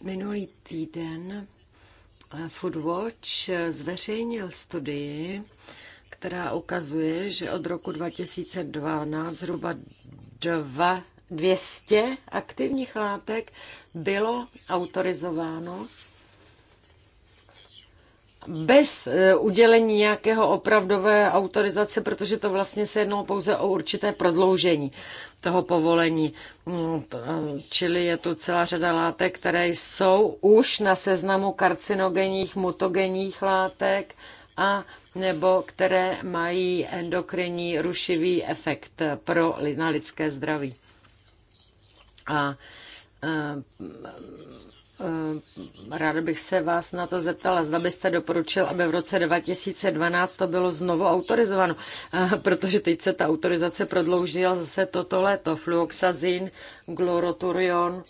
Minulý týden eh, Foodwatch zveřejnil studii, která ukazuje, že od roku 2012 zhruba dva, 200 aktivních látek bylo autorizováno bez eh, udělení nějakého opravdové autorizace, protože to vlastně se jednou pouze o určité prodloužení toho povolení. Mm, eh, čili je tu celá řada látek, které jsou už na seznamu karcinogenních, mutogenních látek a nebo které mají endokrinní rušivý efekt pro, na lidské zdraví. A, a eh, Eh, ráda bych se vás na to zeptala, zda byste doporučil, aby v roce 2012 to bylo znovu autorizováno, eh, protože teď se ta autorizace prodloužila zase toto léto. Fluoxazin, gloroturion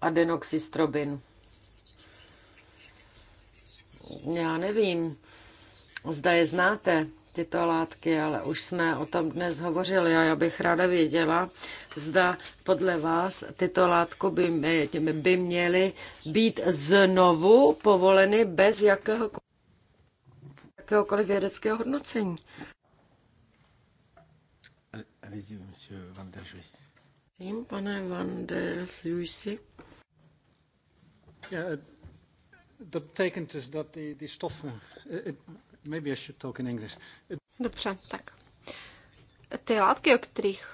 a denoxystrobin. Já nevím, zda je znáte tyto látky, ale už jsme o tom dnes hovořili a já bych ráda věděla, zda podle vás tyto látky by, by měly být znovu povoleny bez jakéhokoliv, jakéhokoliv vědeckého hodnocení. Pane Van der Tím, pane Van der Juisi. Ja, dat betekent dus dat die, die stoffen, eh, Maybe I should talk in English. Dobře, tak. Ty látky, o kterých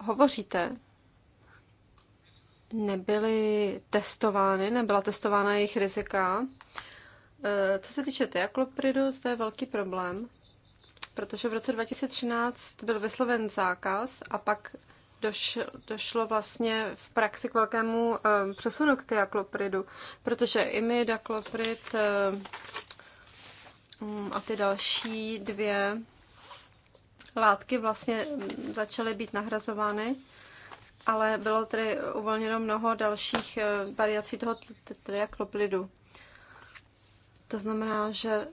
hovoříte, nebyly testovány, nebyla testována jejich rizika. Eh, co se týče teaklopridu, to je velký problém, protože v roce 2013 byl vysloven zákaz a pak došlo, došlo vlastně v praxi k velkému eh, přesunu k teaklopridu, protože imidaklopryd um, eh, Mm, a ty další dvě látky vlastně začaly být nahrazovány, ale bylo tedy uvolněno mnoho dalších eh, variací toho triaklopridu. To znamená, že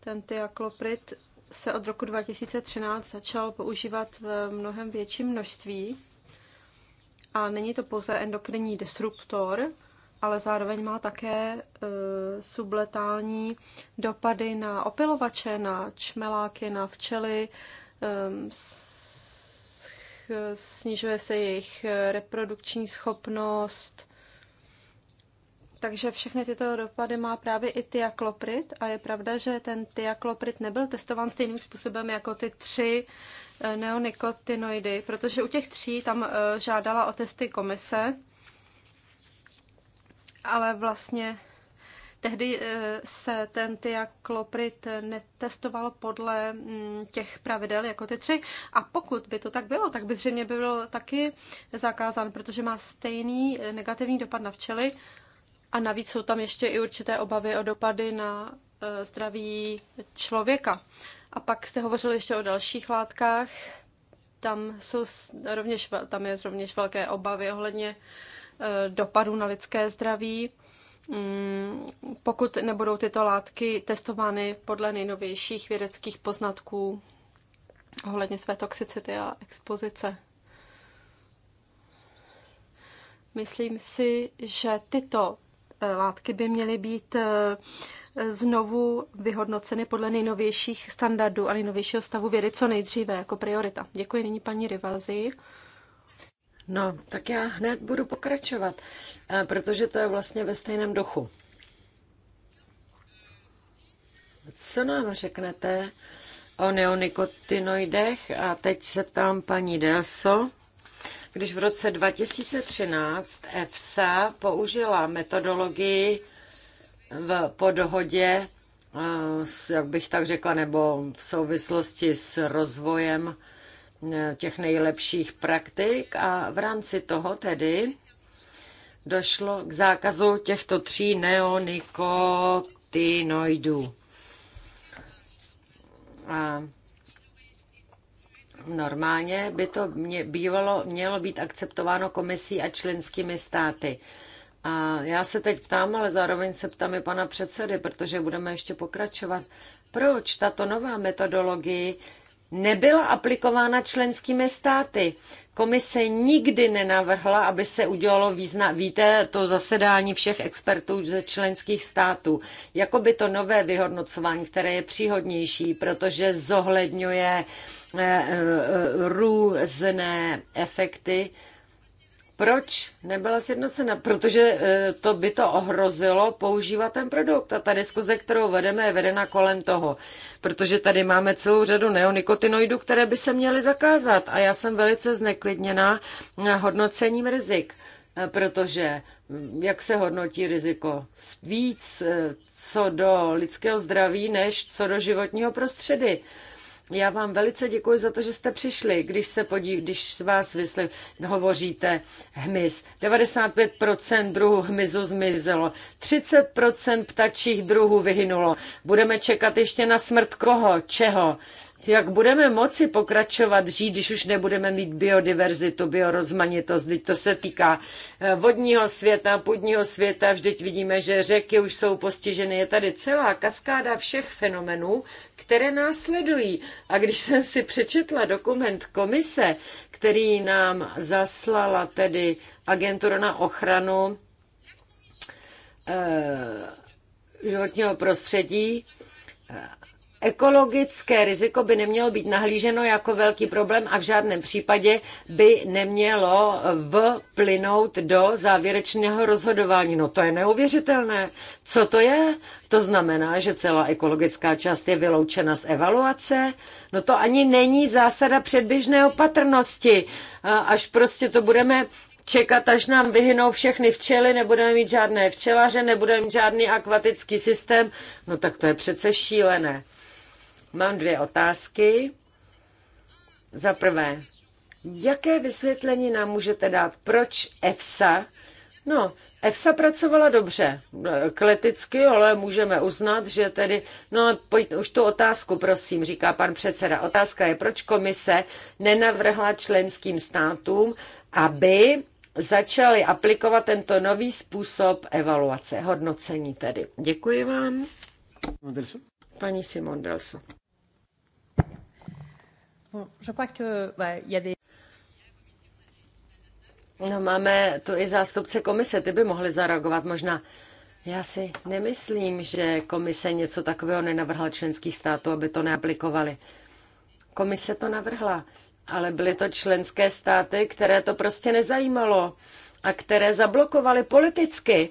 ten triakloprid se od roku 2013 začal používat v mnohem větším množství a není to pouze endokrinní disruptor, ale zároveň má také e, subletální dopady na opilovače, na čmeláky, na včely. E, snižuje se jejich e, reprodukční schopnost. Takže všechny tyto dopady má právě i tiaklopryt a je pravda, že ten tiaklopryt nebyl testován stejným způsobem jako ty tři e, neonikotinoidy, protože u těch tří tam e, žádala o testy komise ale vlastně tehdy eh, se ten tiakloprid netestoval podle mm, těch pravidel jako ty tři. A pokud by to tak bylo, tak by zřejmě byl taky zakázán, protože má stejný eh, negativní dopad na včely. A navíc jsou tam ještě i určité obavy o dopady na eh, zdraví člověka. A pak jste hovořili ještě o dalších látkách. Tam, jsou rovněž, tam je rovněž velké obavy ohledně uh, Eh, dopadů na lidské zdraví, mm, pokud nebudou tyto látky testovány podle nejnovějších vědeckých poznatků ohledně své toxicity a expozice. Myslím si, že tyto eh, látky by měly být eh, znovu vyhodnoceny podle nejnovějších standardů a nejnovějšího stavu vědy co nejdříve jako priorita. Děkuji nyní paní Rivazi. No, tak já hned budu pokračovat, eh, protože to je vlastně ve stejném duchu. Co nám řeknete o neonikotinoidech? A teď se tam paní Delso, když v roce 2013 EFSA použila metodologii v, po dohodě, eh, jak bych tak řekla, nebo v souvislosti s rozvojem těch nejlepších praktik a v rámci toho tedy došlo k zákazu těchto tří neonikotinoidů. A normálně by to mě, bývalo, mělo být akceptováno komisí a členskými státy. A já se teď ptám, ale zároveň se ptám i pana předsedy, protože budeme ještě pokračovat. Proč tato nová metodologie nebyla aplikována členskými státy. Komise nikdy nenavrhla, aby se udělalo význa, víte, to zasedání všech expertů ze členských států. Jakoby to nové vyhodnocování, které je příhodnější, protože zohledňuje eh, eh, různé efekty, proč nebyla sjednocena? Protože e, to by to ohrozilo používat ten produkt. A ta diskuze, kterou vedeme, je vedena kolem toho. Protože tady máme celou řadu neonikotinoidů, které by se měly zakázat. A já jsem velice zneklidněná hodnocením rizik. E, protože jak se hodnotí riziko? Víc e, co do lidského zdraví, než co do životního prostředí. Já vám velice děkuji za to, že jste přišli, když se podí, když vás vysle, hovoříte hmyz. 95% druhů hmyzu zmizelo, 30% ptačích druhů vyhynulo. Budeme čekat ještě na smrt koho, čeho jak budeme moci pokračovat žít, když už nebudeme mít biodiverzitu, biorozmanitost, teď to se týká eh, vodního světa, půdního světa, vždyť vidíme, že řeky už jsou postiženy, je tady celá kaskáda všech fenomenů, které následují. A když jsem si přečetla dokument komise, který nám zaslala tedy agentura na ochranu eh, životního prostředí, eh, Ekologické riziko by nemělo být nahlíženo jako velký problém a v žádném případě by nemělo vplynout do závěrečného rozhodování. No to je neuvěřitelné. Co to je? To znamená, že celá ekologická část je vyloučena z evaluace. No to ani není zásada předběžné opatrnosti. Až prostě to budeme čekat, až nám vyhynou všechny včely, nebudeme mít žádné včelaře, nebudeme mít žádný akvatický systém, no tak to je přece šílené. Mám dvě otázky. Za prvé, jaké vysvětlení nám můžete dát, proč EFSA? No, EFSA pracovala dobře, kleticky, ale můžeme uznat, že tedy, no pojď, už tu otázku, prosím, říká pan předseda. Otázka je, proč komise nenavrhla členským státům, aby začali aplikovat tento nový způsob evaluace, hodnocení tedy. Děkuji vám. Paní Simon Delso. No máme tu i zástupce komise, ty by mohli zareagovat možná. Já si nemyslím, že komise něco takového nenavrhla členských států, aby to neaplikovali. Komise to navrhla, ale byly to členské státy, které to prostě nezajímalo a které zablokovaly politicky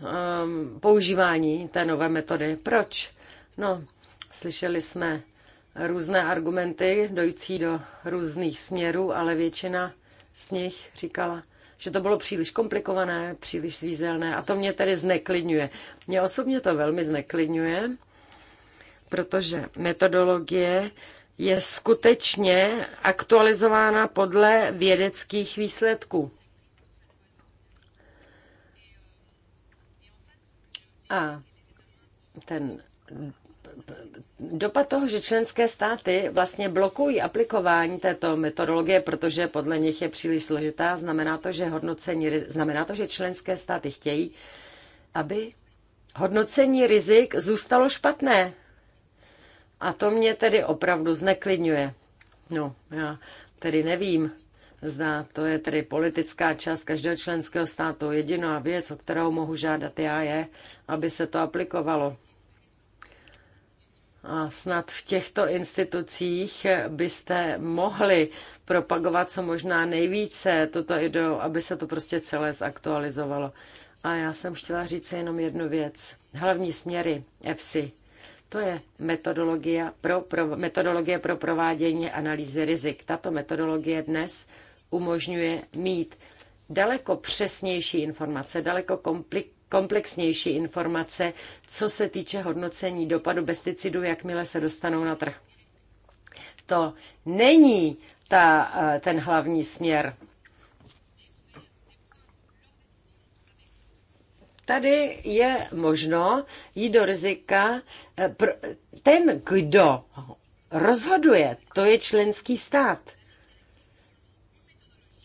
um, používání té nové metody. Proč? No, slyšeli jsme různé argumenty, dojící do různých směrů, ale většina z nich říkala, že to bylo příliš komplikované, příliš zvízelné a to mě tedy zneklidňuje. Mě osobně to velmi zneklidňuje, protože metodologie je skutečně aktualizována podle vědeckých výsledků. A ten dopad toho, že členské státy vlastně blokují aplikování této metodologie, protože podle nich je příliš složitá, znamená to, že hodnocení, znamená to, že členské státy chtějí, aby hodnocení rizik zůstalo špatné. A to mě tedy opravdu zneklidňuje. No, já tedy nevím, zda to je tedy politická část každého členského státu. Jediná věc, o kterou mohu žádat já, je, aby se to aplikovalo a snad v těchto institucích byste mohli propagovat co možná nejvíce tuto ideu, aby se to prostě celé zaktualizovalo. A já jsem chtěla říct jenom jednu věc. Hlavní směry EFSI. To je metodologie pro, pro, metodologie pro provádění analýzy rizik. Tato metodologie dnes umožňuje mít daleko přesnější informace, daleko komplikovanější komplexnější informace, co se týče hodnocení dopadu pesticidů, jakmile se dostanou na trh. To není ta, eh, ten hlavní směr. Tady je možno jít do rizika. Eh, ten, kdo rozhoduje, to je členský stát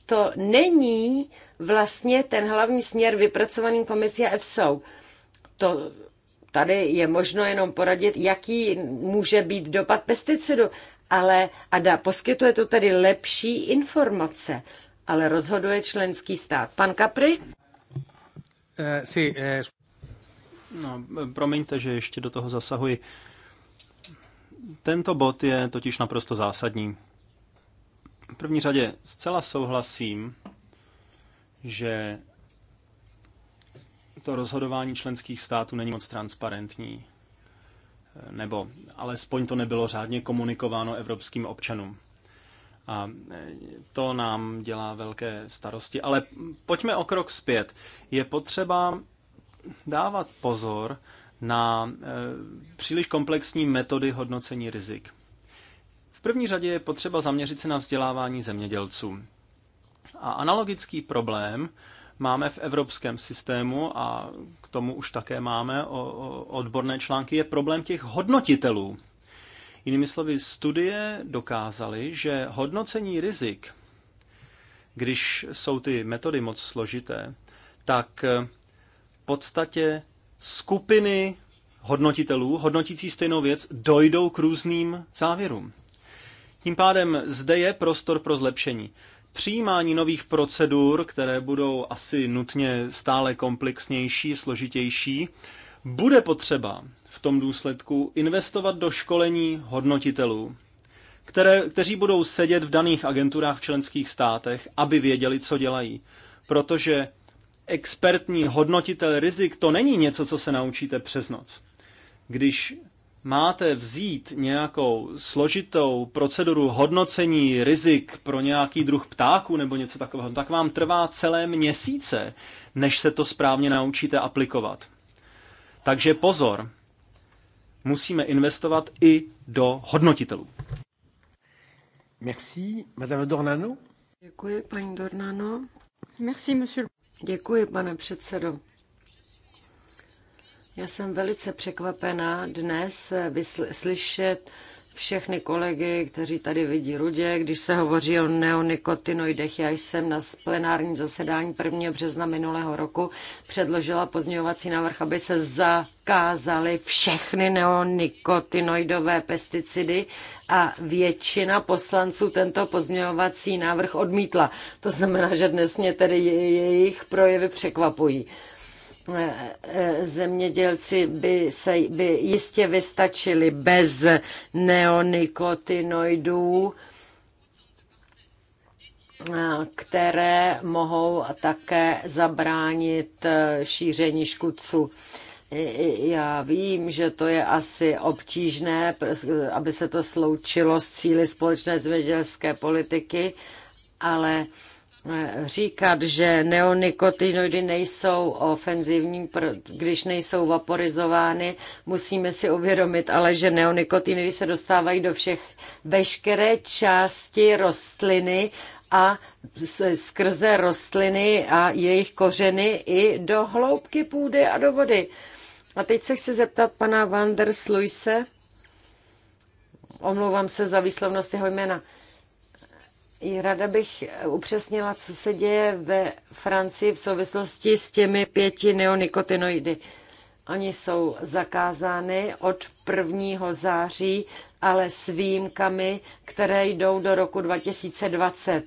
to není vlastně ten hlavní směr vypracovaný komisí a EFSO. To tady je možno jenom poradit, jaký může být dopad pesticidu, ale a dá, poskytuje to tady lepší informace, ale rozhoduje členský stát. Pan Kapry? Eh, si, eh, no, promiňte, že ještě do toho zasahuji. Tento bod je totiž naprosto zásadní. V první řadě zcela souhlasím, že to rozhodování členských států není moc transparentní, nebo alespoň to nebylo řádně komunikováno evropským občanům. A to nám dělá velké starosti. Ale pojďme o krok zpět. Je potřeba dávat pozor na eh, příliš komplexní metody hodnocení rizik. V první řadě je potřeba zaměřit se na vzdělávání zemědělců. A analogický problém máme v evropském systému, a k tomu už také máme o, o odborné články, je problém těch hodnotitelů. Jinými slovy, studie dokázaly, že hodnocení rizik, když jsou ty metody moc složité, tak v podstatě skupiny hodnotitelů, hodnotící stejnou věc, dojdou k různým závěrům. Tím pádem zde je prostor pro zlepšení. Přijímání nových procedur, které budou asi nutně stále komplexnější, složitější, bude potřeba v tom důsledku investovat do školení hodnotitelů, které, kteří budou sedět v daných agenturách v členských státech, aby věděli, co dělají. Protože expertní hodnotitel rizik to není něco, co se naučíte přes noc. Když máte vzít nějakou složitou proceduru hodnocení rizik pro nějaký druh ptáku nebo něco takového, tak vám trvá celé měsíce, než se to správně naučíte aplikovat. Takže pozor, musíme investovat i do hodnotitelů. Merci, Madame Dornano. Děkuji, paní Dornano. Merci, monsieur. Děkuji, pane předsedo. Já jsem velice překvapená dnes slyšet všechny kolegy, kteří tady vidí rudě, když se hovoří o neonikotinoidech. Já jsem na plenárním zasedání 1. března minulého roku předložila pozměňovací návrh, aby se zakázaly všechny neonikotinoidové pesticidy a většina poslanců tento pozměňovací návrh odmítla. To znamená, že dnes mě tedy jejich projevy překvapují. Eh, eh, zemědělci by, se, by jistě vystačili bez neonikotinoidů, eh, které mohou také zabránit šíření škůdců. Já vím, že to je asi obtížné, aby se to sloučilo s cíly společné zemědělské politiky, ale říkat, že neonikotinoidy nejsou ofenzivní, když nejsou vaporizovány, musíme si uvědomit, ale že neonikotinoidy se dostávají do všech, veškeré části rostliny a skrze rostliny a jejich kořeny i do hloubky půdy a do vody. A teď se chci zeptat pana Van Sluise, omlouvám se za výslovnost jeho jména, i rada bych upřesnila, co se děje ve Francii v souvislosti s těmi pěti neonikotinoidy. Oni jsou zakázány od 1. září, ale s výjimkami, které jdou do roku 2020.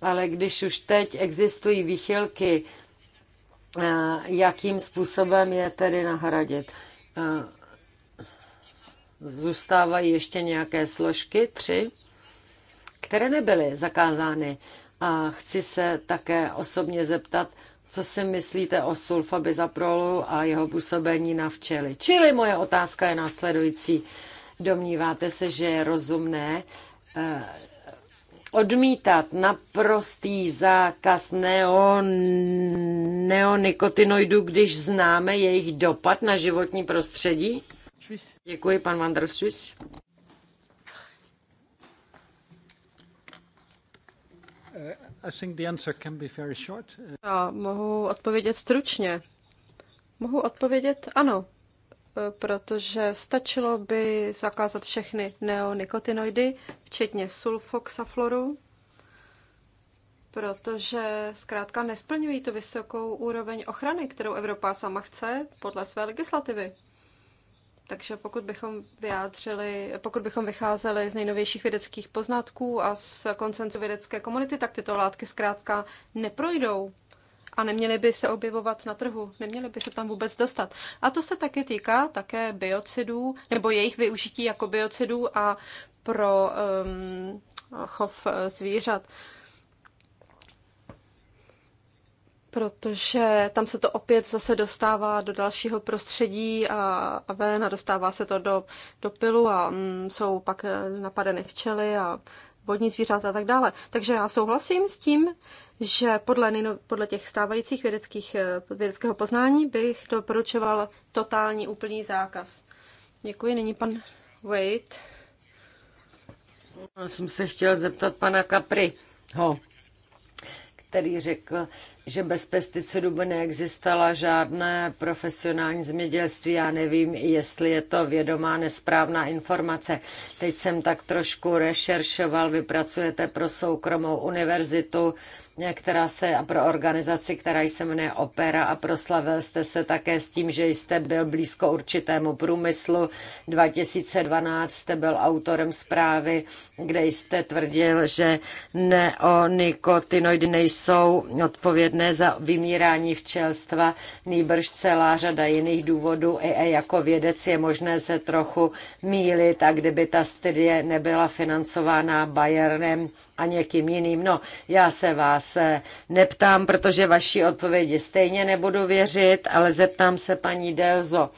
Ale když už teď existují výchylky, jakým způsobem je tedy nahradit? Zůstávají ještě nějaké složky? Tři? které nebyly zakázány. A chci se také osobně zeptat, co si myslíte o sulfabizaprolu a jeho působení na včely. Čili moje otázka je následující. Domníváte se, že je rozumné eh, odmítat naprostý zákaz neon, neonikotinoidů, když známe jejich dopad na životní prostředí? Děkuji, pan Vandrosvis. Já mohu odpovědět stručně. Mohu odpovědět ano, e, protože stačilo by zakázat všechny neonikotinoidy, včetně sulfoxafloru, protože zkrátka nesplňují tu vysokou úroveň ochrany, kterou Evropa sama chce podle své legislativy. Takže pokud bychom vyjádřili, pokud bychom vycházeli z nejnovějších vědeckých poznatků a z koncenzu vědecké komunity, tak tyto látky zkrátka neprojdou a neměly by se objevovat na trhu, neměly by se tam vůbec dostat. A to se také týká také biocidů, nebo jejich využití jako biocidů a pro um, chov zvířat. Uh, protože tam se to opět zase dostává do dalšího prostředí a, a ven a dostává se to do, do pilu a mm, jsou pak eh, napadeny včely a vodní zvířata a tak dále. Takže já souhlasím s tím, že podle, podle těch stávajících vědeckých, eh, vědeckého poznání bych doporučoval totální úplný zákaz. Děkuji, nyní pan Wade. Já jsem se chtěl zeptat pana Kapry. Ho, který řekl, že bez pesticidů by neexistala žádné profesionální zemědělství. Já nevím, jestli je to vědomá nesprávná informace. Teď jsem tak trošku rešeršoval, vypracujete pro soukromou univerzitu která se a pro organizaci, která se jmenuje Opera a proslavil jste se také s tím, že jste byl blízko určitému průmyslu. 2012 jste byl autorem zprávy, kde jste tvrdil, že neonikotinoidy nejsou odpovědné za vymírání včelstva, nýbrž celá řada jiných důvodů. I jako vědec je možné se trochu mílit a kdyby ta studie nebyla financována Bayernem, a někým jiným. No, já se vás eh, neptám, protože vaší odpovědi stejně nebudu věřit, ale zeptám se paní Delzo.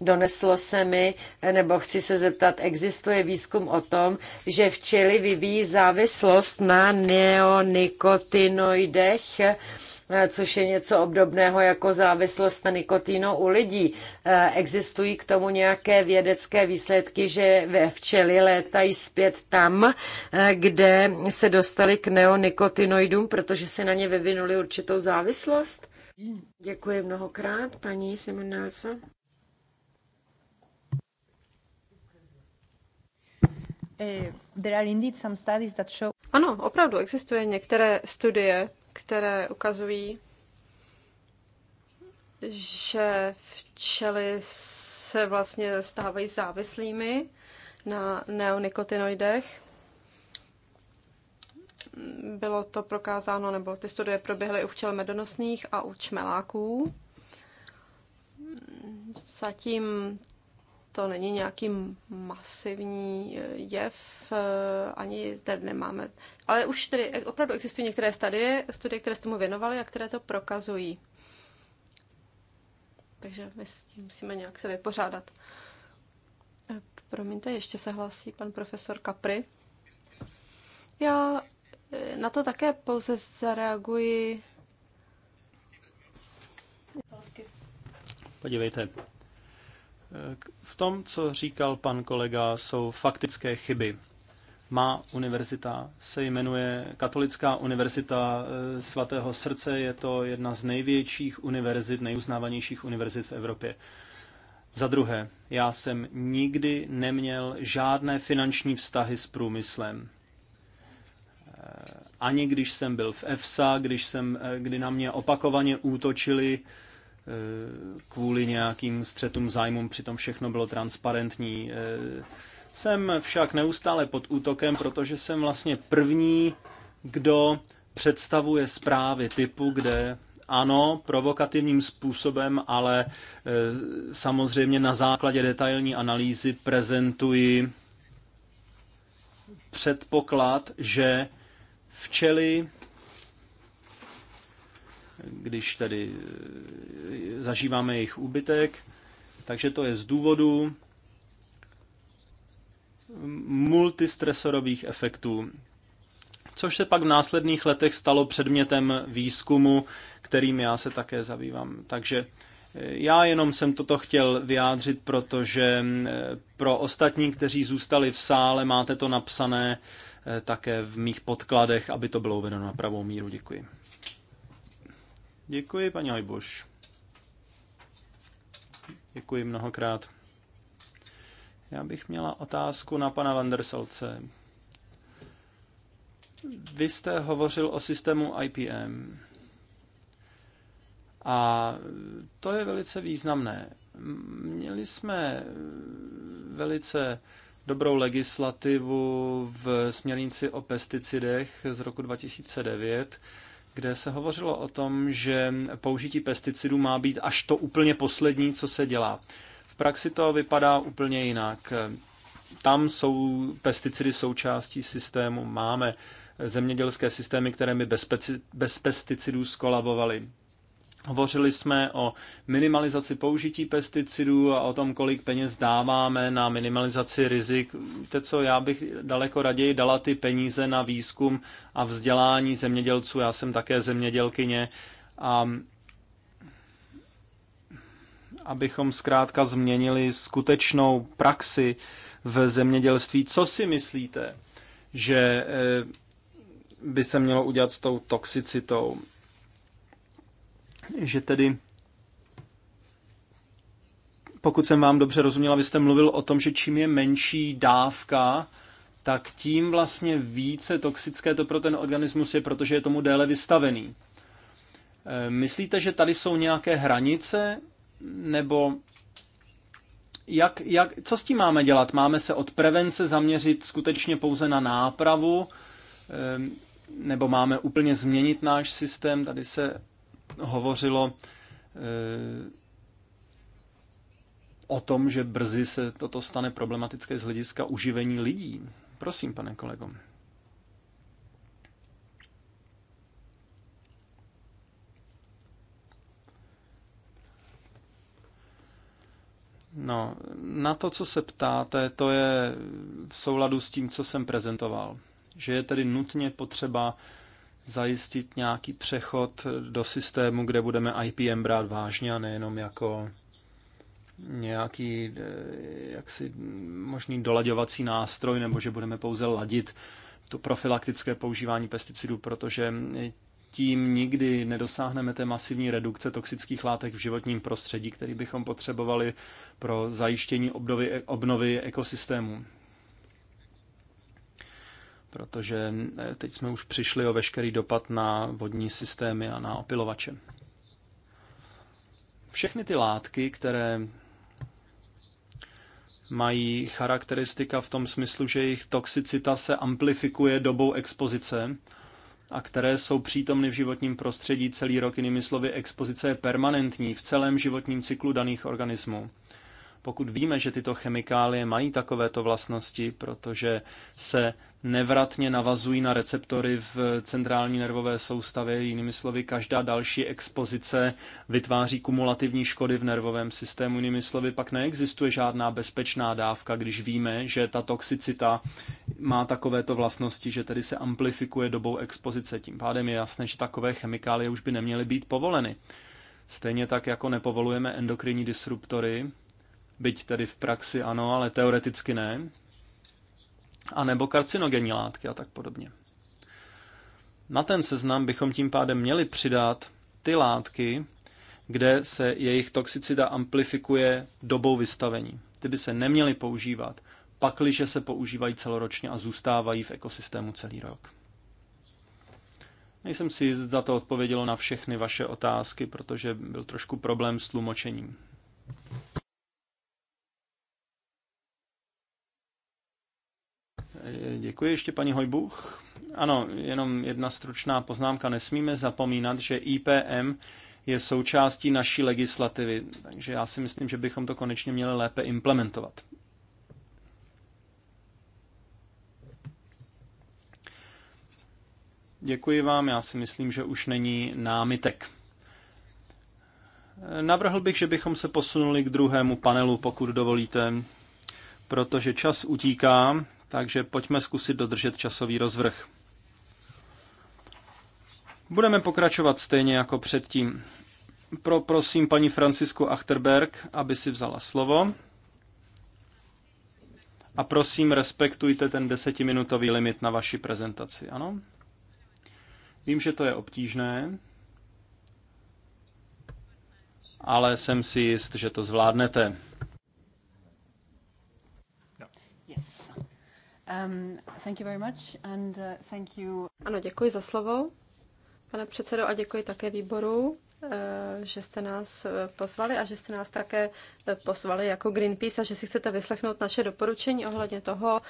Doneslo se mi, eh, nebo chci se zeptat, existuje výzkum o tom, že včely vyvíjí závislost na neonikotinoidech, Eh, což je něco obdobného jako závislost na nikotinu u lidí. Eh, existují k tomu nějaké vědecké výsledky, že včely létají zpět tam, eh, kde se dostali k neonikotinoidům, protože se na ně vyvinuli určitou závislost? Děkuji mnohokrát, paní Simon Nelson. Ano, opravdu existuje některé studie, které ukazují, že včely se vlastně stávají závislými na neonikotinoidech. Bylo to prokázáno, nebo ty studie proběhly u včel medonosných a u čmeláků. Zatím to není nějaký masivní eh, jev, eh, ani tady nemáme. Ale už tedy e, opravdu existují některé studie, studie, které se tomu věnovaly a které to prokazují. Takže my s tím musíme nějak se vypořádat. Eh, promiňte, ještě se hlásí pan profesor Kapry. Já na to také pouze zareaguji. Podívejte, v tom, co říkal pan kolega, jsou faktické chyby. Má univerzita se jmenuje Katolická univerzita eh, svatého srdce. Je to jedna z největších univerzit, nejuznávanějších univerzit v Evropě. Za druhé, já jsem nikdy neměl žádné finanční vztahy s průmyslem. Eh, ani když jsem byl v EFSA, když, jsem, eh, kdy na mě opakovaně útočili kvůli nějakým střetům zájmům, přitom všechno bylo transparentní. Eh, jsem však neustále pod útokem, protože jsem vlastně první, kdo představuje zprávy typu, kde ano, provokativním způsobem, ale eh, samozřejmě na základě detailní analýzy prezentuji předpoklad, že včely když tedy eh, zažíváme jejich úbytek. Takže to je z důvodu multistresorových efektů, což se pak v následných letech stalo předmětem výzkumu, kterým já se také zabývám. Takže eh, já jenom jsem toto chtěl vyjádřit, protože eh, pro ostatní, kteří zůstali v sále, máte to napsané také v mých podkladech, aby to bylo uvedeno na pravou míru. Děkuji. Děkuji, paní Hojbuš. Děkuji mnohokrát. Já bych měla otázku na pana Vandersolce. Vy jste hovořil o systému IPM. A to je velice významné. Měli jsme velice dobrou legislativu v směrnici o pesticidech z roku 2009, kde se hovořilo o tom, že použití pesticidů má být až to úplně poslední, co se dělá. V praxi to vypadá úplně jinak. Tam jsou pesticidy součástí systému. Máme zemědělské systémy, které by bez, pesticidů skolabovaly. Hovořili jsme o minimalizaci použití pesticidů a o tom, kolik peněz dáváme na minimalizaci rizik. Víte co, já bych daleko raději dala ty peníze na výzkum a vzdělání zemědělců. Já jsem také zemědělkyně a abychom zkrátka změnili skutečnou praxi v zemědělství. Co si myslíte, že eh, by se mělo udělat s tou toxicitou? že tedy pokud jsem vám dobře rozuměla, vy jste mluvil o tom, že čím je menší dávka, tak tím vlastně více toxické to pro ten organismus je, protože je tomu déle vystavený. E, myslíte, že tady jsou nějaké hranice, nebo jak, jak, co s tím máme dělat? Máme se od prevence zaměřit skutečně pouze na nápravu, e, nebo máme úplně změnit náš systém? Tady se hovořilo eh, o tom, že brzy se toto stane problematické z hlediska uživení lidí. Prosím, pane kolego. No, na to, co se ptáte, to je v souladu s tím, co jsem prezentoval. Že je tedy nutně potřeba zajistit nějaký přechod do systému, kde budeme IPM brát vážně a nejenom jako nějaký eh, jaksi možný dolaďovací nástroj, nebo že budeme pouze ladit to profilaktické používání pesticidů, protože tím nikdy nedosáhneme té masivní redukce toxických látek v životním prostředí, který bychom potřebovali pro zajištění obnovy, obnovy ekosystému protože eh, teď jsme už přišli o veškerý dopad na vodní systémy a na opilovače. Všechny ty látky, které mají charakteristika v tom smyslu, že jejich toxicita se amplifikuje dobou expozice a které jsou přítomny v životním prostředí celý rok, jinými slovy, expozice je permanentní v celém životním cyklu daných organismů. Pokud víme, že tyto chemikálie mají takovéto vlastnosti, protože se nevratně navazují na receptory v centrální nervové soustavě. Jinými slovy, každá další expozice vytváří kumulativní škody v nervovém systému. Jinými slovy, pak neexistuje žádná bezpečná dávka, když víme, že ta toxicita má takovéto vlastnosti, že tedy se amplifikuje dobou expozice. Tím pádem je jasné, že takové chemikálie už by neměly být povoleny. Stejně tak, jako nepovolujeme endokrinní disruptory, byť tedy v praxi ano, ale teoreticky ne, a nebo karcinogenní látky a tak podobně. Na ten seznam bychom tím pádem měli přidat ty látky, kde se jejich toxicita amplifikuje dobou vystavení. Ty by se neměly používat, pakliže se používají celoročně a zůstávají v ekosystému celý rok. Nejsem si za to odpovědělo na všechny vaše otázky, protože byl trošku problém s tlumočením. Děkuji ještě paní Hojbuch. Ano, jenom jedna stručná poznámka. Nesmíme zapomínat, že IPM je součástí naší legislativy, takže já si myslím, že bychom to konečně měli lépe implementovat. Děkuji vám, já si myslím, že už není námitek. Navrhl bych, že bychom se posunuli k druhému panelu, pokud dovolíte, protože čas utíká takže pojďme zkusit dodržet časový rozvrh. Budeme pokračovat stejně jako předtím. prosím paní Francisku Achterberg, aby si vzala slovo. A prosím, respektujte ten desetiminutový limit na vaši prezentaci, ano? Vím, že to je obtížné, ale jsem si jist, že to zvládnete. Um, thank you very much and uh, thank you. Ano, děkuji za slovo, pane předsedo, a děkuji také výboru, uh, že jste nás uh, pozvali a že jste nás také uh, pozvali jako Greenpeace a že si chcete vyslechnout naše doporučení ohledně toho,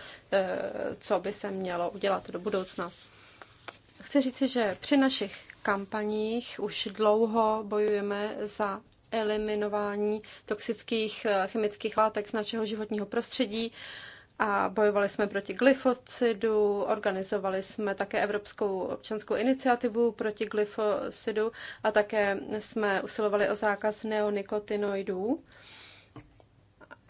co by se mělo udělat do budoucna. Chci říci, že při našich kampaních už dlouho bojujeme za eliminování toxických chemických látek z našeho životního prostředí. Uh, a bojovali jsme proti glyfocidu, organizovali jsme také Evropskou občanskou iniciativu proti glyfocidu a také jsme usilovali o zákaz neonikotinoidů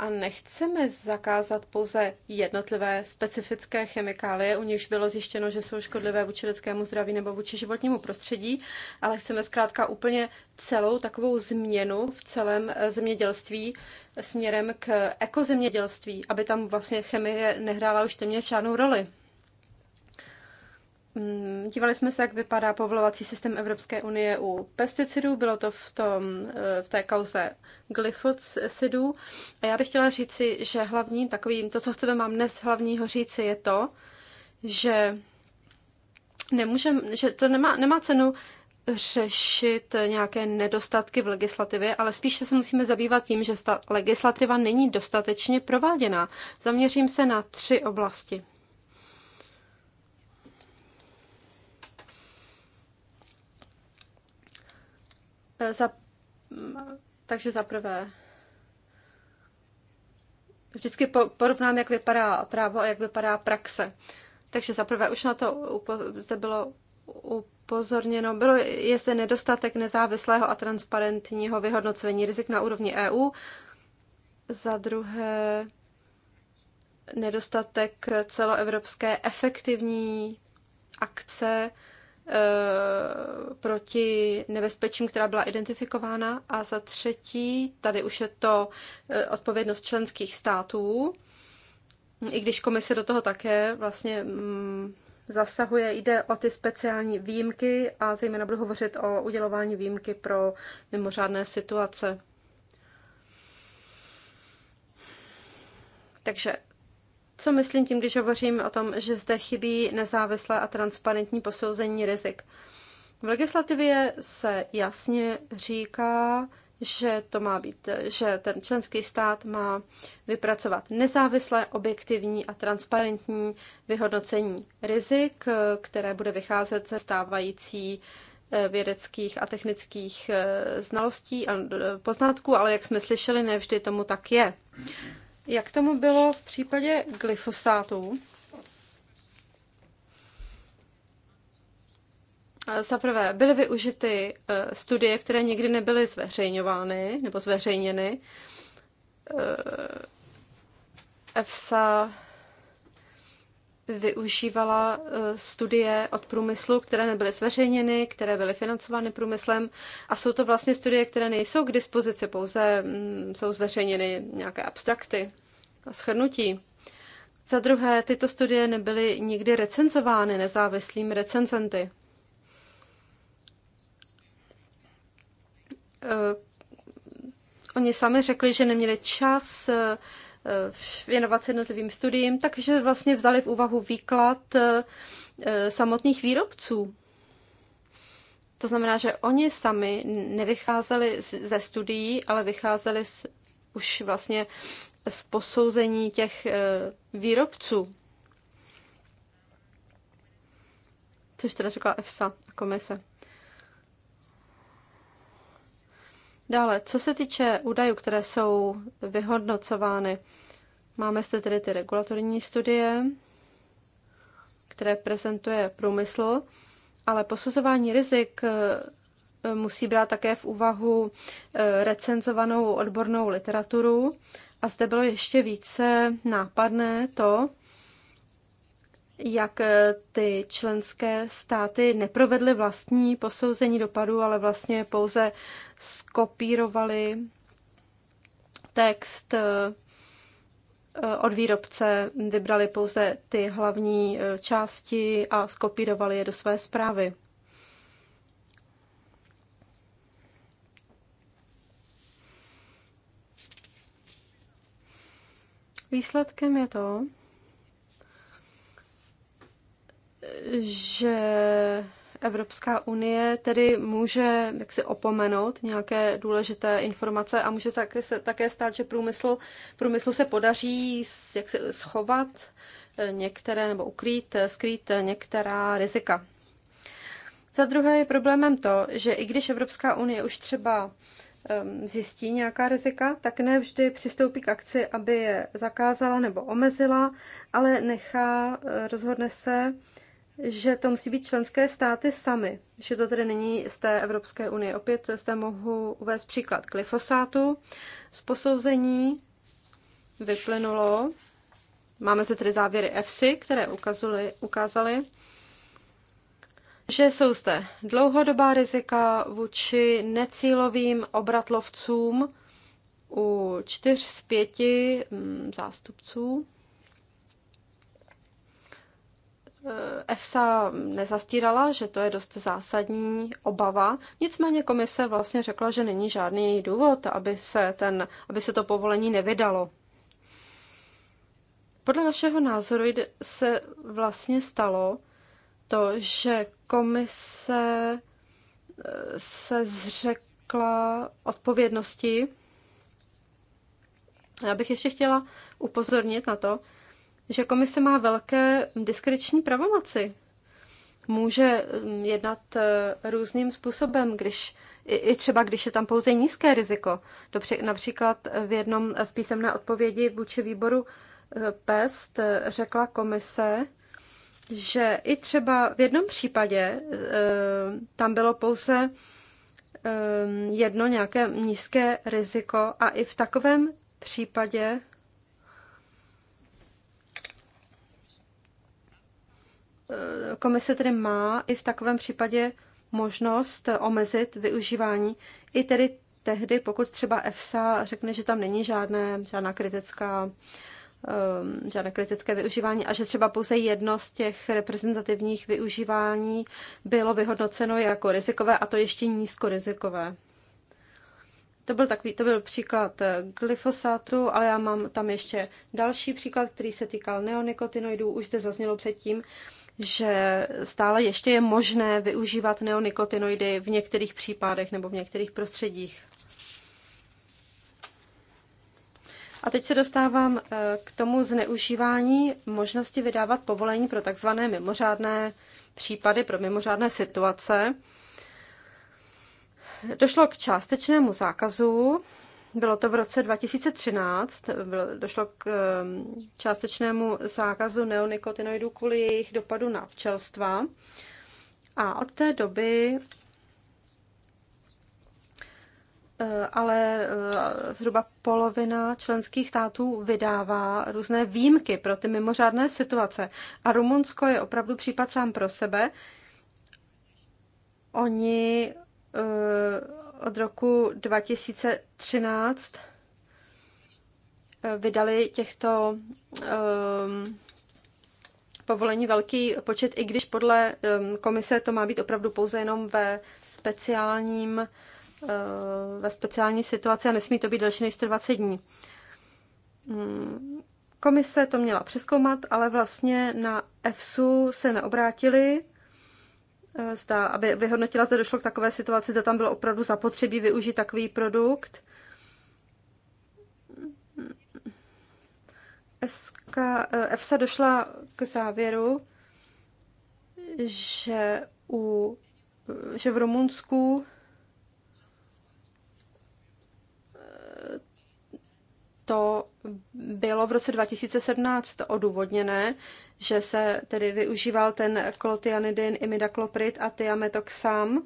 a nechceme zakázat pouze jednotlivé specifické chemikálie, u nichž bylo zjištěno, že jsou škodlivé vůči lidskému zdraví nebo vůči životnímu prostředí, ale chceme zkrátka úplně celou takovou změnu v celém eh, zemědělství směrem k ekozemědělství, aby tam vlastně chemie nehrála už téměř žádnou roli. Mm, dívali jsme se, jak vypadá povolovací systém Evropské unie u pesticidů, bylo to v, tom, eh, v té kauze glyfosidů. A já bych chtěla říci, že hlavním takovým, to, co chceme mám dnes hlavního říci, je to, že nemůžem, že to nemá, nemá cenu řešit nějaké nedostatky v legislativě, ale spíše se musíme zabývat tím, že ta legislativa není dostatečně prováděná. Zaměřím se na tři oblasti. Eh, za, mm, takže za prvé, vždycky porovnám, jak vypadá právo a jak vypadá praxe. Takže za prvé, už na to zde bylo upozorněno, bylo, je zde nedostatek nezávislého a transparentního vyhodnocení rizik na úrovni EU. Za druhé, nedostatek celoevropské efektivní akce Eh, proti nebezpečím, která byla identifikována. A za třetí, tady už je to eh, odpovědnost členských států, i když komise do toho také vlastně mm, zasahuje, jde o ty speciální výjimky a zejména budu hovořit o udělování výjimky pro mimořádné situace. Takže co myslím tím, když hovořím o tom, že zde chybí nezávislé a transparentní posouzení rizik? V legislativě se jasně říká, že to má být, že ten členský stát má vypracovat nezávislé, objektivní a transparentní vyhodnocení rizik, které bude vycházet ze stávající eh, vědeckých a technických eh, znalostí a eh, poznatků, ale jak jsme slyšeli, nevždy tomu tak je. Jak tomu bylo v případě glyfosátu? Za prvé, byly využity e, studie, které nikdy nebyly zveřejňovány nebo zveřejněny. EFSA využívala eh, studie od průmyslu, které nebyly zveřejněny, které byly financovány průmyslem a jsou to vlastně studie, které nejsou k dispozici, pouze mm, jsou zveřejněny nějaké abstrakty a schrnutí. Za druhé, tyto studie nebyly nikdy recenzovány nezávislým recenzenty. Eh, oni sami řekli, že neměli čas eh, Eh, věnovat se jednotlivým studiím, takže vlastně vzali v úvahu výklad eh, eh, samotných výrobců. To znamená, že oni sami nevycházeli ze studií, ale vycházeli z, už vlastně z posouzení těch výrobců. Což teda řekla EFSA a komise. Dále, co se týče údajů, které jsou vyhodnocovány, máme zde tedy ty regulatorní studie, které prezentuje průmysl, ale posuzování rizik eh, musí brát také v úvahu eh, recenzovanou odbornou literaturu. A zde bylo ještě více nápadné to, jak eh, ty členské státy neprovedly vlastní posouzení dopadu, ale vlastně pouze skopírovali text eh, od výrobce, vybrali pouze ty hlavní eh, části a skopírovali je do své zprávy. Výsledkem je to, že Evropská unie tedy může jaksi opomenout nějaké důležité informace a může také se také stát, že průmysl, průmyslu se podaří jaksi schovat eh, některé nebo ukrýt, eh, skrýt eh, některá rizika. Za druhé je problémem to, že i když Evropská unie už třeba ehm, zjistí nějaká rizika, tak ne vždy přistoupí k akci, aby je zakázala nebo omezila, ale nechá, rozhodne se, že to musí být členské státy samy, že to tedy není z té Evropské unie. Opět zde mohu uvést příklad glyfosátu. Z posouzení vyplynulo, máme zde tedy závěry EFSI, které ukazuli, ukázali, že jsou zde dlouhodobá rizika vůči necílovým obratlovcům u čtyř z pěti mm, zástupců Eh, EFSA nezastírala, že to je dost zásadní obava, nicméně komise vlastně řekla, že není žádný důvod, aby se, ten, aby se to povolení nevydalo. Podle našeho názoru se vlastně stalo to, že komise eh, se zřekla odpovědnosti. Já bych ještě chtěla upozornit na to, že komise má velké diskreční pravomoci. Může mm, jednat e, různým způsobem, když i třeba když je tam pouze nízké riziko. Dobře, například v jednom e, v písemné odpovědi vůči výboru e, PEST řekla komise, že i třeba v jednom případě tam bylo pouze jedno nějaké nízké riziko a i v takovém případě Eh, komise tedy má i v takovém případě možnost omezit využívání, i tedy tehdy, pokud třeba EFSA řekne, že tam není žádné, žádná kritická, eh, žádné kritické využívání a že třeba pouze jedno z těch reprezentativních využívání bylo vyhodnoceno jako rizikové a to ještě nízkorizikové. To byl, takový, to byl příklad eh, glyfosátu, ale já mám tam ještě další příklad, který se týkal neonikotinoidů, už zde zaznělo předtím že stále ještě je možné využívat neonikotinoidy v některých případech nebo v některých prostředích. A teď se dostávám eh, k tomu zneužívání možnosti vydávat povolení pro takzvané mimořádné případy, pro mimořádné situace. Došlo k částečnému zákazu bylo to v roce 2013, došlo k ehm, částečnému zákazu neonikotinoidů kvůli jejich dopadu na včelstva. A od té doby eh, ale eh, zhruba polovina členských států vydává různé výjimky pro ty mimořádné situace. A Rumunsko je opravdu případ sám pro sebe. Oni eh, od roku 2013 eh, vydali těchto um, povolení velký počet, i když podle um, komise to má být opravdu pouze jenom ve speciálním uh, ve speciální situaci a nesmí to být delší než 120 dní. Um, komise to měla přeskoumat, ale vlastně na EFSU se neobrátili Eh, zda, aby vyhodnotila, zda došlo k takové situaci, zda tam bylo opravdu zapotřebí využít takový produkt. SK, eh, EFSA došla k závěru, že, u, že v Rumunsku to bylo v roce 2017 odůvodněné, že se tedy využíval ten klotianidin, imidakloprid a tiametoxam,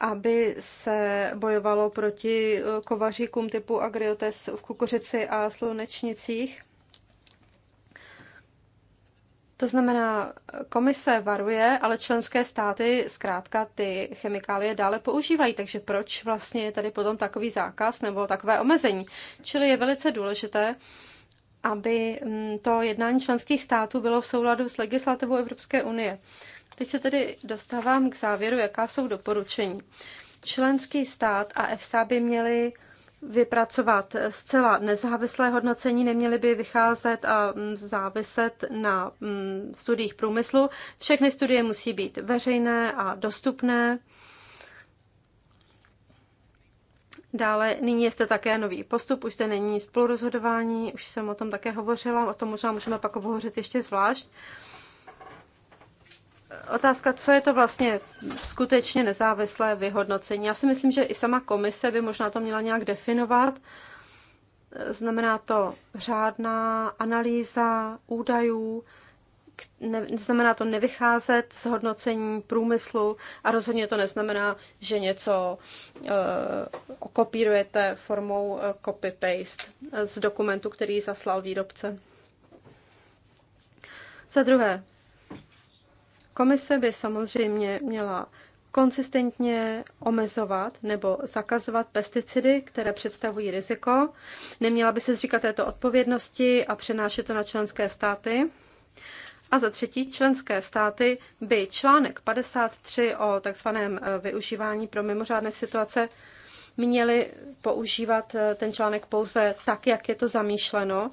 aby se bojovalo proti kovaříkům typu agriotes v kukuřici a slunečnicích. To znamená, komise varuje, ale členské státy zkrátka ty chemikálie dále používají, takže proč vlastně je tady potom takový zákaz nebo takové omezení? Čili je velice důležité, aby mm, to jednání členských států bylo v souladu s legislativou Evropské unie. Teď se tedy dostávám k závěru, jaká jsou doporučení. Členský stát a EFSA by měli vypracovat zcela nezávislé hodnocení, neměly by vycházet a mm, záviset na mm, studiích průmyslu. Všechny studie musí být veřejné a dostupné. Dále nyní jste také nový postup, už zde není spolurozhodování, už jsem o tom také hovořila, o tom možná můžeme pak hovořit ještě zvlášť. Um, otázka, co je to vlastně skutečně nezávislé vyhodnocení. Já si myslím, že i sama komise by možná to měla nějak definovat. Znamená to řádná analýza údajů, ne, to nevycházet z hodnocení průmyslu a rozhodně to neznamená, že něco e, eh, kopírujete formou eh, copy-paste eh, z dokumentu, který zaslal výrobce. Za druhé, Komise by samozřejmě měla konsistentně omezovat nebo zakazovat pesticidy, které představují riziko. Neměla by se zříkat této odpovědnosti a přenášet to na členské státy. A za třetí, členské státy by článek 53 o takzvaném eh, využívání pro mimořádné situace měly používat eh, ten článek pouze tak, jak je to zamýšleno,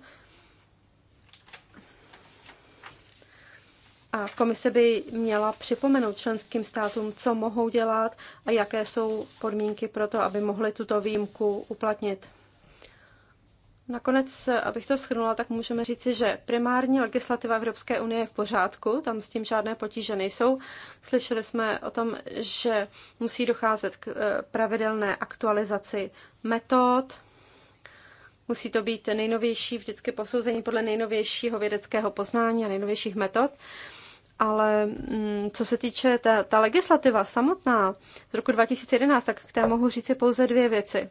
A komise by měla připomenout členským státům, co mohou dělat a jaké jsou podmínky pro to, aby mohli tuto výjimku uplatnit. Nakonec, abych to shrnula, tak můžeme říci, že primární legislativa Evropské unie je v pořádku, tam s tím žádné potíže nejsou. Slyšeli jsme o tom, že musí docházet k eh, pravidelné aktualizaci metod, musí to být nejnovější, vždycky posouzení podle nejnovějšího vědeckého poznání a nejnovějších metod. Ale mm, co se týče ta, ta legislativa samotná z roku 2011, tak k té mohu říci pouze dvě věci.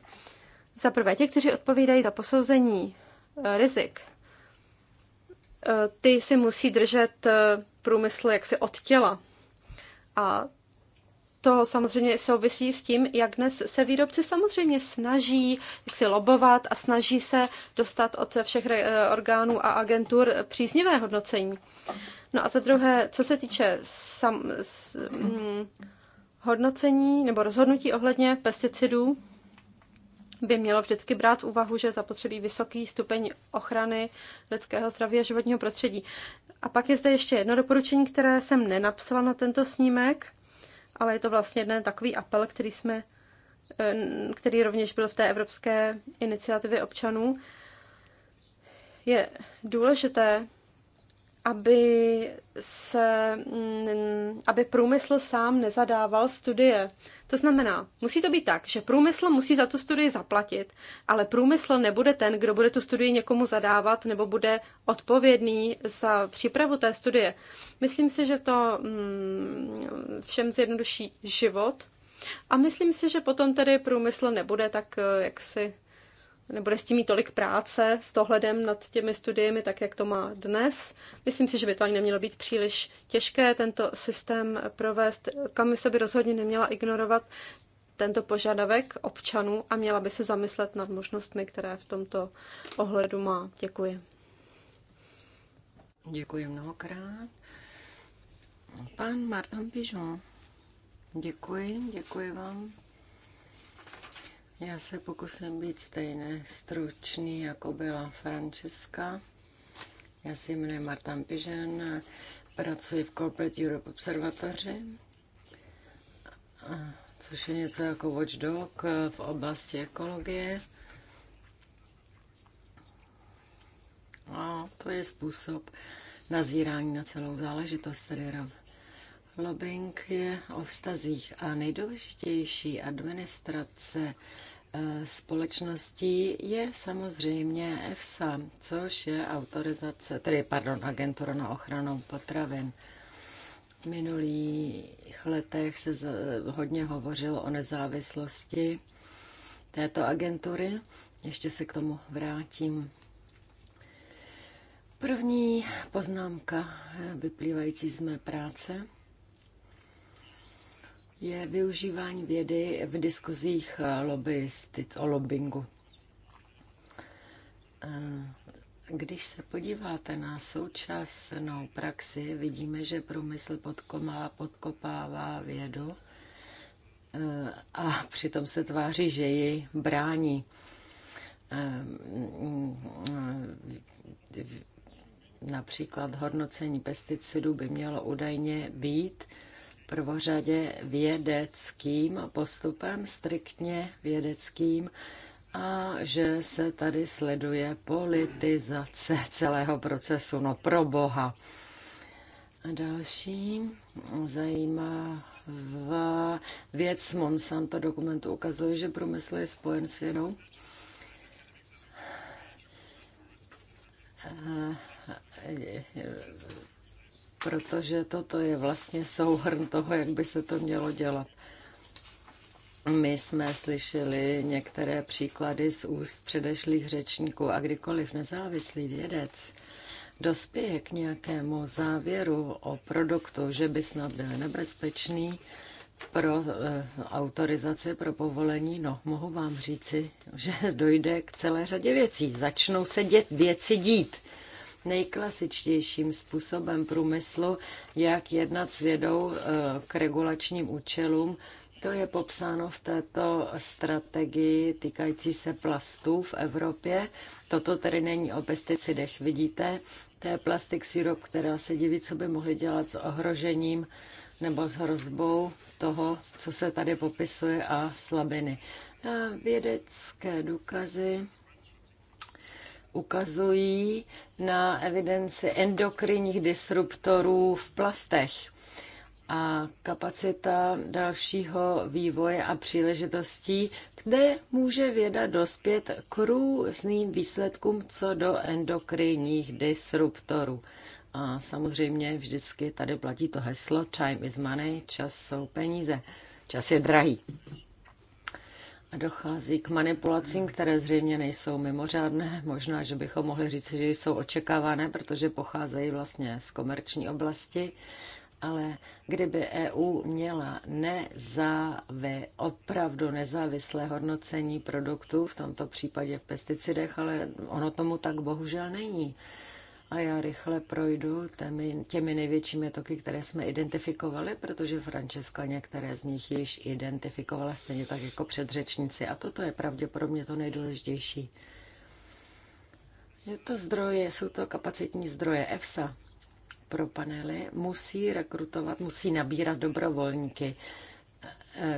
Za prvé, ti, kteří odpovídají za posouzení eh, rizik, eh, ty si musí držet eh, průmysl jaksi od těla. A to samozřejmě souvisí s tím, jak dnes se výrobci samozřejmě snaží jak si lobovat a snaží se dostat od všech eh, orgánů a agentur příznivé hodnocení. No a za druhé, co se týče sam, s, hm, hodnocení nebo rozhodnutí ohledně pesticidů, by mělo vždycky brát v úvahu, že zapotřebí vysoký stupeň ochrany lidského zdraví a životního prostředí. A pak je zde ještě jedno doporučení, které jsem nenapsala na tento snímek – ale je to vlastně jeden takový apel, který jsme, eh, který rovněž byl v té evropské iniciativě občanů. Je důležité aby, se, mm, aby průmysl sám nezadával studie. To znamená, musí to být tak, že průmysl musí za tu studii zaplatit, ale průmysl nebude ten, kdo bude tu studii někomu zadávat nebo bude odpovědný za přípravu té studie. Myslím si, že to mm, všem zjednoduší život a myslím si, že potom tedy průmysl nebude tak eh, jaksi nebude s tím mít tolik práce s dohledem nad těmi studiemi, tak jak to má dnes. Myslím si, že by to ani nemělo být příliš těžké tento systém provést. Komise by rozhodně neměla ignorovat tento požadavek občanů a měla by se zamyslet nad možnostmi, které v tomto ohledu má. Děkuji. Děkuji mnohokrát. Pan Martin Pižon. Děkuji, děkuji vám, já se pokusím být stejně stručný, jako byla Franceska. Já se jmenuji Martin Pižen, pracuji v Corporate Europe Observatoři, což je něco jako watchdog v oblasti ekologie. A to je způsob nazírání na celou záležitost, tedy Lobbying je o vztazích a nejdůležitější administrace Eh, společností je samozřejmě EFSA, což je autorizace, tedy pardon, agentura na ochranu potravin. V minulých letech se hodně hovořilo o nezávislosti této agentury. Ještě se k tomu vrátím. První poznámka eh, vyplývající z mé práce – je využívání vědy v diskuzích eh, lobbystic, o lobbingu. Eh, když se podíváte na současnou praxi, vidíme, že průmysl podkomá, podkopává vědu eh, a přitom se tváří, že ji brání. Mm, mm, například hodnocení pesticidů by mělo údajně být prvořadě vědeckým postupem, striktně vědeckým, a že se tady sleduje politizace celého procesu. No pro boha. A další zajímá věc Monsanto dokumentu ukazuje, že průmysl je spojen s vědou protože toto je vlastně souhrn toho, jak by se to mělo dělat. My jsme slyšeli některé příklady z úst předešlých řečníků a kdykoliv nezávislý vědec dospěje k nějakému závěru o produktu, že by snad byl nebezpečný pro eh, autorizaci, pro povolení, no, mohu vám říci, že dojde k celé řadě věcí. Začnou se dět věci dít nejklasičtějším způsobem průmyslu, jak jednat s vědou eh, k regulačním účelům. To je popsáno v této strategii týkající se plastů v Evropě. Toto tedy není o pesticidech, vidíte. To je plastik syrup, která se diví, co by mohli dělat s ohrožením nebo s hrozbou toho, co se tady popisuje a slabiny. Vědecké důkazy ukazují na evidenci endokrinních disruptorů v plastech. A kapacita dalšího vývoje a příležitostí, kde může věda dospět k různým výsledkům co do endokrinních disruptorů. A samozřejmě vždycky tady platí to heslo time is money, čas jsou peníze, čas je drahý. Dochází k manipulacím, které zřejmě nejsou mimořádné. Možná, že bychom mohli říct, že jsou očekávané, protože pocházejí vlastně z komerční oblasti. Ale kdyby EU měla nezávě, opravdu nezávislé hodnocení produktů, v tomto případě v pesticidech, ale ono tomu tak bohužel není. A já rychle projdu těmi, těmi největšími toky, které jsme identifikovali, protože Francesca některé z nich již identifikovala stejně tak jako předřečníci. A toto je pravděpodobně to nejdůležitější. Je to zdroje, jsou to kapacitní zdroje EFSA pro panely, musí rekrutovat, musí nabírat dobrovolníky,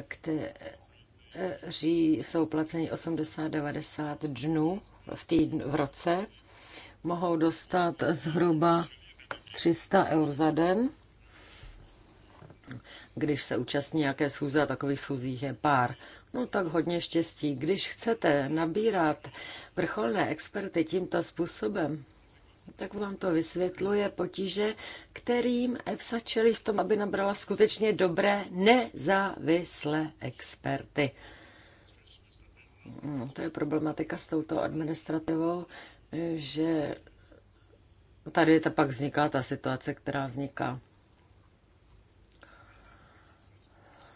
kteří jsou placeni 80-90 dnů v, týdnu, v roce mohou dostat zhruba 300 eur za den, když se účastní nějaké schůze a takových schůzích je pár. No tak hodně štěstí. Když chcete nabírat vrcholné experty tímto způsobem, tak vám to vysvětluje potíže, kterým EPSA čelí v tom, aby nabrala skutečně dobré, nezávislé experty. No, to je problematika s touto administrativou, že tady ta pak vzniká ta situace, která vzniká.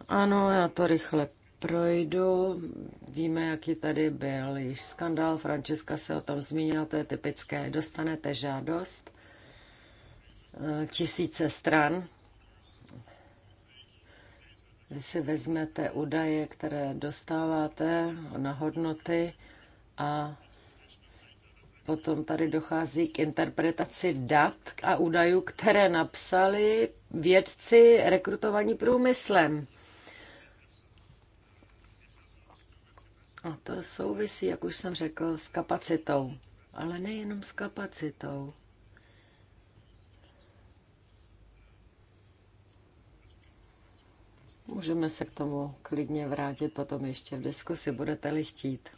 Ano, já to rychle projdu. Víme, jaký tady byl již skandál. Frančiska se o tom zmínila, to je typické. Dostanete žádost eh, tisíce stran. Vy si vezmete údaje, které dostáváte na hodnoty a Potom tady dochází k interpretaci dat a údajů, které napsali vědci rekrutovaní průmyslem. A to souvisí, jak už jsem řekl, s kapacitou. Ale nejenom s kapacitou. Můžeme se k tomu klidně vrátit potom ještě v diskusi, budete-li chtít.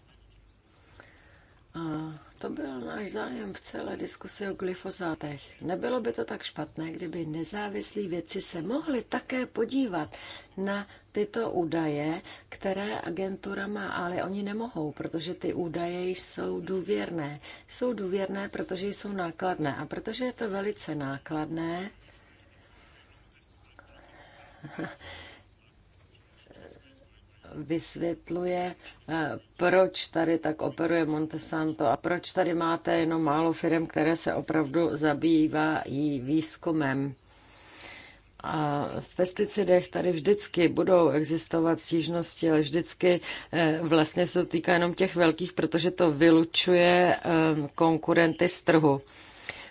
A to byl náš zájem v celé diskusi o glyfosátech. Nebylo by to tak špatné, kdyby nezávislí věci se mohli také podívat na tyto údaje, které agentura má, ale oni nemohou, protože ty údaje jsou důvěrné. Jsou důvěrné, protože jsou nákladné. A protože je to velice nákladné, vysvětluje, eh, proč tady tak operuje Montesanto a proč tady máte jenom málo firm, které se opravdu zabývají výzkumem. A v pesticidech tady vždycky budou existovat stížnosti, ale vždycky eh, vlastně se to týká jenom těch velkých, protože to vylučuje eh, konkurenty z trhu.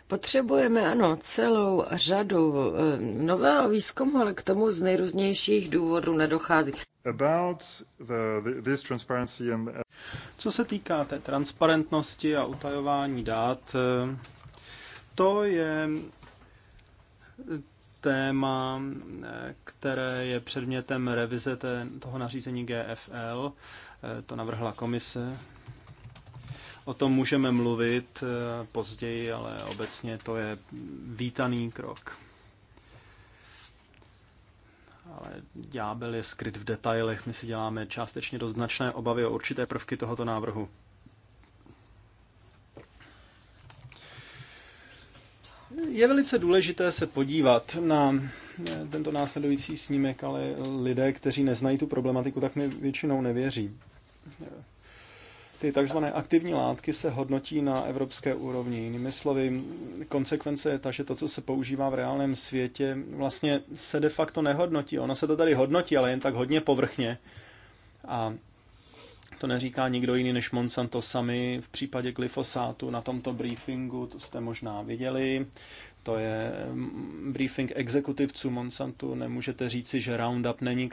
Potřebujeme, ano, celou řadu eh, nového výzkumu, ale k tomu z nejrůznějších důvodů nedochází. About the, the, this transparency and... Eh, Co se týká té transparentnosti a utajování dát, eh, to je téma, které je předmětem revize té, toho nařízení GFL. To navrhla komise O tom můžeme mluvit eh, později, ale obecně to je vítaný krok. Ale ďábel je skryt v detailech, my si děláme částečně doznačné značné obavy o určité prvky tohoto návrhu. Je velice důležité se podívat na eh, tento následující snímek, ale lidé, kteří neznají tu problematiku, tak mi většinou nevěří. Ty takzvané aktivní látky se hodnotí na evropské úrovni. Jinými slovy, konsekvence je ta, že to, co se používá v reálném světě, vlastně se de facto nehodnotí. Ono se to tady hodnotí, ale jen tak hodně povrchně. A to neříká nikdo jiný než Monsanto sami. V případě glyfosátu na tomto briefingu, to jste možná viděli, to je mm, briefing exekutivců Monsantu. Nemůžete říci, že Roundup není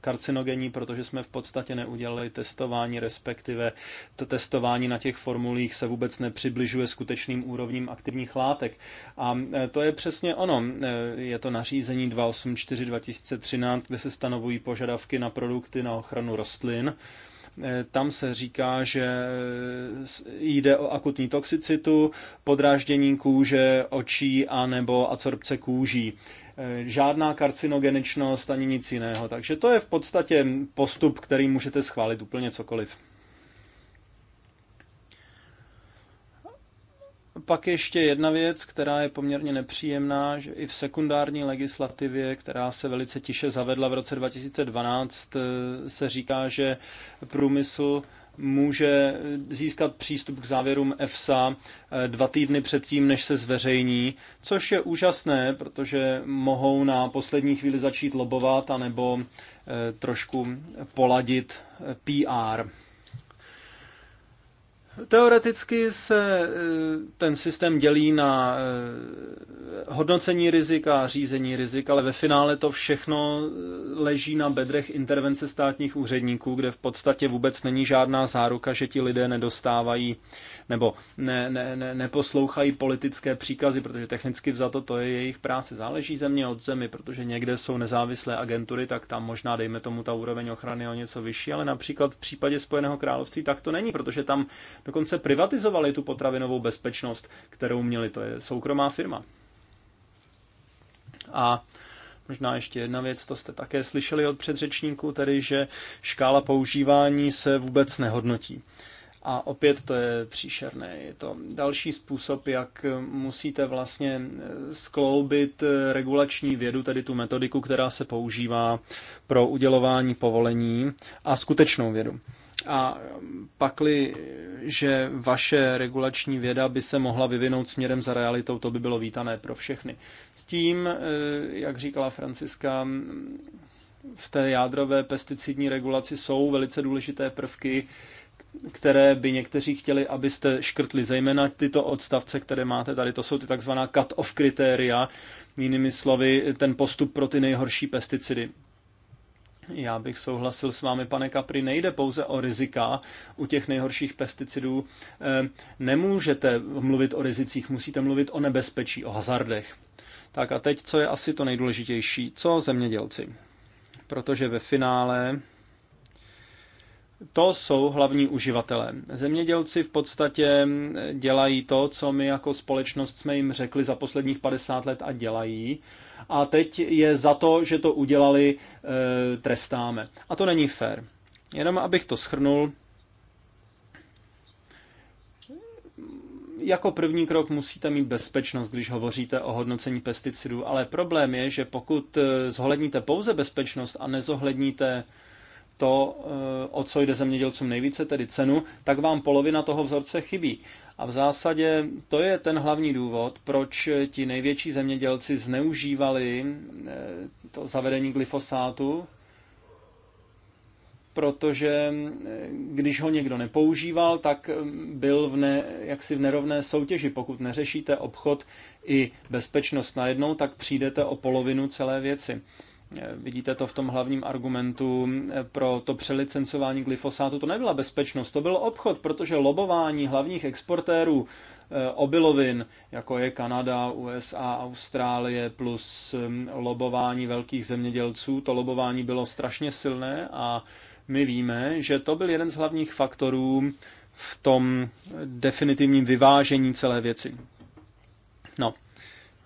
karcinogenní, protože jsme v podstatě neudělali testování, respektive to testování na těch formulích se vůbec nepřibližuje skutečným úrovním aktivních látek. A e, to je přesně ono. E, je to nařízení 284 2013, kde se stanovují požadavky na produkty na ochranu rostlin Eh, tam se říká, že eh, jde o akutní toxicitu, podráždění kůže, očí a nebo adsorpce kůží eh, žádná karcinogeničnost ani nic jiného. Takže to je v podstatě postup, který můžete schválit úplně cokoliv. pak ještě jedna věc, která je poměrně nepříjemná, že i v sekundární legislativě, která se velice tiše zavedla v roce 2012, eh, se říká, že průmysl může získat přístup k závěrům EFSA eh, dva týdny předtím, než se zveřejní, což je úžasné, protože mohou na poslední chvíli začít lobovat anebo eh, trošku poladit PR. Teoreticky se eh, ten systém dělí na eh, hodnocení rizika a řízení rizik, ale ve finále to všechno eh, leží na bedrech intervence státních úředníků, kde v podstatě vůbec není žádná záruka, že ti lidé nedostávají nebo ne, ne, ne, neposlouchají politické příkazy, protože technicky vzato to je jejich práce. Záleží země od zemi, protože někde jsou nezávislé agentury, tak tam možná, dejme tomu, ta úroveň ochrany je o něco vyšší, ale například v případě Spojeného království tak to není, protože tam dokonce privatizovali tu potravinovou bezpečnost, kterou měli. To je soukromá firma. A Možná ještě jedna věc, to jste také slyšeli od předřečníků, tedy že škála používání se vůbec nehodnotí. A opět to je příšerné. Je to další způsob, jak musíte vlastně skloubit regulační vědu, tedy tu metodiku, která se používá pro udělování povolení, a skutečnou vědu. A um, pakli, že vaše regulační věda by se mohla vyvinout směrem za realitou, to by bylo vítané pro všechny. S tím, eh, jak říkala Franciska, v té jádrové pesticidní regulaci jsou velice důležité prvky, které by někteří chtěli, abyste škrtli, zejména tyto odstavce, které máte tady, to jsou ty takzvaná cut-off kritéria, jinými slovy ten postup pro ty nejhorší pesticidy. Já bych souhlasil s vámi, pane Kapry, nejde pouze o rizika u těch nejhorších pesticidů. Eh, nemůžete mluvit o rizicích, musíte mluvit o nebezpečí, o hazardech. Tak a teď, co je asi to nejdůležitější? Co zemědělci? Protože ve finále to jsou hlavní uživatelé. Zemědělci v podstatě eh, dělají to, co my jako společnost jsme jim řekli za posledních 50 let a dělají a teď je za to, že to udělali, eh, trestáme. A to není fér. Jenom abych to schrnul, jako první krok musíte mít bezpečnost, když hovoříte o hodnocení pesticidů, ale problém je, že pokud eh, zohledníte pouze bezpečnost a nezohledníte to, eh, o co jde zemědělcům nejvíce, tedy cenu, tak vám polovina toho vzorce chybí. A v zásadě to je ten hlavní důvod, proč eh, ti největší zemědělci zneužívali eh, to zavedení glyfosátu, protože když ho někdo nepoužíval, tak byl v ne, jaksi v nerovné soutěži. Pokud neřešíte obchod i bezpečnost najednou, tak přijdete o polovinu celé věci. Eh, vidíte to v tom hlavním argumentu eh, pro to přelicencování glyfosátu. To nebyla bezpečnost, to byl obchod, protože lobování hlavních exportérů eh, obilovin, jako je Kanada, USA, Austrálie, plus hm, lobování velkých zemědělců, to lobování bylo strašně silné a my víme, že to byl jeden z hlavních faktorů v tom definitivním vyvážení celé věci. No,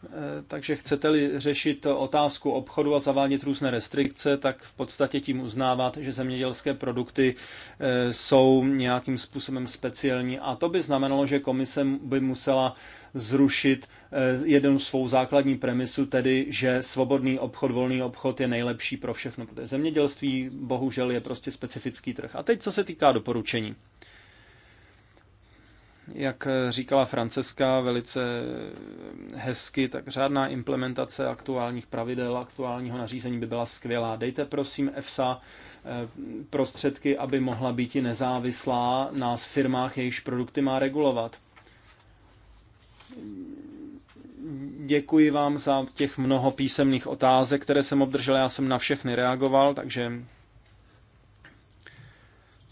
Eh, takže chcete-li řešit otázku obchodu a zavádět různé restrikce, tak v podstatě tím uznávat, že zemědělské produkty eh, jsou nějakým způsobem speciální. A to by znamenalo, že komise by musela zrušit eh, jednu svou základní premisu, tedy že svobodný obchod, volný obchod je nejlepší pro všechno, protože zemědělství bohužel je prostě specifický trh. A teď, co se týká doporučení jak eh, říkala Franceska velice eh, hezky, tak řádná implementace aktuálních pravidel, aktuálního nařízení by byla skvělá. Dejte prosím EFSA eh, prostředky, aby mohla být i nezávislá na firmách, jejichž produkty má regulovat. Děkuji vám za těch mnoho písemných otázek, které jsem obdržel. Já jsem na všechny reagoval, takže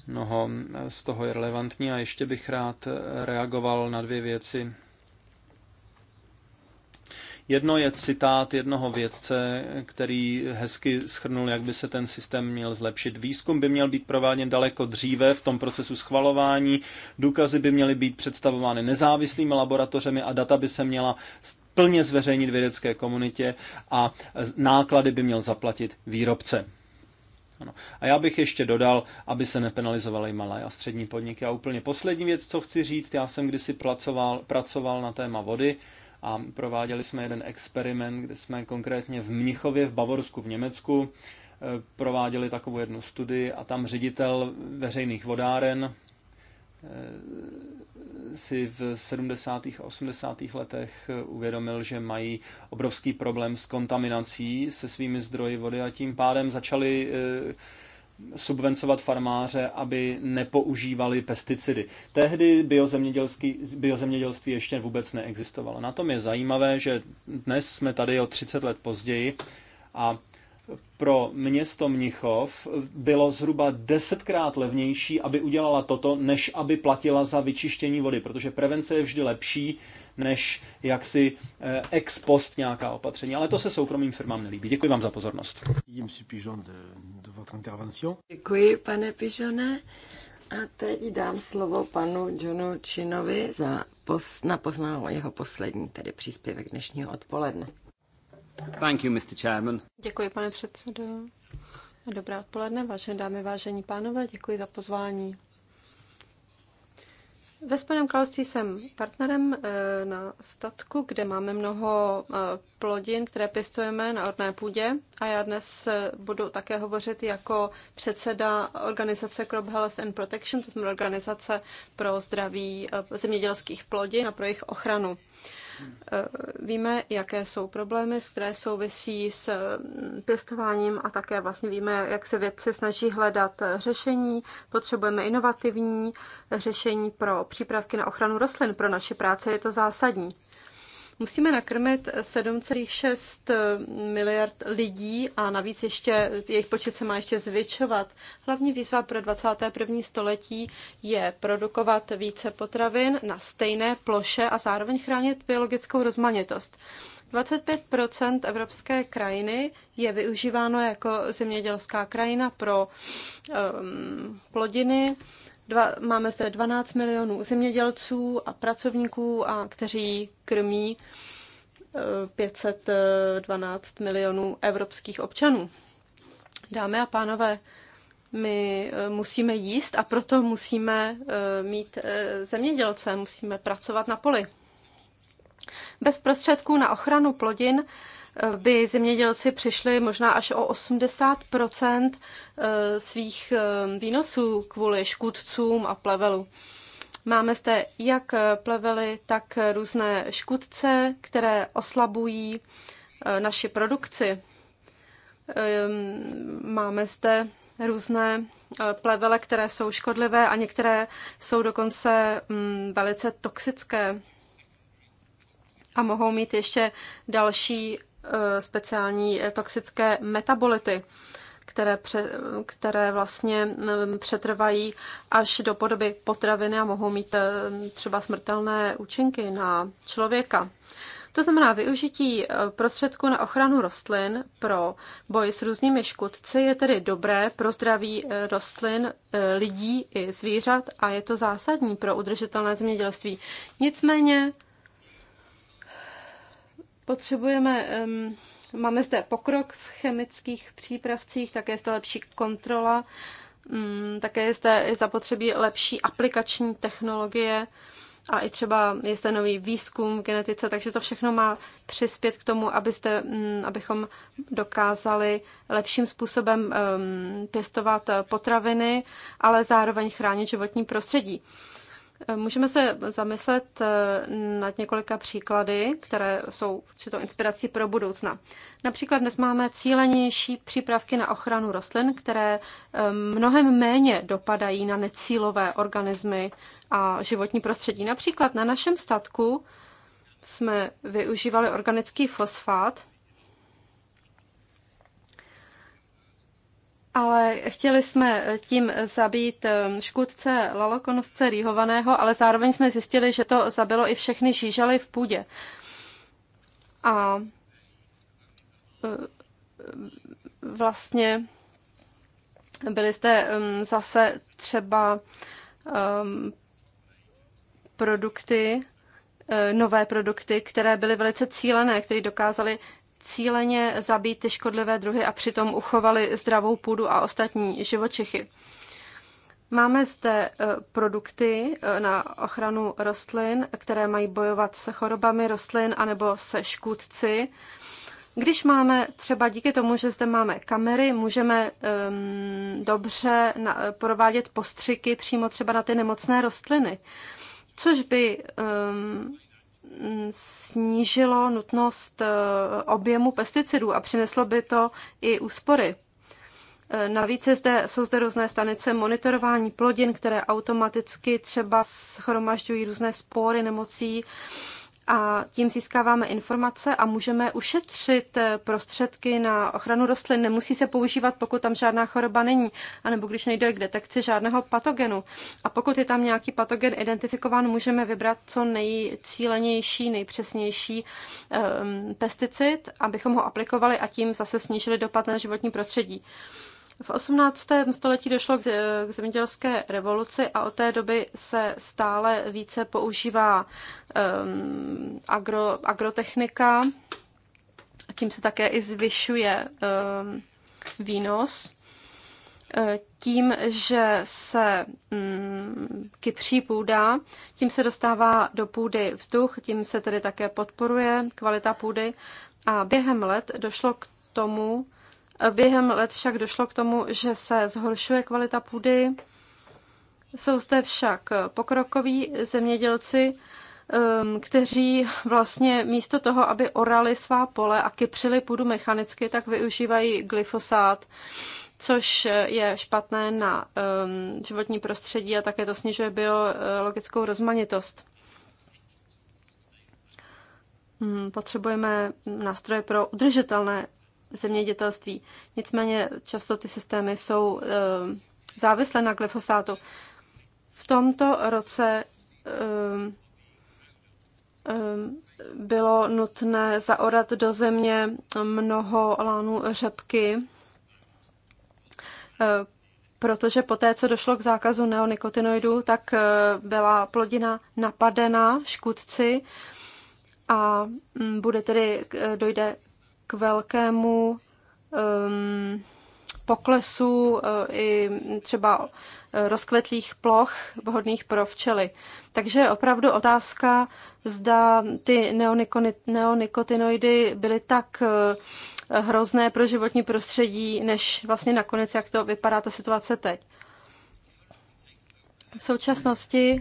Mnoho z toho je relevantní a ještě bych rád reagoval na dvě věci. Jedno je citát jednoho vědce, který hezky schrnul, jak by se ten systém měl zlepšit. Výzkum by měl být prováděn daleko dříve v tom procesu schvalování, důkazy by měly být představovány nezávislými laboratořemi a data by se měla plně zveřejnit vědecké komunitě a náklady by měl zaplatit výrobce. Ano. A já bych ještě dodal, aby se nepenalizovaly malé a střední podniky. A úplně poslední věc, co chci říct, já jsem kdysi pracoval, pracoval na téma vody a prováděli jsme jeden experiment, kde jsme konkrétně v Mnichově v Bavorsku v Německu eh, prováděli takovou jednu studii a tam ředitel veřejných vodáren si v 70. a 80. letech uvědomil, že mají obrovský problém s kontaminací se svými zdroji vody a tím pádem začali eh, subvencovat farmáře, aby nepoužívali pesticidy. Tehdy biozemědělství, ještě vůbec neexistovalo. Na tom je zajímavé, že dnes jsme tady o 30 let později a pro město Mnichov bylo zhruba desetkrát levnější, aby udělala toto, než aby platila za vyčištění vody, protože prevence je vždy lepší, než jaksi eh, ex post nějaká opatření. Ale to se soukromým firmám nelíbí. Děkuji vám za pozornost. Děkuji, pane Pižone. A teď dám slovo panu Johnu Činovi za pos, na poznáno jeho poslední tedy příspěvek dnešního odpoledne. Thank you, Mr. Chairman. Děkuji, pane předsedo. Dobré odpoledne, vážené dámy, vážení pánové, děkuji za pozvání. Ve Spojeném království jsem partnerem eh, na statku, kde máme mnoho eh, plodin, které pěstujeme na orné půdě a já dnes eh, budu také hovořit jako předseda organizace Crop Health and Protection, to znamená organizace pro zdraví zemědělských plodin a pro jejich ochranu. Eh, víme, jaké jsou problémy, které souvisí s mm, pěstováním a také vlastně víme, jak se vědci snaží hledat řešení. Potřebujeme inovativní řešení pro přípravky na ochranu rostlin. Pro naši práce je to zásadní. Musíme nakrmit 7,6 miliard lidí a navíc ještě jejich počet se má ještě zvětšovat. Hlavní výzva pro 21. století je produkovat více potravin na stejné ploše a zároveň chránit biologickou rozmanitost. 25 evropské krajiny je využíváno jako zemědělská krajina pro um, plodiny. Dva, máme zde 12 milionů zemědělců a pracovníků, a kteří krmí 512 eh, milionů evropských občanů. Dámy a pánové, my eh, musíme jíst a proto musíme eh, mít zemědělce, musíme pracovat na poli. Bez prostředků na ochranu plodin by zemědělci přišli možná až o 80 eh, svých eh, výnosů kvůli škůdcům a plevelu. Máme zde jak eh, plevely, tak různé škůdce, které oslabují naši produkci. Ehm, máme zde různé plevele, které jsou škodlivé a některé jsou dokonce mm, velice toxické a mohou mít ještě další Eh, speciální eh, toxické metabolity, které, pře, které vlastně mm, přetrvají až do podoby potraviny a mohou mít eh, třeba smrtelné účinky na člověka. To znamená, využití prostředků na ochranu rostlin pro boj s různými škůdci je tedy dobré pro zdraví rostlin, lidí i zvířat a je to zásadní pro udržitelné zemědělství. Nicméně Potřebujeme, um, máme zde pokrok v chemických přípravcích, také je zde lepší kontrola, um, také je zde zapotřebí lepší aplikační technologie a i třeba je zde nový výzkum v genetice, takže to všechno má přispět k tomu, abyste, um, abychom dokázali lepším způsobem um, pěstovat potraviny, ale zároveň chránit životní prostředí. Můžeme se zamyslet eh, nad několika příklady, které jsou určitou inspirací pro budoucna. Například dnes máme cílenější přípravky na ochranu rostlin, které eh, mnohem méně dopadají na necílové organismy a životní prostředí. Například na našem statku jsme využívali organický fosfát, ale chtěli jsme tím zabít ehm, škůdce lalokonosce rýhovaného, ale zároveň jsme zjistili, že to zabilo i všechny žížaly v půdě. A ehm, vlastně byli jste ehm, zase třeba produkty, nové produkty, které byly velice cílené, které dokázaly cíleně zabít ty škodlivé druhy a přitom uchovali zdravou půdu a ostatní živočichy. Máme zde e, produkty e, na ochranu rostlin, které mají bojovat se chorobami rostlin anebo se škůdci. Když máme třeba díky tomu, že zde máme kamery, můžeme um, dobře na, provádět postřiky přímo třeba na ty nemocné rostliny, což by um, Mm, snížilo nutnost eh, objemu pesticidů a přineslo by to i úspory. Eh, navíc zde, jsou zde různé stanice monitorování plodin, které automaticky třeba schromažďují různé spory nemocí a tím získáváme informace a můžeme ušetřit eh, prostředky na ochranu rostlin. Nemusí se používat, pokud tam žádná choroba není, anebo když nejde k detekci žádného patogenu. A pokud je tam nějaký patogen identifikován, můžeme vybrat co nejcílenější, nejpřesnější um, pesticid, abychom ho aplikovali a tím zase snížili dopad na životní prostředí. V 18. století došlo k, eh, k zemědělské revoluci a od té doby se stále více používá um, agro, agrotechnika. Tím se také i zvyšuje um, výnos. Eh, tím, že se mm, kypří půda, tím se dostává do půdy vzduch, tím se tedy také podporuje kvalita půdy. A během let došlo k tomu, Během let však došlo k tomu, že se zhoršuje kvalita půdy. Jsou zde však pokrokoví zemědělci, um, kteří vlastně místo toho, aby orali svá pole a kypřili půdu mechanicky, tak využívají glyfosát, což je špatné na um, životní prostředí a také to snižuje biologickou rozmanitost. Hmm, potřebujeme nástroje pro udržitelné zemědělství. Nicméně často ty systémy jsou ehm, závislé na glyfosátu. V tomto roce ehm, ehm, bylo nutné zaorat do země mnoho lánů řepky, eh, protože poté, co došlo k zákazu neonikotinoidů, tak eh, byla plodina napadena škůdci a mm, bude tedy, eh, dojde k velkému um, poklesu uh, i třeba uh, rozkvetlých ploch vhodných pro včely. Takže je opravdu otázka, zda ty neonikotinoidy byly tak uh, hrozné pro životní prostředí, než vlastně nakonec, jak to vypadá ta situace teď. V současnosti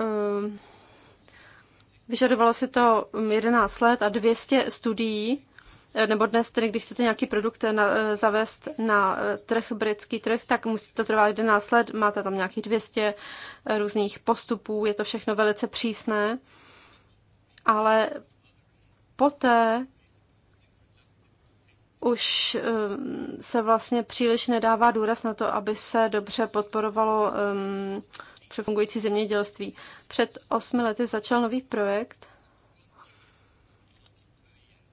um, Vyžadovalo si to 11 mm, let a 200 studií, e, nebo dnes tedy, když chcete nějaký produkt e, na, e, zavést na trh, britský trh, tak musí to trvat 11 let, máte tam nějakých 200 různých postupů, je to všechno velice přísné, ale poté už se vlastně příliš nedává důraz na to, aby se dobře podporovalo fungující zemědělství. Před osmi lety začal nový projekt.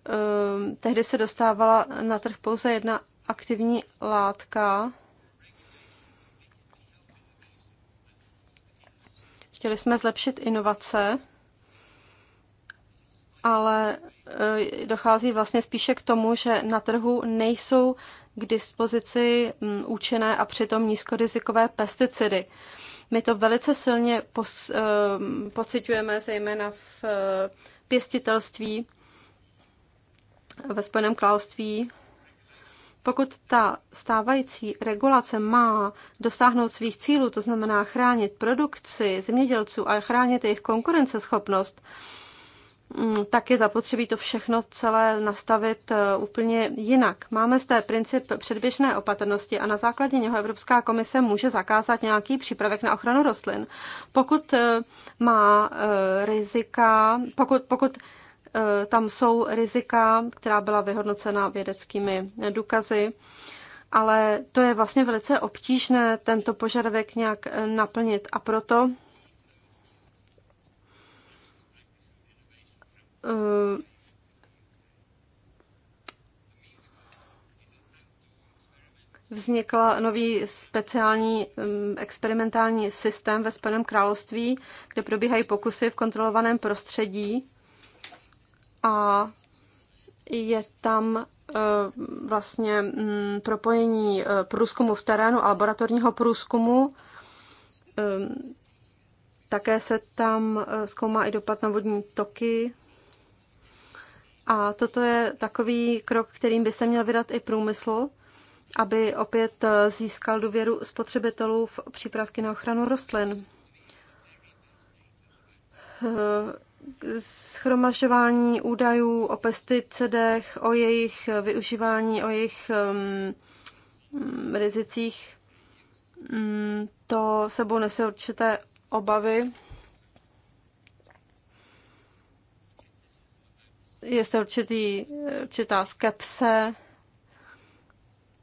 Ehm, tehdy se dostávala na trh pouze jedna aktivní látka. Chtěli jsme zlepšit inovace, ale eh, dochází vlastně spíše k tomu, že na trhu nejsou k dispozici hm, účinné a přitom nízkorizikové pesticidy. My to velice silně pos, ehm, pociťujeme, zejména v eh, pěstitelství ve Spojeném království. Pokud ta stávající regulace má dosáhnout svých cílů, to znamená chránit produkci zemědělců a chránit jejich konkurenceschopnost, Mm, tak je zapotřebí to všechno celé nastavit eh, úplně jinak. Máme zde princip předběžné opatrnosti a na základě něho Evropská komise může zakázat nějaký přípravek na ochranu rostlin, pokud eh, má eh, rizika, pokud, pokud tam jsou rizika, která byla vyhodnocena vědeckými důkazy, ale to je vlastně velice obtížné tento požadavek nějak naplnit a proto Eh, vznikl nový speciální mm, experimentální systém ve Spojeném království, kde probíhají pokusy v kontrolovaném prostředí a je tam eh, vlastně mm, propojení eh, průzkumu v terénu a laboratorního průzkumu. Ehm, také se tam zkoumá i dopad na vodní toky, a toto je takový krok, kterým by se měl vydat i průmysl, aby opět eh, získal důvěru spotřebitelů v přípravky na ochranu rostlin. Eh, Schromažování údajů o pesticidech, o jejich eh, využívání, o jejich um, rizicích, um, to sebou nese určité obavy. je zde určitý, určitá skepse,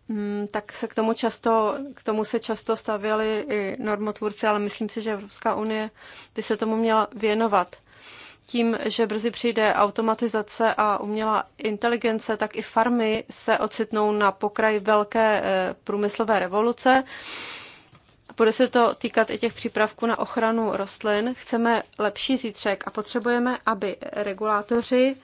mm, tak se k tomu často, k tomu se často stavěli i normotvůrci, ale myslím si, že Evropská unie by se tomu měla věnovat. Tím, že brzy přijde automatizace a umělá inteligence, tak i farmy se ocitnou na pokraji velké eh, průmyslové revoluce. Bude se to týkat i těch přípravků na ochranu rostlin. Chceme lepší zítřek a potřebujeme, aby regulátoři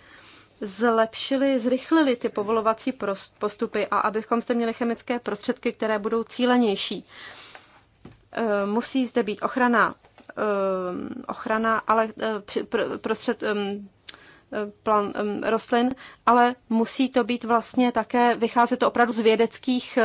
zlepšili, zrychlili ty povolovací postupy a abychom zde měli chemické prostředky, které budou cílenější. Eh, musí zde být ochrana, eh, ochrana ale eh, prostřed, plan, rostlin, ale musí to být vlastně také, vycházet to opravdu z vědeckých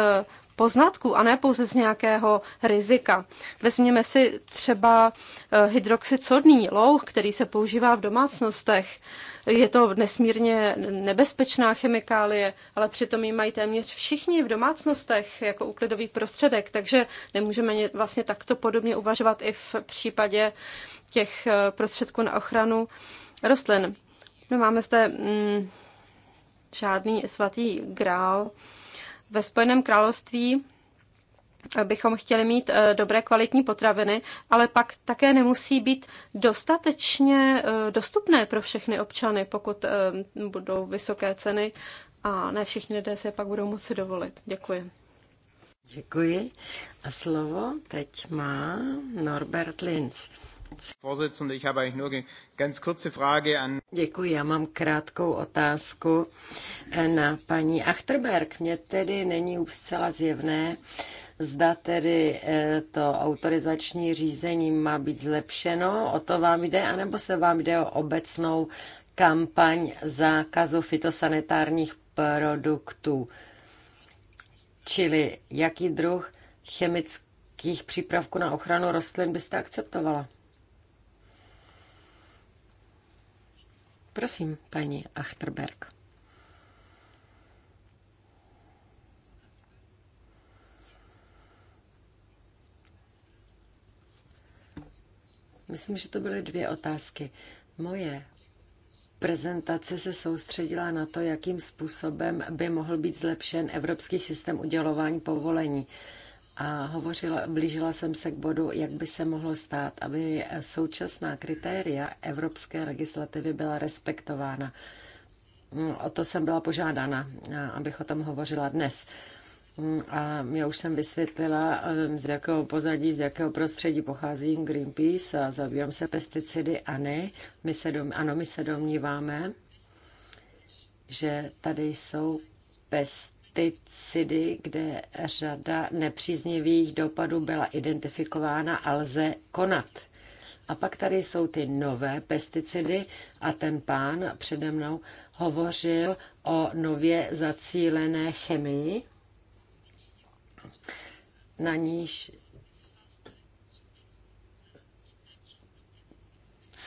poznatků a ne pouze z nějakého rizika. Vezměme si třeba eh, hydroxicodný louh, který se používá v domácnostech. Je to nesmírně nebezpečná chemikálie, ale přitom ji mají téměř všichni v domácnostech jako úklidový prostředek, takže nemůžeme vlastně takto podobně uvažovat i v případě těch eh, prostředků na ochranu rostlin. My máme zde mm, žádný svatý grál, ve Spojeném království bychom chtěli mít eh, dobré kvalitní potraviny, ale pak také nemusí být dostatečně eh, dostupné pro všechny občany, pokud eh, budou vysoké ceny a ne všichni lidé se pak budou moci dovolit. Děkuji. Děkuji. A slovo teď má Norbert Linz. Děkuji, já mám krátkou otázku eh, na paní Achterberg. Mně tedy není už zcela zjevné, zda tedy eh, to autorizační řízení má být zlepšeno, o to vám jde, anebo se vám jde o obecnou kampaň zákazu fitosanitárních produktů, čili jaký druh chemických přípravků na ochranu rostlin byste akceptovala? Prosím, paní Achterberg. Myslím, že to byly dvě otázky. Moje prezentace se soustředila na to, jakým způsobem by mohl být zlepšen evropský systém udělování povolení a hovořila, blížila jsem se k bodu, jak by se mohlo stát, aby současná kritéria evropské legislativy byla respektována. Mm, o to jsem byla požádána, abych o tom hovořila dnes. Mm, a já už jsem vysvětlila, um, z jakého pozadí, z jakého prostředí pocházím Greenpeace a zabývám se pesticidy a ne. My se dom, ano, my se domníváme, že tady jsou pesticidy pesticidy, kde řada nepříznivých dopadů byla identifikována a lze konat. A pak tady jsou ty nové pesticidy a ten pán přede mnou hovořil o nově zacílené chemii, na níž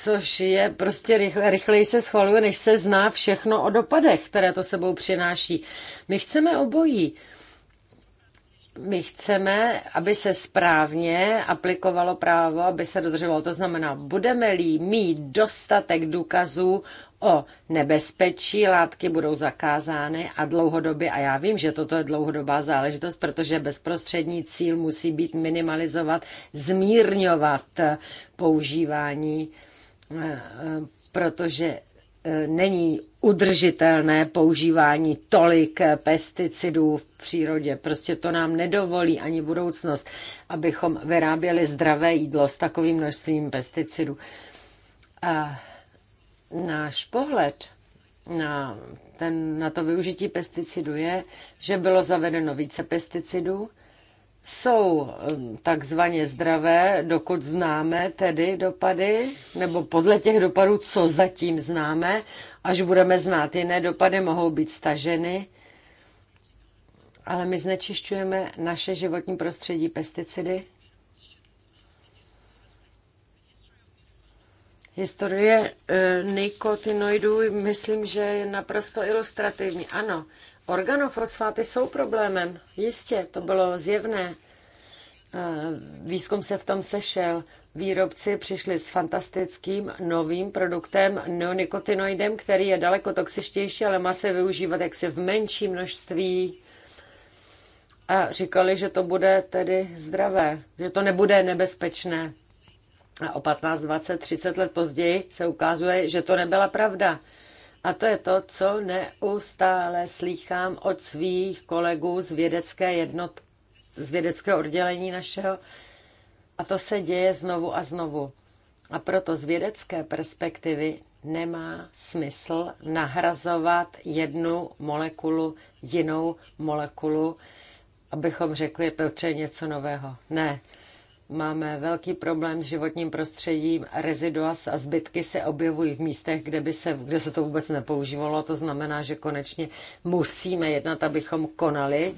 což je prostě rychle, rychleji se schvaluje, než se zná všechno o dopadech, které to sebou přináší. My chceme obojí. My chceme, aby se správně aplikovalo právo, aby se dodržovalo. To znamená, budeme-li mít dostatek důkazů o nebezpečí, látky budou zakázány a dlouhodobě, a já vím, že toto je dlouhodobá záležitost, protože bezprostřední cíl musí být minimalizovat, zmírňovat používání Eh, protože eh, není udržitelné používání tolik eh, pesticidů v přírodě. Prostě to nám nedovolí ani budoucnost, abychom vyráběli zdravé jídlo s takovým množstvím pesticidů. A náš pohled na, ten, na to využití pesticidů je, že bylo zavedeno více pesticidů jsou takzvaně zdravé, dokud známe tedy dopady, nebo podle těch dopadů, co zatím známe, až budeme znát jiné dopady, mohou být staženy. Ale my znečišťujeme naše životní prostředí pesticidy. Historie e, eh, nikotinoidů, myslím, že je naprosto ilustrativní. Ano, Organofosfáty jsou problémem, jistě, to bylo zjevné. Eh, výzkum se v tom sešel. Výrobci přišli s fantastickým novým produktem neonikotinoidem, který je daleko toxičtější, ale má se využívat jaksi v menší množství. A říkali, že to bude tedy zdravé, že to nebude nebezpečné. A o 15, 20, 30 let později se ukazuje, že to nebyla pravda a to je to, co neustále slýchám od svých kolegů z vědecké jednot, z vědeckého oddělení našeho. A to se děje znovu a znovu. A proto z vědecké perspektivy nemá smysl nahrazovat jednu molekulu jinou molekulu, abychom řekli, to je něco nového. Ne, Máme velký problém s životním prostředím, rezidua a zbytky se objevují v místech, kde, by se, kde se to vůbec nepoužívalo. To znamená, že konečně musíme jednat, abychom konali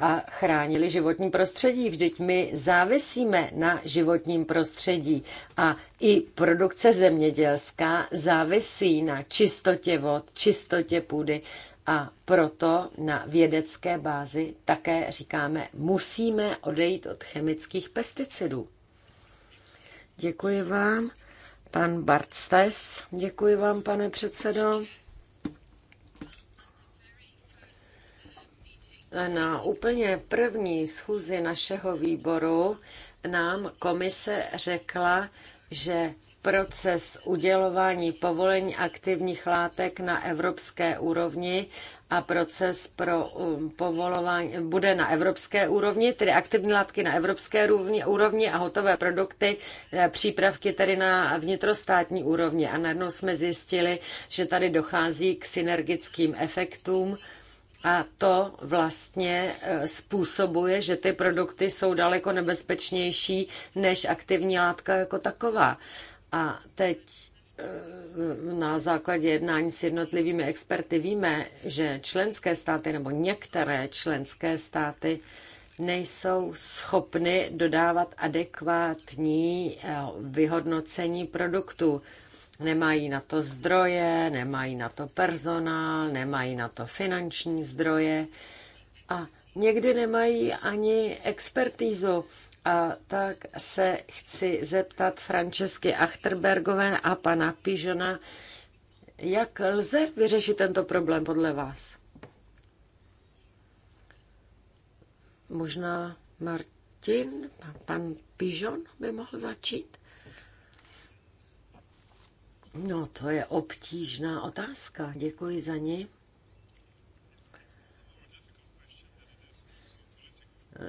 a chránili životní prostředí. Vždyť my závisíme na životním prostředí a i produkce zemědělská závisí na čistotě vod, čistotě půdy a proto na vědecké bázi také říkáme, musíme odejít od chemických pesticidů. Děkuji vám. Pan Bartstes, děkuji vám, pane předsedo. Na úplně první schůzi našeho výboru nám komise řekla, že proces udělování povolení aktivních látek na evropské úrovni a proces pro um, povolování bude na evropské úrovni, tedy aktivní látky na evropské úrovni a hotové produkty, eh, přípravky tedy na vnitrostátní úrovni. A najednou jsme zjistili, že tady dochází k synergickým efektům a to vlastně eh, způsobuje, že ty produkty jsou daleko nebezpečnější než aktivní látka jako taková. A teď eh, na základě jednání s jednotlivými experty víme, že členské státy nebo některé členské státy nejsou schopny dodávat adekvátní eh, vyhodnocení produktů. Nemají na to zdroje, nemají na to personál, nemají na to finanční zdroje a někdy nemají ani expertízu a tak se chci zeptat Francesky Achterbergové a pana Pižona, jak lze vyřešit tento problém podle vás? Možná Martin, pan Pižon by mohl začít? No, to je obtížná otázka. Děkuji za ní.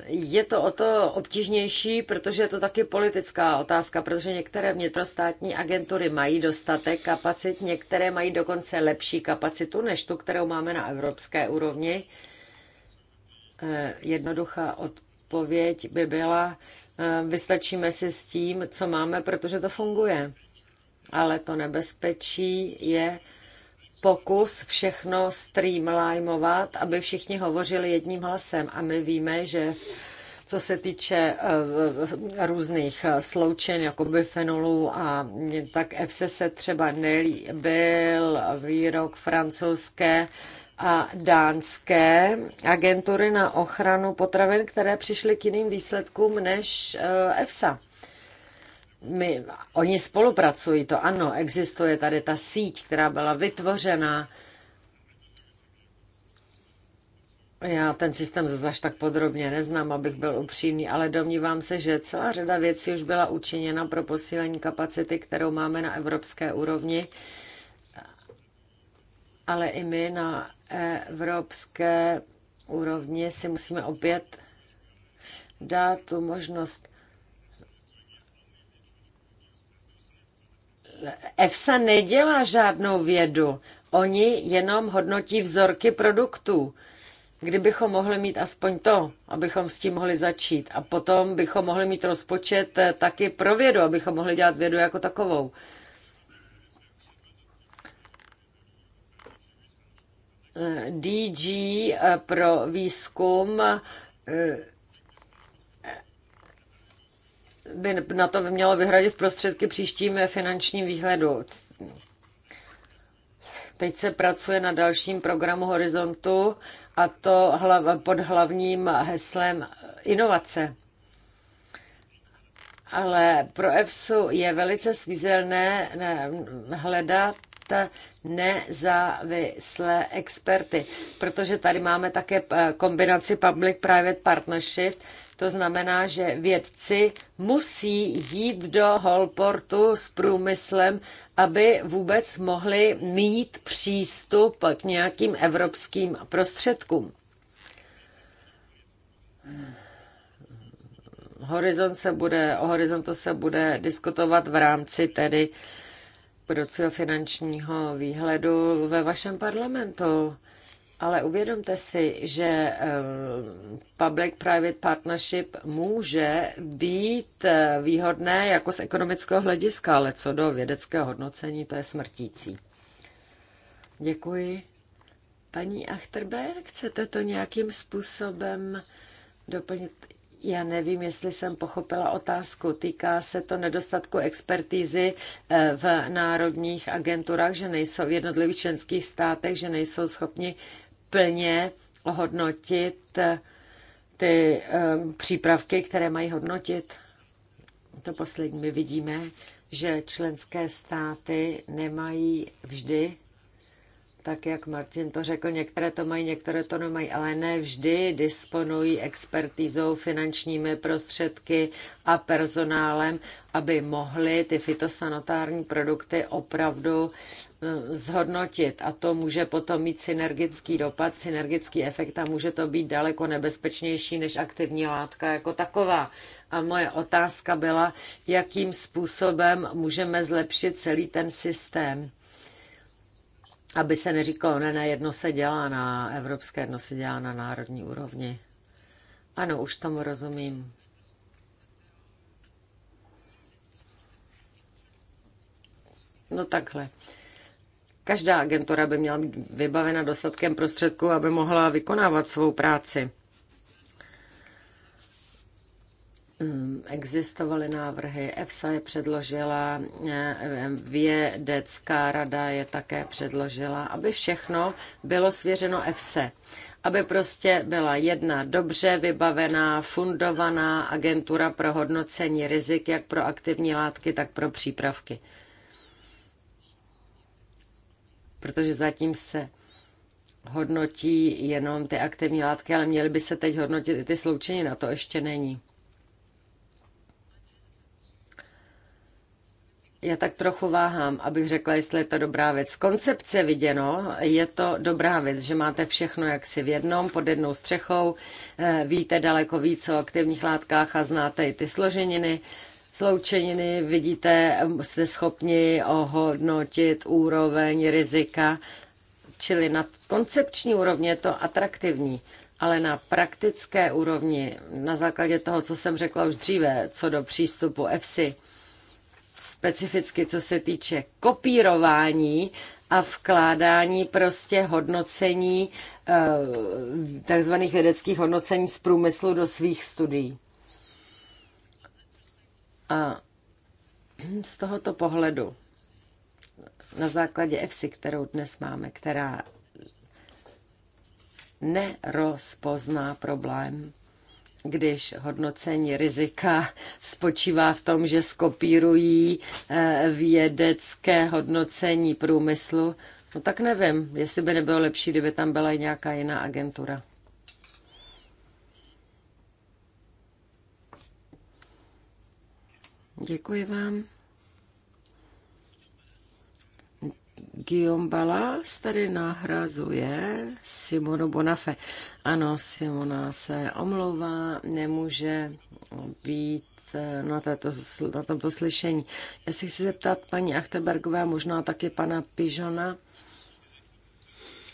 je to o to obtížnější, protože je to taky politická otázka, protože některé vnitrostátní agentury mají dostatek kapacit, některé mají dokonce lepší kapacitu než tu, kterou máme na evropské úrovni. Eh, jednoduchá odpověď by byla, eh, vystačíme si s tím, co máme, protože to funguje. Ale to nebezpečí je, pokus všechno streamlinovat, aby všichni hovořili jedním hlasem. A my víme, že co se týče eh, různých eh, sloučen, jako bifenolů a tak FCC se třeba nelíbil výrok francouzské a dánské agentury na ochranu potravin, které přišly k jiným výsledkům než EFSA. Eh, my, oni spolupracují, to ano, existuje tady ta síť, která byla vytvořena. Já ten systém zase tak podrobně neznám, abych byl upřímný, ale domnívám se, že celá řada věcí už byla učiněna pro posílení kapacity, kterou máme na evropské úrovni, ale i my na evropské úrovni si musíme opět dát tu možnost EFSA nedělá žádnou vědu. Oni jenom hodnotí vzorky produktů. Kdybychom mohli mít aspoň to, abychom s tím mohli začít. A potom bychom mohli mít rozpočet eh, taky pro vědu, abychom mohli dělat vědu jako takovou. Eh, DG eh, pro výzkum by na to mělo vyhradit prostředky příštím finančním výhledu. Teď se pracuje na dalším programu Horizontu a to pod hlavním heslem inovace. Ale pro EFSU je velice svízelné hledat nezávislé experty, protože tady máme také eh, kombinaci public-private partnership, to znamená, že vědci musí jít do Holportu s průmyslem, aby vůbec mohli mít přístup k nějakým evropským prostředkům. Horizont se bude, o horizontu se bude diskutovat v rámci tedy budoucího finančního výhledu ve vašem parlamentu. Ale uvědomte si, že eh, public-private partnership může být eh, výhodné jako z ekonomického hlediska, ale co do vědeckého hodnocení, to je smrtící. Děkuji. Paní Achterberg, chcete to nějakým způsobem doplnit? Já nevím, jestli jsem pochopila otázku. Týká se to nedostatku expertízy eh, v národních agenturách, že nejsou v jednotlivých členských státech, že nejsou schopni plně hodnotit eh, ty eh, přípravky, které mají hodnotit. To poslední my vidíme, že členské státy nemají vždy, tak jak Martin to řekl, některé to mají, některé to nemají, ale ne vždy disponují expertizou, finančními prostředky a personálem, aby mohly ty fitosanitární produkty opravdu Eh, zhodnotit a to může potom mít synergický dopad, synergický efekt a může to být daleko nebezpečnější než aktivní látka jako taková. A moje otázka byla, jakým způsobem můžeme zlepšit celý ten systém, aby se neříkalo, ne, ne, jedno se dělá na evropské, jedno se dělá na národní úrovni. Ano, už tomu rozumím. No takhle. Každá agentura by měla být vybavena dostatkem prostředků, aby mohla vykonávat svou práci. Mm, existovaly návrhy, EFSA je předložila, eh, vědecká rada je také předložila, aby všechno bylo svěřeno EFSE. Aby prostě byla jedna dobře vybavená, fundovaná agentura pro hodnocení rizik, jak pro aktivní látky, tak pro přípravky protože zatím se hodnotí jenom ty aktivní látky, ale měly by se teď hodnotit i ty sloučení, na to ještě není. Já tak trochu váhám, abych řekla, jestli je to dobrá věc. Koncepce viděno, je to dobrá věc, že máte všechno jaksi v jednom, pod jednou střechou, eh, víte daleko víc o aktivních látkách a znáte i ty složeniny sloučeniny, vidíte, jste schopni ohodnotit úroveň rizika, čili na koncepční úrovni je to atraktivní, ale na praktické úrovni, na základě toho, co jsem řekla už dříve, co do přístupu EFSI, specificky co se týče kopírování a vkládání prostě hodnocení, eh, takzvaných vědeckých hodnocení z průmyslu do svých studií. A z tohoto pohledu, na základě EFSI, kterou dnes máme, která nerozpozná problém, když hodnocení rizika spočívá v tom, že skopírují eh, vědecké hodnocení průmyslu, no tak nevím, jestli by nebylo lepší, kdyby tam byla i nějaká jiná agentura. Děkuji vám. Guillaume Balas tady nahrazuje Simonu Bonafe. Ano, Simona se omlouvá, nemůže být eh, na, této, na tomto slyšení. Já si chci zeptat paní Achtebergové, možná taky pana Pižona,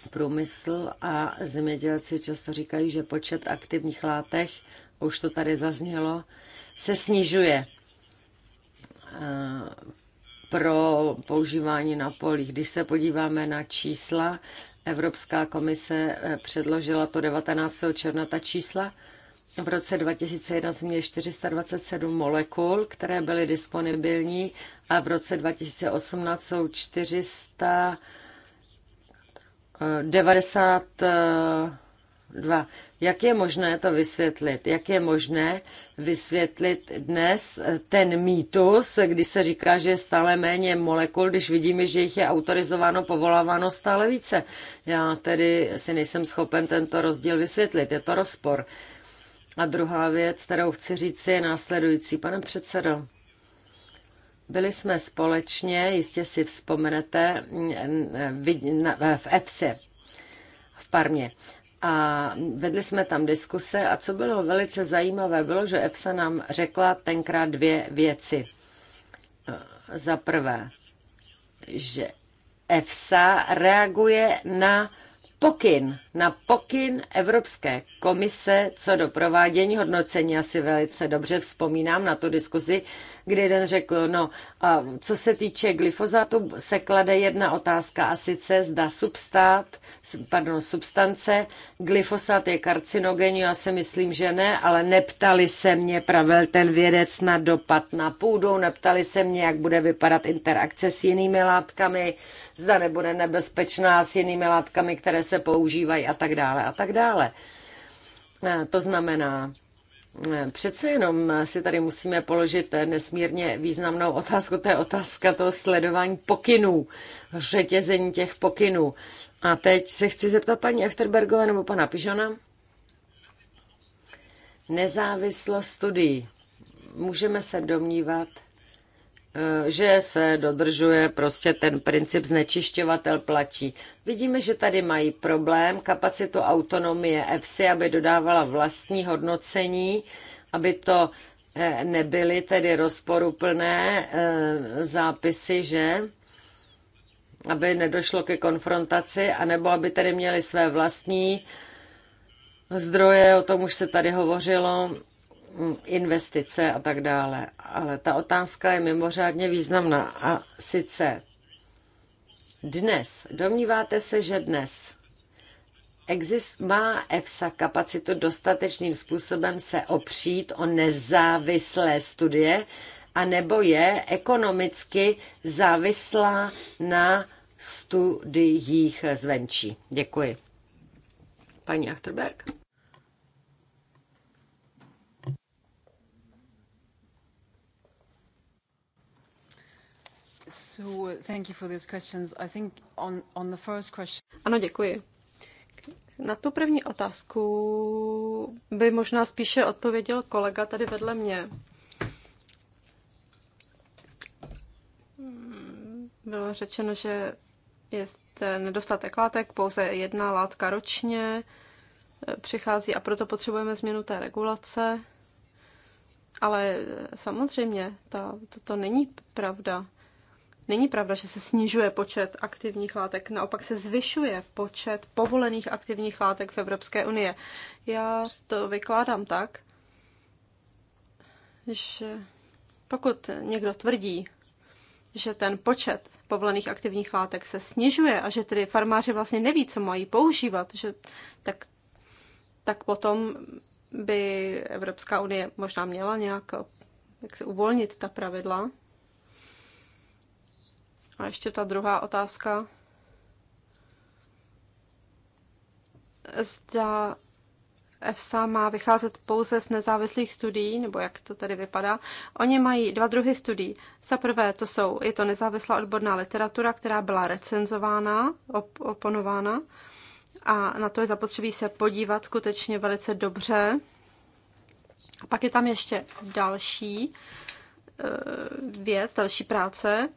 průmysl a zemědělci často říkají, že počet aktivních látek, už to tady zaznělo, se snižuje. Eh, pro používání na polích. Když se podíváme na čísla, Evropská komise eh, předložila to 19. června ta čísla. V roce 2001 jsme měli 427 molekul, které byly disponibilní a v roce 2018 jsou 490 Dva. Jak je možné to vysvětlit? Jak je možné vysvětlit dnes eh, ten mýtus, když se říká, že je stále méně molekul, když vidíme, že jich je autorizováno, povolováno stále více? Já tedy si nejsem schopen tento rozdíl vysvětlit. Je to rozpor. A druhá věc, kterou chci říct, je následující. Pane předsedo, byli jsme společně, jistě si vzpomenete, mm, eh, eh, v EFSE v Parmě a vedli jsme tam diskuse a co bylo velice zajímavé, bylo, že EPSA nám řekla tenkrát dvě věci. Za prvé, že EFSA reaguje na pokyn, na pokyn Evropské komise co do provádění hodnocení. Asi velice dobře vzpomínám na tu diskuzi, kdy jeden řekl, no, a co se týče glyfozátu, se klade jedna otázka a sice zda substát, pardon, substance, glyfosát je karcinogenní, já si myslím, že ne, ale neptali se mě, pravil ten vědec na dopad na půdu, neptali se mě, jak bude vypadat interakce s jinými látkami, zda nebude nebezpečná s jinými látkami, které se používají a tak dále a tak dále. E, to znamená, Přece jenom si tady musíme položit nesmírně významnou otázku, to je otázka toho sledování pokynů, řetězení těch pokynů. A teď se chci zeptat paní Echterbergové, nebo pana Pižona. Nezávislost studií. Můžeme se domnívat, Eh, že se dodržuje prostě ten princip znečišťovatel platí. Vidíme, že tady mají problém kapacitu autonomie EFSI, aby dodávala vlastní hodnocení, aby to eh, nebyly tedy rozporuplné eh, zápisy, že aby nedošlo ke konfrontaci, anebo aby tady měli své vlastní zdroje, o tom už se tady hovořilo, investice a tak dále. Ale ta otázka je mimořádně významná. A sice dnes, domníváte se, že dnes exist, má EFSA kapacitu dostatečným způsobem se opřít o nezávislé studie, a nebo je ekonomicky závislá na studiích zvenčí. Děkuji. Paní Achterberg? Ano, děkuji. Na tu první otázku by možná spíše odpověděl kolega tady vedle mě. Bylo řečeno, že je nedostatek látek, pouze jedna látka ročně přichází a proto potřebujeme změnu té regulace. Ale samozřejmě, ta, to, to není pravda. Není pravda, že se snižuje počet aktivních látek, naopak se zvyšuje počet povolených aktivních látek v Evropské unie. Já to vykládám tak, že pokud někdo tvrdí, že ten počet povolených aktivních látek se snižuje a že tedy farmáři vlastně neví, co mají používat, že tak, tak potom by Evropská unie možná měla nějak jak se uvolnit ta pravidla. A ještě ta druhá otázka. Zda EFSA má vycházet pouze z nezávislých studií, nebo jak to tady vypadá. Oni mají dva druhy studií. Za prvé to jsou, je to nezávislá odborná literatura, která byla recenzována, op- oponována a na to je zapotřebí se podívat skutečně velice dobře. A pak je tam ještě další eh, věc, další práce,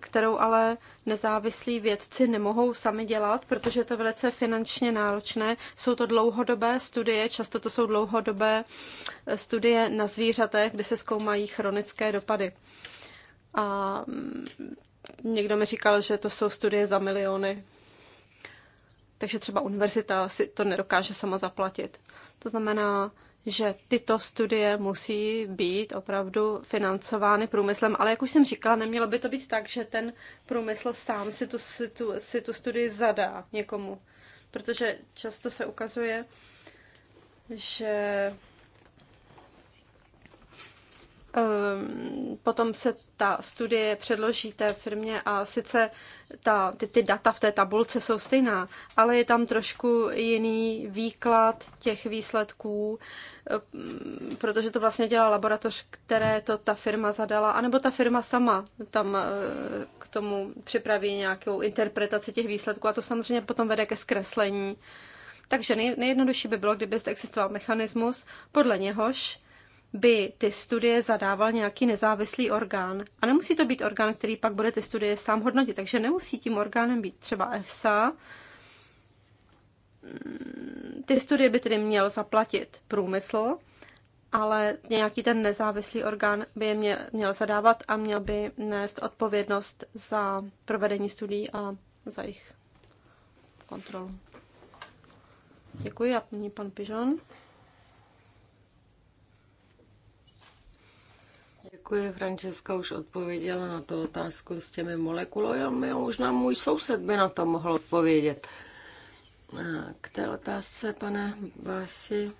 kterou ale nezávislí vědci nemohou sami dělat, protože je to velice finančně náročné. Jsou to dlouhodobé studie, často to jsou dlouhodobé eh, studie na zvířatech, kde se zkoumají chronické dopady. A mm, někdo mi říkal, že to jsou studie za miliony. Takže třeba univerzita si to nedokáže sama zaplatit. To znamená, že tyto studie musí být opravdu financovány průmyslem, ale jak už jsem říkala, nemělo by to být tak, že ten průmysl sám si tu, si tu, si tu studii zadá někomu, protože často se ukazuje, že Ehm, potom se ta studie předloží té firmě a sice ta, ty, ty data v té tabulce jsou stejná, ale je tam trošku jiný výklad těch výsledků, ehm, protože to vlastně dělá laboratoř, které to ta firma zadala, anebo ta firma sama tam eh, k tomu připraví nějakou interpretaci těch výsledků a to samozřejmě potom vede ke zkreslení. Takže nej, nejjednodušší by bylo, kdyby existoval mechanismus, podle něhož by ty studie zadával nějaký nezávislý orgán. A nemusí to být orgán, který pak bude ty studie sám hodnotit, takže nemusí tím orgánem být třeba EFSA. Mm, ty studie by tedy měl zaplatit průmysl, ale nějaký ten nezávislý orgán by je mě, měl zadávat a měl by nést odpovědnost za provedení studií a za jejich kontrolu. Děkuji a nyní pan Pižon. Děkuji, Frančeska už odpověděla na tu otázku s těmi molekulami. Možná můj soused by na to mohl odpovědět. K té otázce, pane Vási.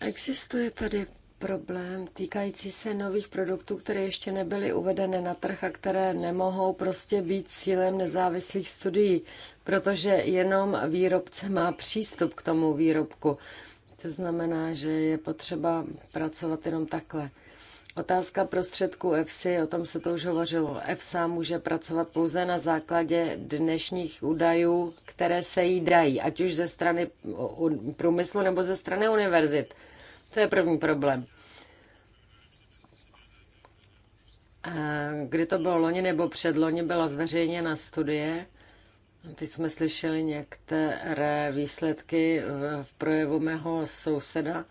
existuje tady problém týkající se nových produktů, které ještě nebyly uvedeny na trh a které nemohou prostě být cílem nezávislých studií, protože jenom výrobce má přístup k tomu výrobku. To znamená, že je potřeba pracovat jenom takhle. Otázka prostředků EFSI, o tom se to už hovořilo. EFSA může pracovat pouze na základě dnešních údajů, které se jí dají, ať už ze strany průmyslu nebo ze strany univerzit. To je první problém. Kdy to bylo loni nebo předloni, byla zveřejněna studie, Teď jsme slyšeli některé výsledky v projevu mého souseda,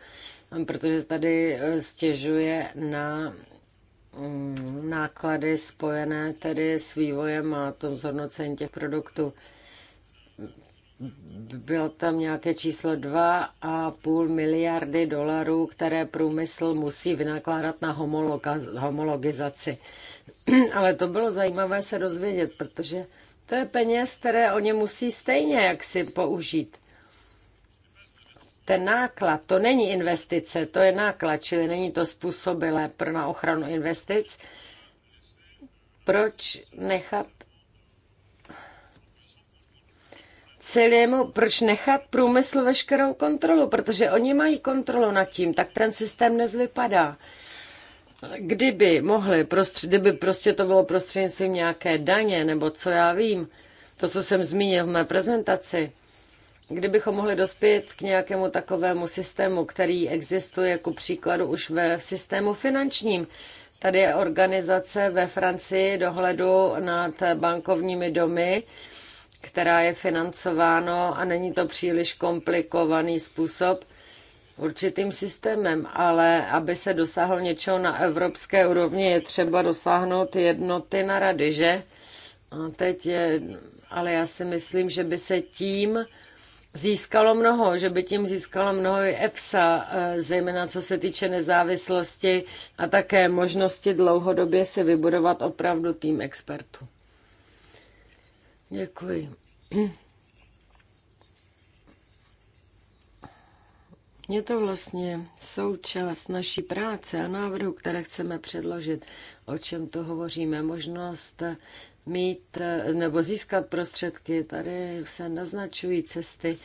protože tady eh, stěžuje na mm, náklady spojené tedy s vývojem a tom zhodnocení těch produktů. Bylo tam nějaké číslo 2,5 miliardy dolarů, které průmysl musí vynakládat na homologizaci. Ale to bylo zajímavé se dozvědět, protože to je peněz, které oni musí stejně jak si použít. Ten náklad, to není investice, to je náklad, čili není to způsobilé pro na ochranu investic. Proč nechat celému, proč nechat průmyslu veškerou kontrolu, protože oni mají kontrolu nad tím, tak ten systém nezvypadá. vypadá kdyby mohli, prostřed, kdyby prostě to bylo prostřednictvím nějaké daně, nebo co já vím, to, co jsem zmínil v mé prezentaci, kdybychom mohli dospět k nějakému takovému systému, který existuje ku příkladu už ve systému finančním. Tady je organizace ve Francii dohledu nad bankovními domy, která je financováno a není to příliš komplikovaný způsob určitým systémem, ale aby se dosáhlo něčeho na evropské úrovni, je třeba dosáhnout jednoty na rady, že? A teď je, ale já si myslím, že by se tím získalo mnoho, že by tím získalo mnoho i EFSA, eh, zejména co se týče nezávislosti a také možnosti dlouhodobě si vybudovat opravdu tým expertů. Děkuji. Je to vlastně součást naší práce a návrhu, které chceme předložit. O čem to hovoříme? Možnost mít nebo získat prostředky. Tady se naznačují cesty.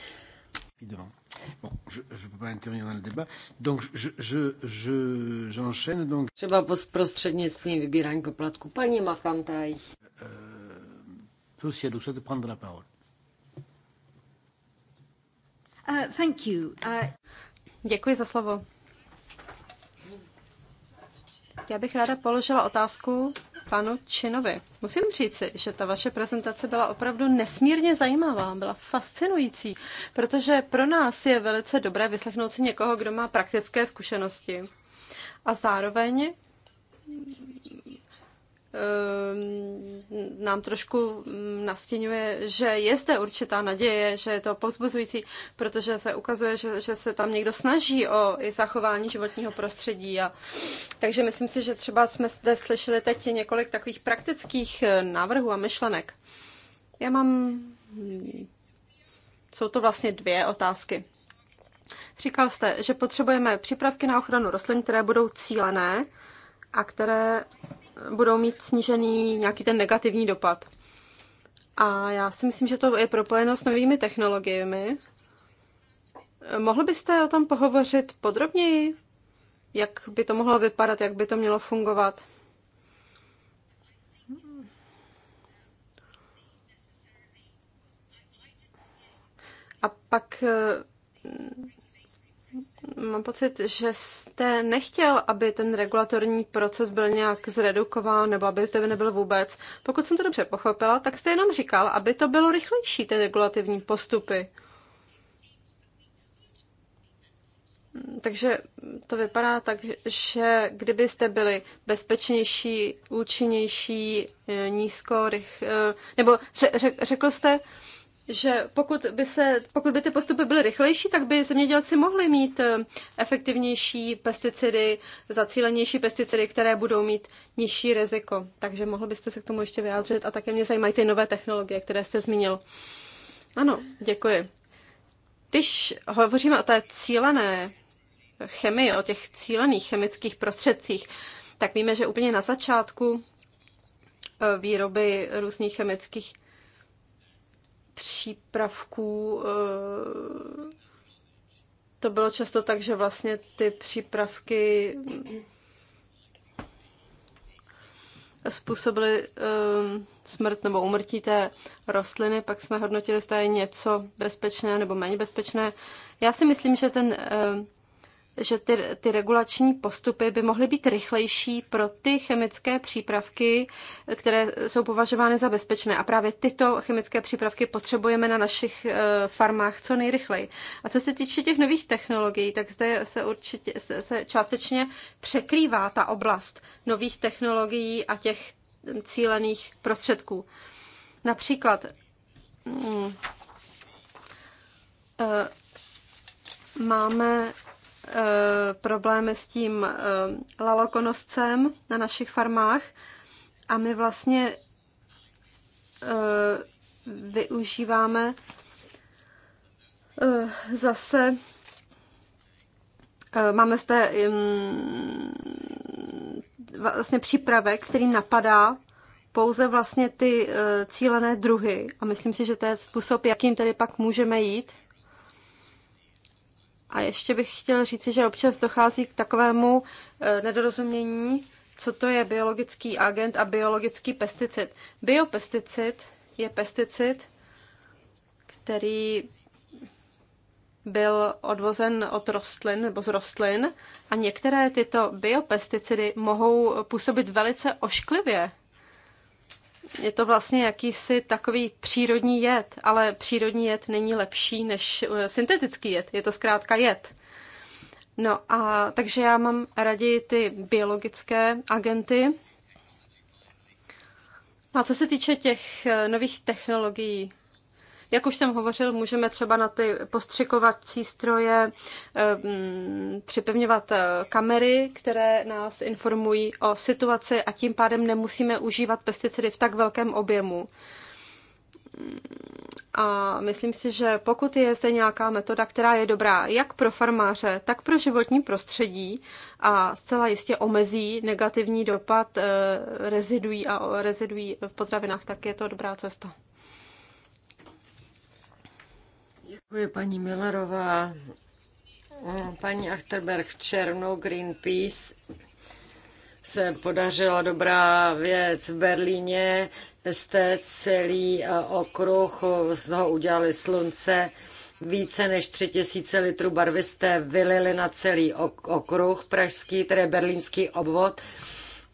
Třeba po prostřednictvím vybírání poplatku. Paní Makantaj. Euh, Prosím, prendre la parole. Uh, thank you. Uh... Děkuji za slovo. Já bych ráda položila otázku panu Činovi. Musím říci, že ta vaše prezentace byla opravdu nesmírně zajímavá, byla fascinující, protože pro nás je velice dobré vyslechnout si někoho, kdo má praktické zkušenosti. A zároveň Ehm, nám trošku mm, nastěňuje, že je zde určitá naděje, že je to povzbuzující, protože se ukazuje, že, že se tam někdo snaží o i zachování životního prostředí. A, takže myslím si, že třeba jsme zde slyšeli teď několik takových praktických eh, návrhů a myšlenek. Já mám... Mm, jsou to vlastně dvě otázky. Říkal jste, že potřebujeme přípravky na ochranu rostlin, které budou cílené, a které budou mít snížený nějaký ten negativní dopad. A já si myslím, že to je propojeno s novými technologiemi. Mohl byste o tom pohovořit podrobněji? Jak by to mohlo vypadat, jak by to mělo fungovat? A pak eh, Mám pocit, že jste nechtěl, aby ten regulatorní proces byl nějak zredukován nebo aby zde nebyl vůbec. Pokud jsem to dobře pochopila, tak jste jenom říkal, aby to bylo rychlejší, ty regulativní postupy. Takže to vypadá tak, že kdybyste byli bezpečnější, účinnější, eh, nízko, rych, eh, nebo řekl jste, že pokud by, se, pokud by ty postupy byly rychlejší, tak by zemědělci mohli mít eh, efektivnější pesticidy, zacílenější pesticidy, které budou mít nižší riziko. Takže mohl byste se k tomu ještě vyjádřit a také mě zajímají ty nové technologie, které jste zmínil. Ano, děkuji. Když hovoříme o té cílené chemii, o těch cílených chemických prostředcích, tak víme, že úplně na začátku eh, výroby různých chemických přípravků eh, to bylo často tak, že vlastně ty přípravky způsobily eh, smrt nebo umrtí té rostliny, pak jsme hodnotili, zda je něco bezpečné nebo méně bezpečné. Já si myslím, že ten eh, že ty, ty regulační postupy by mohly být rychlejší pro ty chemické přípravky, které jsou považovány za bezpečné. A právě tyto chemické přípravky potřebujeme na našich eh, farmách co nejrychleji. A co se týče těch nových technologií, tak zde se určitě se, se částečně překrývá ta oblast nových technologií a těch cílených prostředků. Například hmm, uh, máme Eh, problémy s tím eh, lalokonoscem na našich farmách a my vlastně eh, využíváme zase Máme zde vlastně přípravek, který napadá pouze vlastně ty cílené druhy a myslím si, že to je způsob, jakým tedy pak můžeme jít. A ještě bych chtěl říci, že občas dochází k takovému eh, nedorozumění, co to je biologický agent a biologický pesticid. Biopesticid je pesticid, který byl odvozen od rostlin nebo z rostlin a některé tyto biopesticidy mohou působit velice ošklivě je to vlastně jakýsi takový přírodní jed, ale přírodní jed není lepší než eh, syntetický jed, je to zkrátka jed. No a takže já mám raději ty biologické agenty. A co se týče těch eh, nových technologií, jak už jsem hovořil, můžeme třeba na ty postřikovací stroje eh, mm, připevňovat eh, kamery, které nás informují o situaci a tím pádem nemusíme užívat pesticidy v tak velkém objemu. A myslím si, že pokud je zde nějaká metoda, která je dobrá jak pro farmáře, tak pro životní prostředí a zcela jistě omezí negativní dopad eh, reziduí a reziduí v potravinách, tak je to dobrá cesta. Děkuji, paní Millerová. Paní Achterberg, v červnu Greenpeace se podařila dobrá věc v Berlíně. Jste celý e, okruh, z toho udělali slunce. Více než 3000 litrů barvy jste vylili na celý okruh pražský, tedy berlínský obvod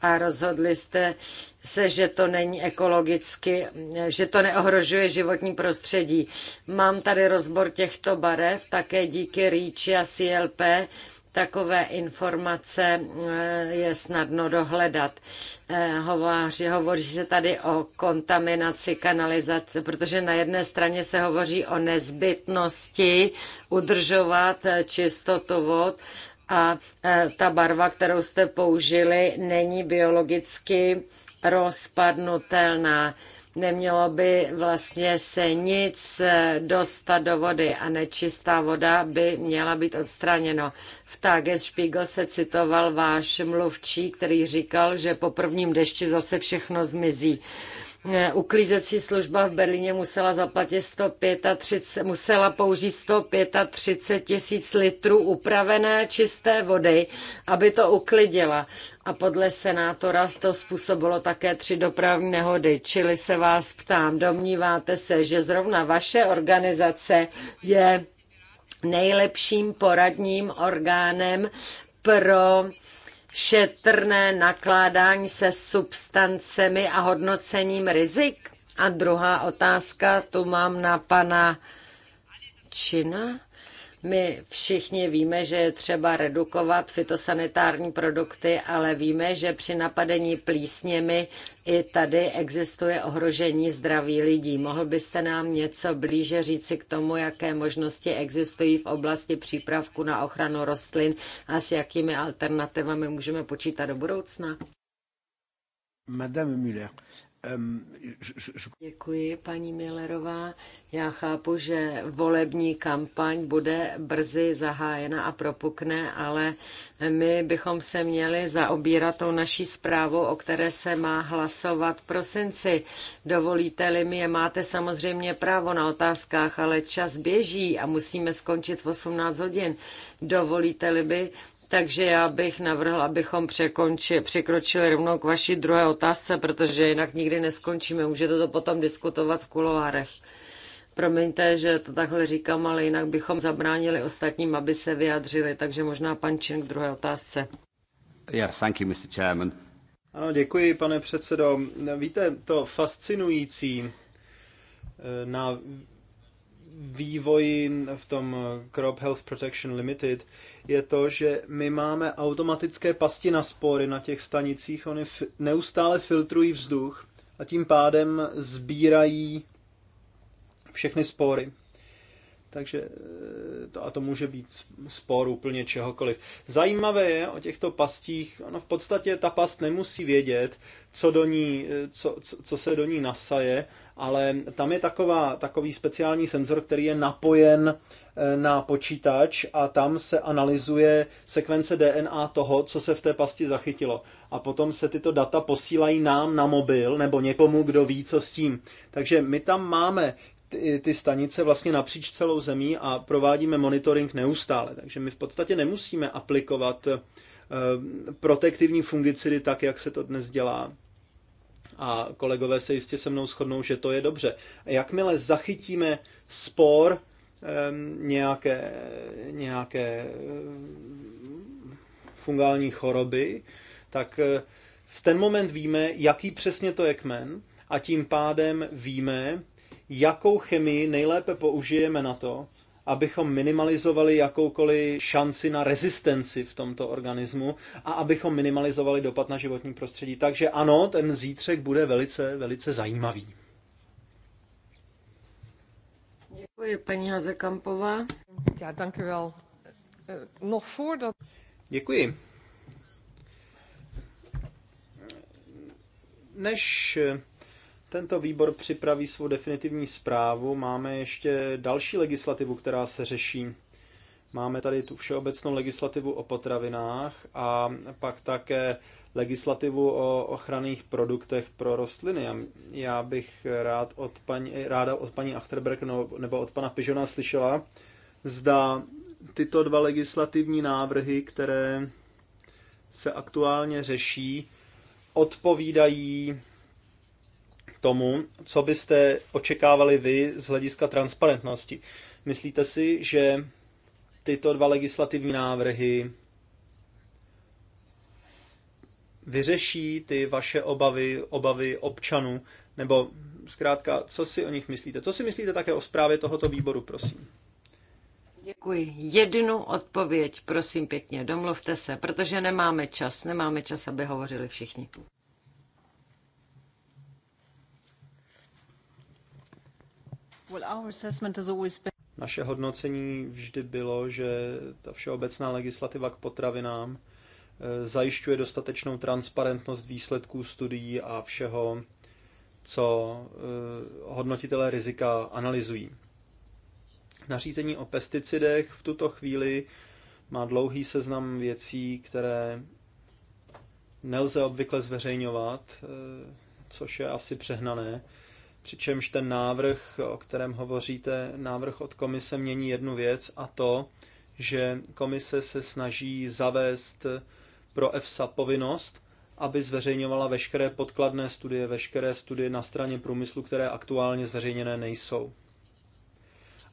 a rozhodli jste, se, že to není ekologicky, že to neohrožuje životní prostředí. Mám tady rozbor těchto barev, také díky Ríči a CLP takové informace eh, je snadno dohledat. Eh, hovoří, hovoří se tady o kontaminaci kanalizace, protože na jedné straně se hovoří o nezbytnosti udržovat eh, čistotu vod a ta barva, kterou jste použili, není biologicky rozpadnutelná. Nemělo by vlastně se nic dostat do vody a nečistá voda by měla být odstraněno. V Tagesspiegel se citoval váš mluvčí, který říkal, že po prvním dešti zase všechno zmizí. Eh, uklízecí služba v Berlíně musela zaplatit 135, musela použít 135 tisíc litrů upravené čisté vody, aby to uklidila. A podle senátora to způsobilo také tři dopravní nehody. Čili se vás ptám, domníváte se, že zrovna vaše organizace je nejlepším poradním orgánem pro šetrné nakládání se substancemi a hodnocením rizik? A druhá otázka, tu mám na pana Čina. My všichni víme, že je třeba redukovat fitosanitární produkty, ale víme, že při napadení plísněmi i tady existuje ohrožení zdraví lidí. Mohl byste nám něco blíže říci k tomu, jaké možnosti existují v oblasti přípravku na ochranu rostlin a s jakými alternativami můžeme počítat do budoucna? Madame Müller. Děkuji, paní Millerová. Já chápu, že volební kampaň bude brzy zahájena a propukne, ale my bychom se měli zaobírat tou naší zprávou, o které se má hlasovat v prosinci. Dovolíte-li mi, je máte samozřejmě právo na otázkách, ale čas běží a musíme skončit v 18 hodin. Dovolíte-li by, takže já bych navrhl, abychom překročili rovnou k vaší druhé otázce, protože jinak nikdy neskončíme. Můžete to potom diskutovat v kuloárech. Promiňte, že to takhle říkám, ale jinak bychom zabránili ostatním, aby se vyjadřili. Takže možná pan Čin k druhé otázce. Yes, thank you, Mr. Chairman. Ano, děkuji, pane předsedo. Víte, to fascinující eh, na vývoji v tom eh, Crop Health Protection Limited je to, že my máme automatické pasti na spory na těch stanicích, oni neustále filtrují vzduch a tím pádem sbírají všechny spory takže eh, to, a to může být spor úplně čehokoliv. Zajímavé je o těchto pastích, ono v podstatě ta past nemusí vědět, co, do ní, eh, co, co, co se do ní nasaje, ale tam je taková, takový speciální senzor, který je napojen eh, na počítač a tam se analyzuje sekvence DNA toho, co se v té pasti zachytilo. A potom se tyto data posílají nám na mobil nebo někomu, kdo ví, co s tím. Takže my tam máme ty, ty stanice vlastně napříč celou zemí a provádíme monitoring neustále. Takže my v podstatě nemusíme aplikovat eh, protektivní fungicidy tak, jak se to dnes dělá. A kolegové se jistě se mnou shodnou, že to je dobře. Jakmile zachytíme spor ehm, nějaké, nějaké ehm, fungální choroby, tak eh, v ten moment víme, jaký přesně to je kmen a tím pádem víme, jakou chemii nejlépe použijeme na to, abychom minimalizovali jakoukoliv šanci na rezistenci v tomto organismu a abychom minimalizovali dopad na životní prostředí. Takže ano, ten zítřek bude velice, velice zajímavý. Děkuji, paní Hazekampová. Já danke wel. Eh, eh, Noch voordat... Děkuji. Než tento výbor připraví svou definitivní zprávu. Máme ještě další legislativu, která se řeší. Máme tady tu všeobecnou legislativu o potravinách a pak také legislativu o ochranných produktech pro rostliny. Já bych rád od paní, ráda od paní Achterberg nebo od pana Pižona slyšela, zda tyto dva legislativní návrhy, které se aktuálně řeší, odpovídají tomu, co byste očekávali vy z hlediska transparentnosti. Myslíte si, že tyto dva legislativní návrhy vyřeší ty vaše obavy, obavy občanů, nebo zkrátka, co si o nich myslíte? Co si myslíte také o zprávě tohoto výboru, prosím? Děkuji. Jednu odpověď, prosím pěkně, domluvte se, protože nemáme čas, nemáme čas, aby hovořili všichni. Naše hodnocení vždy bylo, že ta všeobecná legislativa k potravinám eh, zajišťuje dostatečnou transparentnost výsledků studií a všeho, co eh, hodnotitelé rizika analyzují. Nařízení o pesticidech v tuto chvíli má dlouhý seznam věcí, které nelze obvykle zveřejňovat, eh, což je asi přehnané. Přičemž ten návrh, o kterém hovoříte, návrh od komise mění jednu věc a to, že komise se snaží zavést pro EFSA povinnost, aby zveřejňovala veškeré podkladné studie, veškeré studie na straně průmyslu, které aktuálně zveřejněné nejsou.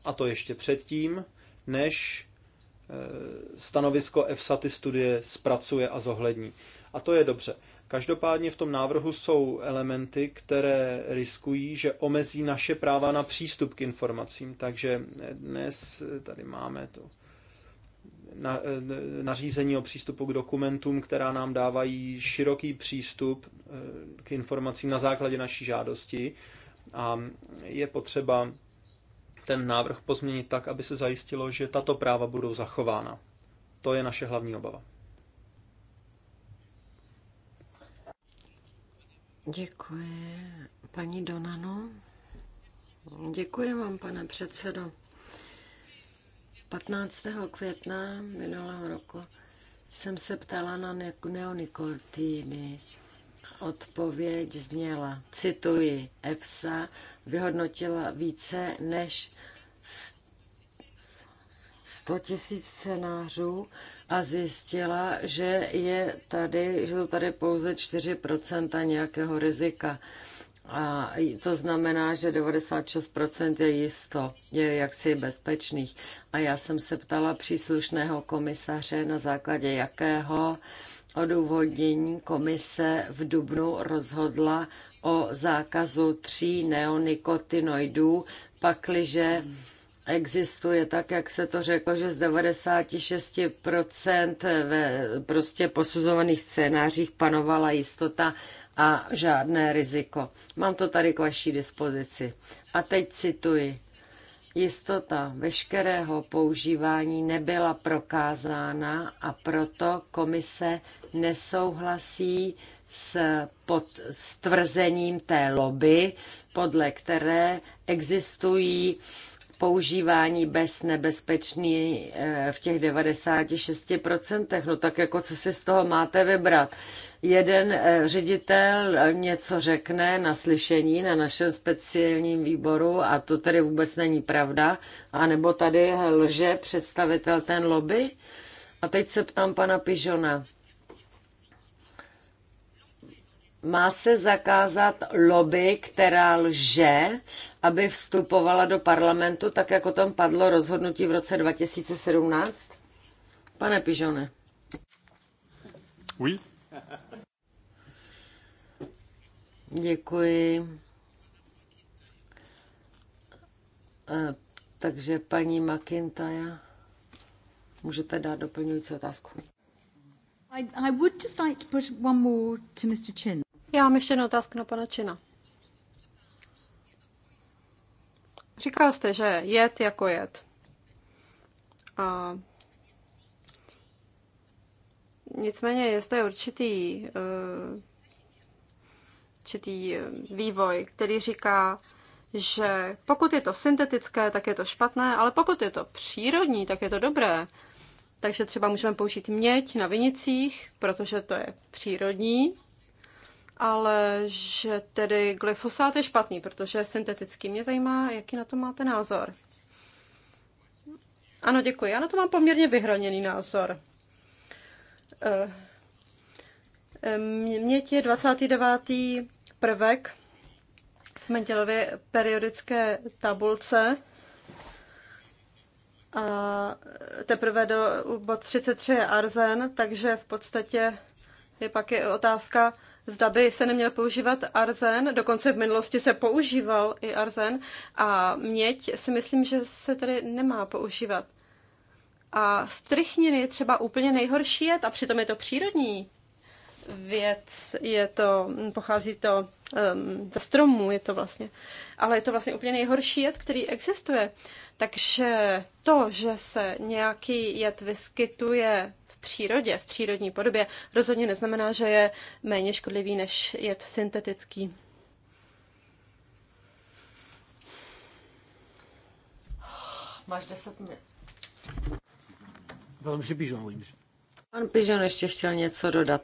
A to ještě předtím, než eh, stanovisko EFSA ty studie zpracuje a zohlední. A to je dobře. Každopádně v tom návrhu jsou elementy, které riskují, že omezí naše práva na přístup k informacím. Takže dnes tady máme to nařízení o přístupu k dokumentům, která nám dávají široký přístup eh, k informacím na základě naší žádosti. A je potřeba ten návrh pozměnit tak, aby se zajistilo, že tato práva budou zachována. To je naše hlavní obava. Děkuji. Paní Donano. Děkuji vám, pane předsedo. 15. května minulého roku jsem se ptala na ne neonikotýny. Odpověď zněla, cituji, EFSA vyhodnotila více než 100 tisíc scénářů a zjistila, že, je tady, že jsou tady pouze 4% nějakého rizika. A to znamená, že 96% je jisto, je jaksi bezpečných. A já jsem se ptala příslušného komisaře, na základě jakého odůvodnění komise v Dubnu rozhodla o zákazu tří neonikotinoidů, pakliže existuje tak, jak se to řeklo, že z 96% ve prostě posuzovaných scénářích panovala jistota a žádné riziko. Mám to tady k vaší dispozici. A teď cituji. Jistota veškerého používání nebyla prokázána a proto komise nesouhlasí s, pod, s tvrzením té lobby, podle které existují používání bez nebezpečný eh, v těch 96%. No tak jako co si z toho máte vybrat? Jeden eh, ředitel něco řekne na slyšení na našem speciálním výboru a to tedy vůbec není pravda, anebo tady lže představitel ten lobby. A teď se ptám pana Pižona má se zakázat lobby, která lže, aby vstupovala do parlamentu, tak jako tom padlo rozhodnutí v roce 2017? Pane Pižone. Oui. Děkuji. A, eh, takže paní McIntyre, můžete dát doplňující otázku. I, I would just like to put one more to Mr. Chin. Já mám ještě jednu otázku na pana Čina. Říkal jste, že jed jako jed. A nicméně je zde určitý, eh, určitý eh, vývoj, který říká, že pokud je to syntetické, tak je to špatné, ale pokud je to přírodní, tak je to dobré. Takže třeba můžeme použít měď na vinicích, protože to je přírodní ale že tedy glyfosát je špatný, protože je syntetický. Mě zajímá, jaký na to máte názor. Ano, děkuji. Já na to mám poměrně vyhraněný názor. Eh, mě je 29. prvek v Mendělově periodické tabulce a teprve do bod 33 je arzen, takže v podstatě je pak je otázka, zda by se neměl používat arzen, dokonce v minulosti se používal i arzen a měď si myslím, že se tady nemá používat. A strychniny je třeba úplně nejhorší jet a přitom je to přírodní věc, je to, pochází to um, ze stromů, je to vlastně, ale je to vlastně úplně nejhorší jed, který existuje. Takže to, že se nějaký jed vyskytuje přírodě, v přírodní podobě, rozhodně neznamená, že je méně škodlivý než jed syntetický. Máš 10 minut. Velmi Bižon, Pan Pižon ještě chtěl něco dodat.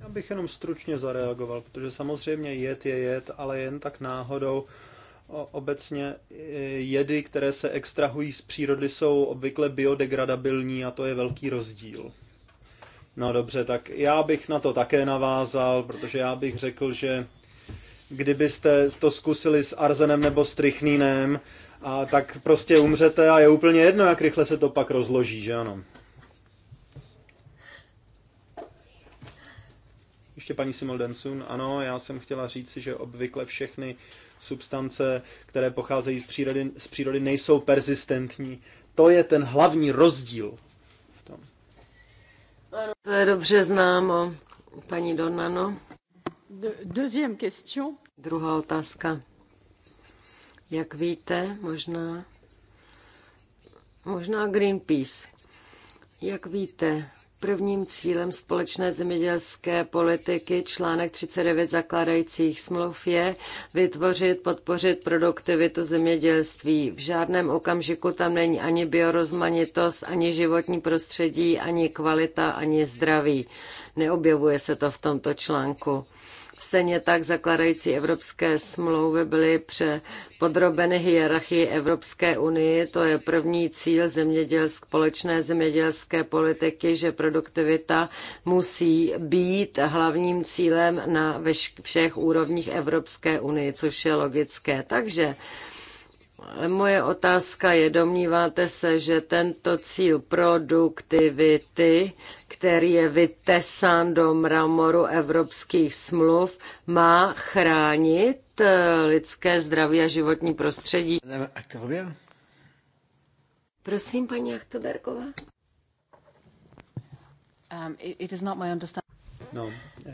Já bych jenom stručně zareagoval, protože samozřejmě jed je jed, ale jen tak náhodou obecně e, jedy, které se extrahují z přírody, jsou obvykle biodegradabilní a to je velký rozdíl. No dobře, tak já bych na to také navázal, protože já bych řekl, že kdybyste to zkusili s arzenem nebo s trichnínem, a tak prostě umřete a je úplně jedno, jak rychle se to pak rozloží, že ano. Ještě paní Simoldensun, ano, já jsem chtěla říct, že obvykle všechny substance, které pocházejí z přírody, z přírody nejsou persistentní. To je ten hlavní rozdíl. V tom. Ano, to je dobře známo, paní Donano. Deuxième question. Druhá otázka. Jak víte, možná, možná Greenpeace. Jak víte, Prvním cílem společné zemědělské politiky článek 39 zakládajících smluv je vytvořit, podpořit produktivitu zemědělství. V žádném okamžiku tam není ani biorozmanitost, ani životní prostředí, ani kvalita, ani zdraví. Neobjevuje se to v tomto článku. Stejně tak zakladající evropské smlouvy byly podrobeny hierarchii Evropské unii. To je první cíl zemědělsk, společné zemědělské politiky, že produktivita musí být hlavním cílem na všech úrovních Evropské unie, což je logické. Takže Moje otázka je, domníváte se, že tento cíl produktivity který je vytesán do mramoru evropských smluv, má chránit eh, lidské zdraví a životní prostředí. Prosím, paní Achtoberková. Um, it, is not my understanding. No, eh,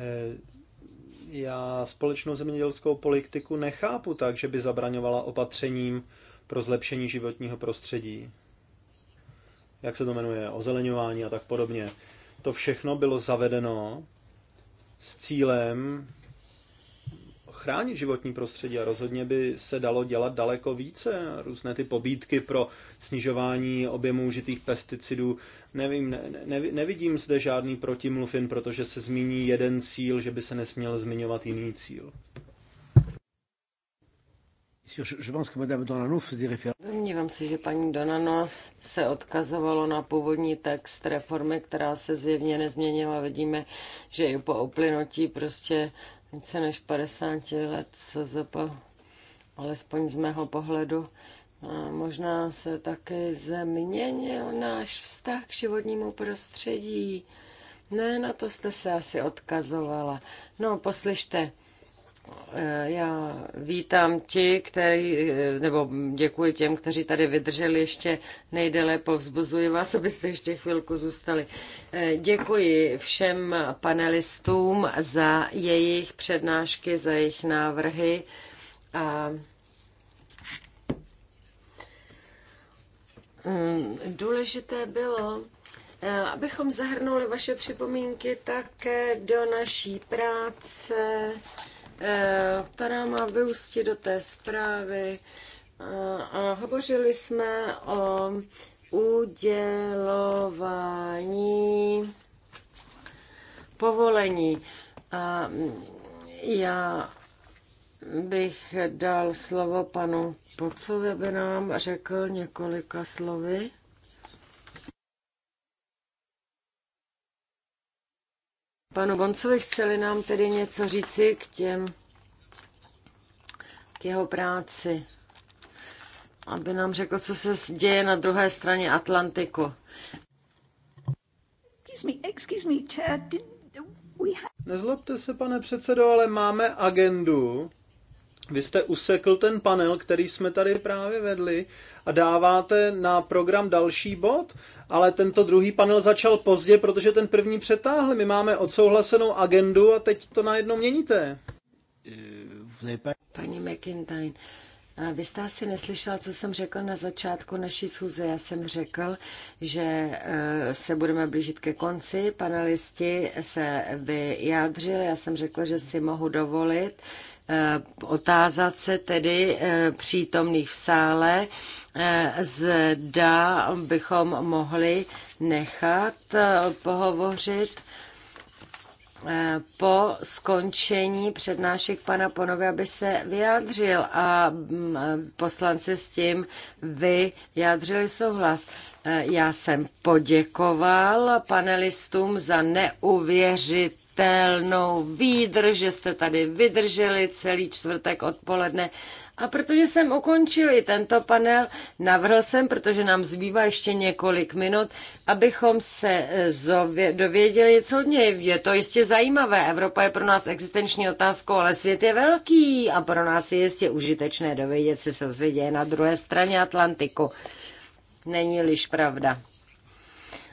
já společnou zemědělskou politiku nechápu tak, že by zabraňovala opatřením pro zlepšení životního prostředí. Jak se to jmenuje, ozeleňování a tak podobně. To všechno bylo zavedeno s cílem chránit životní prostředí a rozhodně by se dalo dělat daleko více. Různé ty pobídky pro snižování objemu užitých pesticidů. Nevím, ne, ne, nevidím zde žádný protimluvin, protože se zmíní jeden cíl, že by se nesměl zmiňovat jiný cíl. Domnívám se, že paní Donanos se odkazovalo na původní text reformy, která se zjevně nezměnila. Vidíme, že i po uplynutí prostě více než 50 let SZP, alespoň z mého pohledu, a možná se také změnil náš vztah k životnímu prostředí. Ne, na to jste se asi odkazovala. No, poslyšte, Eh, já vítám ti, který, eh, nebo děkuji těm, kteří tady vydrželi ještě nejdéle, povzbuzuji vás, abyste ještě chvilku zůstali. Eh, děkuji všem panelistům za jejich přednášky, za jejich návrhy a mm, důležité bylo, abychom zahrnuli vaše připomínky také do naší práce Eh, která má vyústit do té zprávy. Eh, a hovořili jsme o udělování povolení. A já bych dal slovo panu Pocovi, aby nám řekl několika slovy. Panu Boncovi chceli nám tedy něco říci k těm, k jeho práci, aby nám řekl, co se děje na druhé straně Atlantiku. Nezlobte se, pane předsedo, ale máme agendu vy jste usekl ten panel, který jsme tady právě vedli a dáváte na program další bod, ale tento druhý panel začal pozdě, protože ten první přetáhl. My máme odsouhlasenou agendu a teď to najednou měníte. Paní McIntyre, vy jste asi neslyšela, co jsem řekl na začátku naší schůze. Já jsem řekl, že e, se budeme blížit ke konci. Panelisti se vyjádřili. Já jsem řekl, že si mohu dovolit Eh, otázat se tedy eh, přítomných v sále, eh, zda bychom mohli nechat pohovořit po skončení přednášek pana Ponovy, aby se vyjádřil a mm, poslanci s tím vyjádřili souhlas. E, já jsem poděkoval panelistům za neuvěřitelnou výdrž, že jste tady vydrželi celý čtvrtek odpoledne. A protože jsem ukončil i tento panel, navrhl jsem, protože nám zbývá ještě několik minut, abychom se e, dověděli něco od něj. Je to jistě zajímavé. Evropa je pro nás existenční otázkou, ale svět je velký a pro nás je jistě užitečné dovědět si, co se děje na druhé straně Atlantiku není-liž pravda.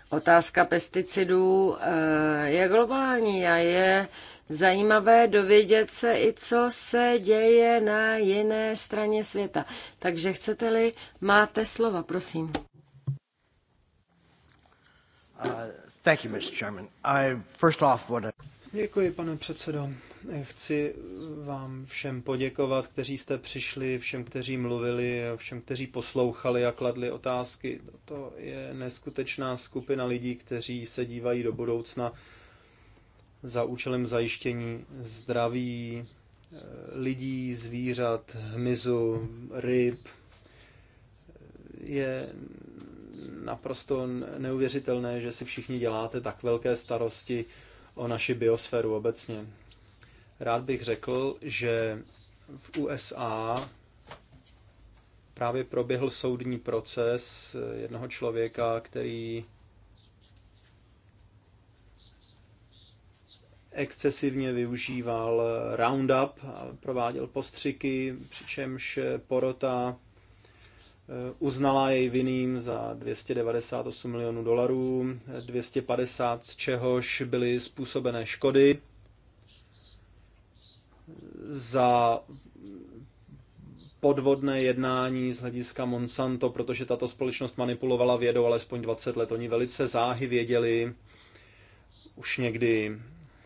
Otázka pesticidů eh, je globální a je zajímavé dovědět se i, co se děje na jiné straně světa. Takže chcete-li, máte slova, prosím. Uh, thank you, Mr. Chairman. I, first off, what Děkuji, pane předsedo. Chci vám všem poděkovat, kteří jste přišli, všem, kteří mluvili, všem, kteří poslouchali a kladli otázky. To je neskutečná skupina lidí, kteří se dívají do budoucna za účelem zajištění zdraví eh, lidí, zvířat, hmyzu, ryb. Je naprosto neuvěřitelné, že si všichni děláte tak velké starosti o naši biosféru obecně. Rád bych řekl, že v USA právě proběhl soudní proces jednoho člověka, který excesivně využíval Roundup a prováděl postřiky, přičemž porota eh, uznala jej vinným za 298 milionů dolarů, 250 z čehož byly způsobené škody za podvodné jednání z hlediska Monsanto, protože tato společnost manipulovala vědou alespoň 20 let. Oni velice záhy věděli už někdy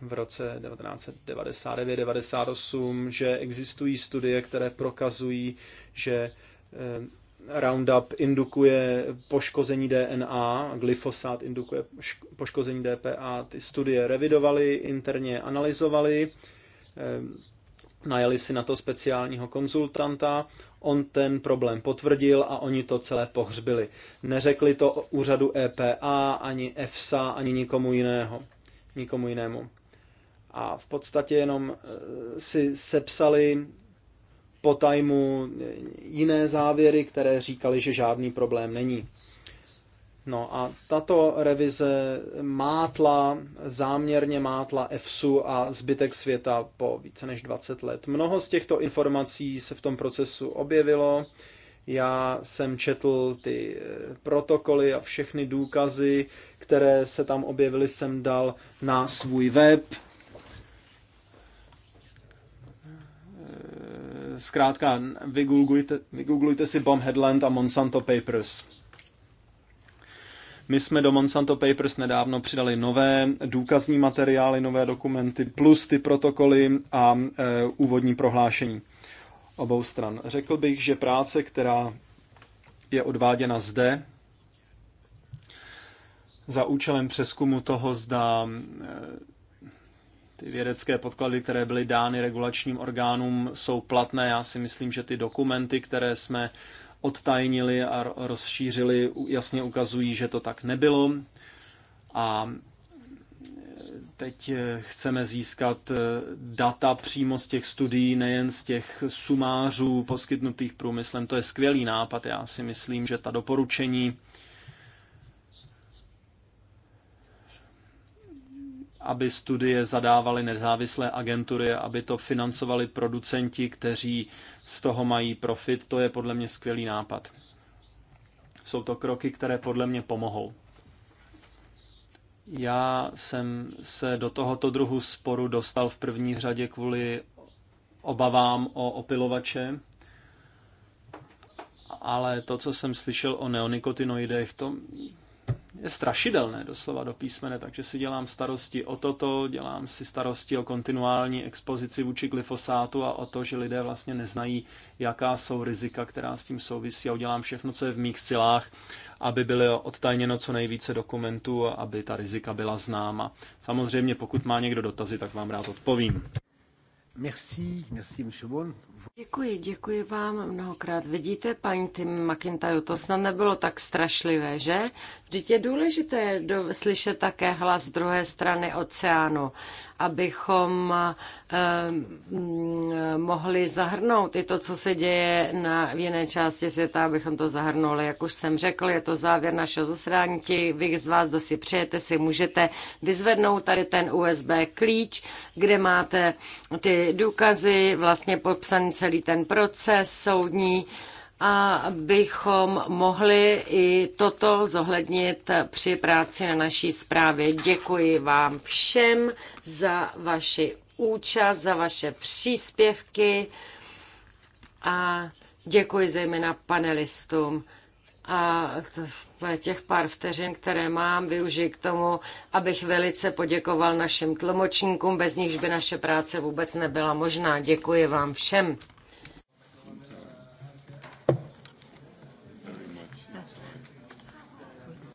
v roce 1999-98, že existují studie, které prokazují, že eh, Roundup indukuje poškození DNA, glyfosát indukuje poškození DPA. Ty studie revidovali, interně analyzovali, eh, najeli si na to speciálního konzultanta, on ten problém potvrdil a oni to celé pohřbili. Neřekli to úřadu EPA, ani EFSA, ani nikomu jiného. Nikomu jinému. A v podstatě jenom eh, si sepsali po tajmu jiné závěry, které říkali, že žádný problém není. No a tato revize mátla, záměrně mátla EFSU a zbytek světa po více než 20 let. Mnoho z těchto informací se v tom procesu objevilo. Já jsem četl ty eh, protokoly a všechny důkazy, které se tam objevily, jsem dal na svůj web. Eh, zkrátka, vygooglujte, vygooglujte si Bomb Headland a Monsanto Papers my jsme do Monsanto Papers nedávno přidali nové důkazní materiály, nové dokumenty, plus ty protokoly a e, úvodní prohlášení obou stran. Řekl bych, že práce, která je odváděna zde, za účelem přeskumu toho, zda e, ty vědecké podklady, které byly dány regulačním orgánům, jsou platné. Já si myslím, že ty dokumenty, které jsme odtajnili a rozšířili, jasně ukazují, že to tak nebylo. A e, teď e, chceme získat e, data přímo z těch studií, nejen z těch sumářů poskytnutých průmyslem. To je skvělý nápad. Já si myslím, že ta doporučení aby studie zadávaly nezávislé agentury, aby to financovali producenti, kteří z toho mají profit, to je podle mě skvělý nápad. Jsou to kroky, které podle mě pomohou. Já jsem se do tohoto druhu sporu dostal v první řadě kvůli obavám o opilovače, ale to, co jsem slyšel o neonikotinoidech, to, je strašidelné doslova do písmene, takže si dělám starosti o toto, dělám si starosti o kontinuální expozici vůči glyfosátu a o to, že lidé vlastně neznají, jaká jsou rizika, která s tím souvisí a udělám všechno, co je v mých silách, aby bylo odtajněno co nejvíce dokumentů a aby ta rizika byla známa. Samozřejmě, pokud má někdo dotazy, tak vám rád odpovím. Merci, merci, monsieur Bon. Děkuji, děkuji vám mnohokrát. Vidíte, paní Tim McIntyre, to snad nebylo tak strašlivé, že? Vždyť je důležité do, slyšet také hlas druhé strany oceánu abychom eh, mm, mohli zahrnout i to, co se děje na, v jiné části světa, abychom to zahrnuli. Jak už jsem řekl, je to závěr našeho zasedání. Ti vy z vás, kdo si přejete, si můžete vyzvednout tady ten USB klíč, kde máte ty důkazy, vlastně popsaný celý ten proces soudní, a bychom mohli i toto zohlednit při práci na naší zprávě. Děkuji vám všem za vaši účast, za vaše příspěvky a děkuji zejména panelistům. A těch pár vteřin, které mám, využiji k tomu, abych velice poděkoval našim tlumočníkům, bez nichž by naše práce vůbec nebyla možná. Děkuji vám všem.